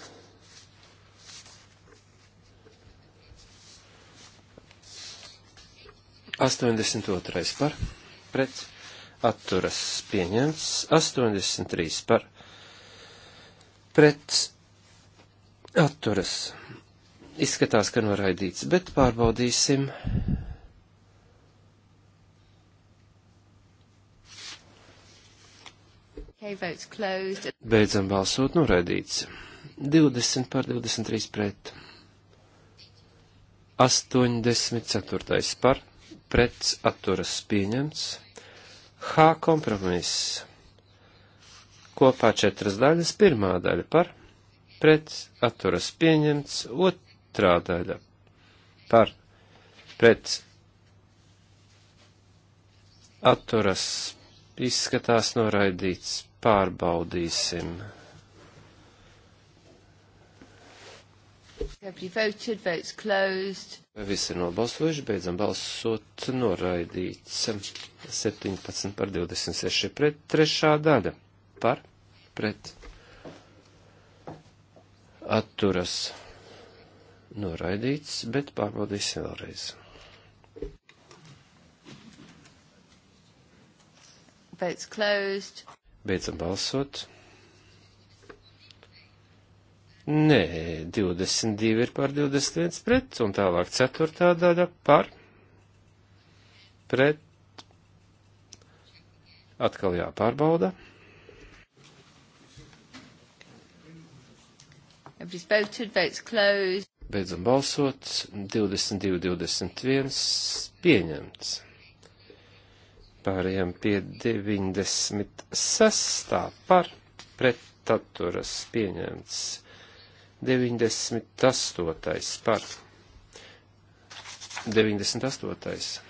82. par pret atturas pieņemts, 83 par pret atturas. Izskatās, ka noraidīts, bet pārbaudīsim. Beidzam balsot, noraidīts. 20 par 23 pret. 84 par pret atturas pieņemts. H kompromiss. Kopā četras daļas. Pirmā daļa par pret atturas pieņemts. Otrā daļa par pret atturas izskatās noraidīts. Pārbaudīsim. Voted, votes closed. Visi nobalsojuši, beidzam balsot, noraidīts 17 par 26 pret trešā daļa par pret atturas noraidīts, bet pārbaudīsim vēlreiz. Votes closed. Beidzam balsot. Nē, 22 ir par 21 pret, un tālāk ceturtā daļa par pret. Atkal jāpārbauda. Beidzam balsot, 22, 21, pieņemts. Pārējām pie 96. par pretaturas pieņemts. 98. par 98.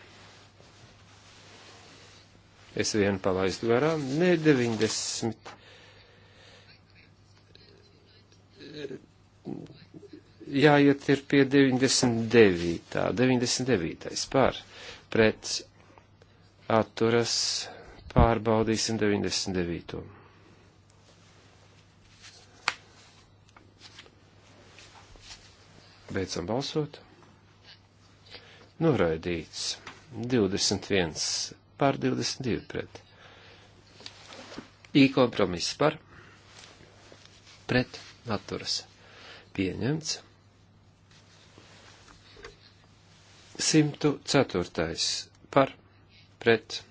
Es vienu palaistu garām. Nē, 90. Jāiet ir pie 99. 99. par pret atturas pārbaudīsim 99. Beidzam balsot. Noraidīts. 21 pār 22 pret. I kompromiss par. Pret atturas. Pieņemts. 104. par pret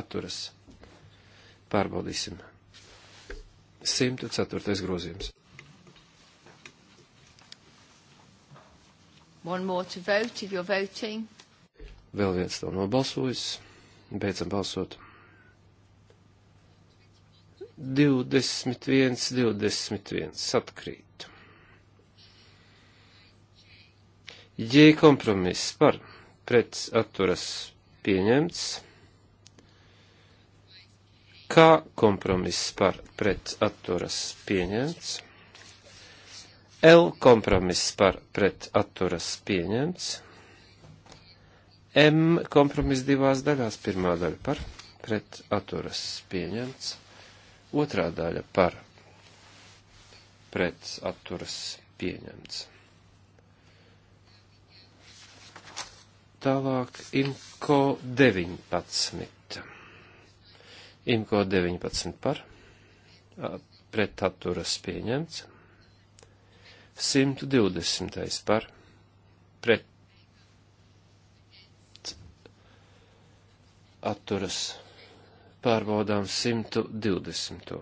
atturas. Pārbaudīsim. 104. grozījums. One more to vote if you're voting. Vēl viens nav nobalsojis. Beidzam balsot. 21, 21 atkrīt. J kompromiss par pret atturas pieņemts. K kompromiss par pret atturas pieņemts. L kompromiss par pret atturas pieņemts. M kompromiss divās daļās. Pirmā daļa par pret atturas pieņemts. Otrā daļa par pret atturas pieņemts. Tālāk IMCO 19. IMCO 19 par pret atturas pieņemts. 120. par pret atturas pārbaudām 120.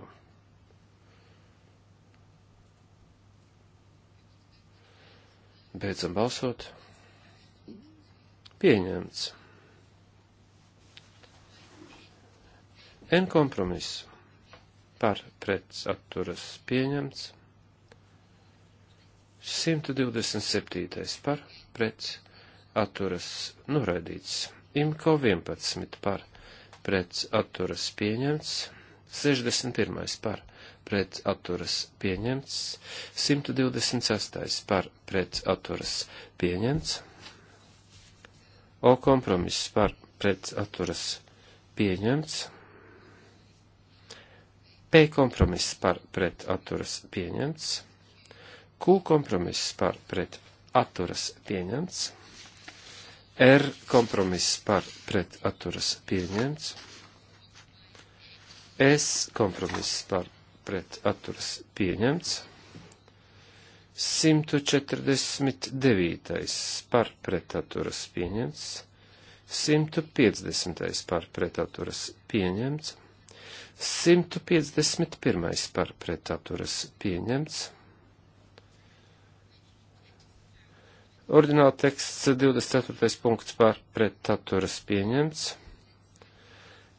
Beidzam balsot. Pieņemts. N kompromiss par pret atturas pieņemts. 127. par pret atturas noraidīts. Imko 11 par pret atturas pieņemts. 61. par pret atturas pieņemts. 126. par pret atturas pieņemts. O kompromiss par pret atturas pieņemts. P kompromiss par pret atturas pieņemts. Q kompromiss par pret atturas pieņemts. R kompromiss par pret atturas pieņemts. S kompromiss par pret atturas pieņemts. 149. par pretaturas pieņemts. 150. par pretaturas pieņemts. 151. par pretaturas pieņemts. Ordināla teksts 24. punkts pārpretaturas pieņemts.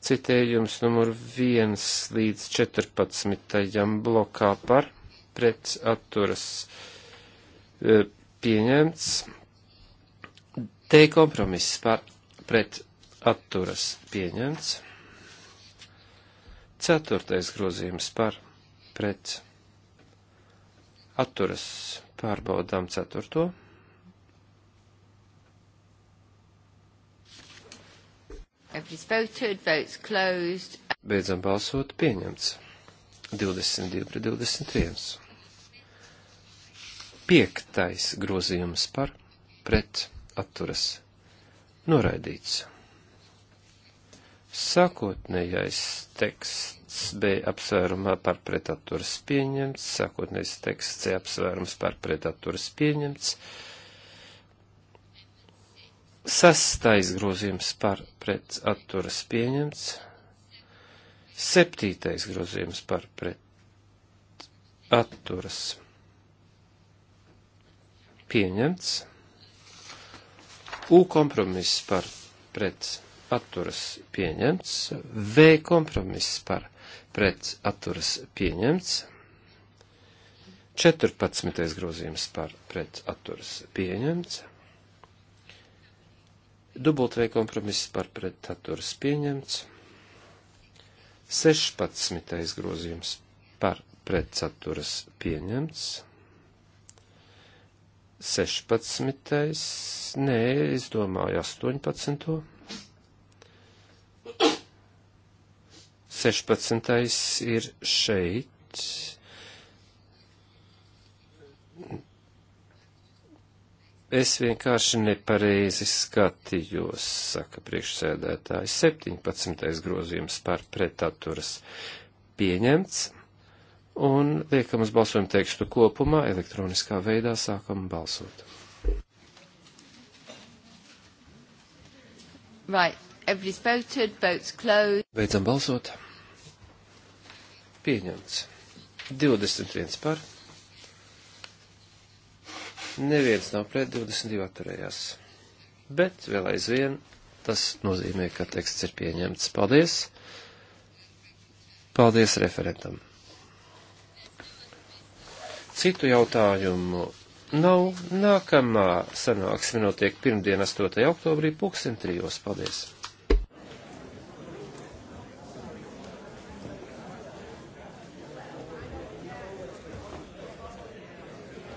Citējums numur 1 līdz 14. blokā par pretaturas e, pieņemts. Te kompromiss par pretaturas pieņemts. Ceturtais grozījums par pret atturas pārbaudām ceturto. Everybody's voted, votes closed. Beidzam balsot, pieņemts. 22 pret 21. Piektais grozījums par pret atturas noraidīts. Sākotnējais teksts B apsvērumā par pretaturas pieņemts, sākotnējais teksts C apsvērums par pretaturas pieņemts, Sastais grozījums par pret atturas pieņemts. Septītais grozījums par pret atturas pieņemts. U kompromiss par pret atturas pieņemts. V kompromiss par pret atturas pieņemts. 14. grozījums par pret atturas pieņemts. Dubult vai kompromiss par pretaturas pieņemts. 16. grozījums par pretaturas pieņemts. 16. Nē, es domāju 18. 16. ir šeit. Es vienkārši nepareizi skatījos, saka priekšsēdētājs. 17. grozījums par pretaturas pieņemts. Un liekam uz balsojumu tekstu kopumā, elektroniskā veidā sākam balsot. Right. Everybody's voted. Votes closed. Beidzam balsot. Pieņemts. 21 par. Neviens nav pret 22 atturējās. Bet vēl aizvien tas nozīmē, ka teksts ir pieņemts. Paldies! Paldies referentam! Citu jautājumu nav. Nākamā sanāksme notiek pirmdien 8. oktobrī 2003. Paldies!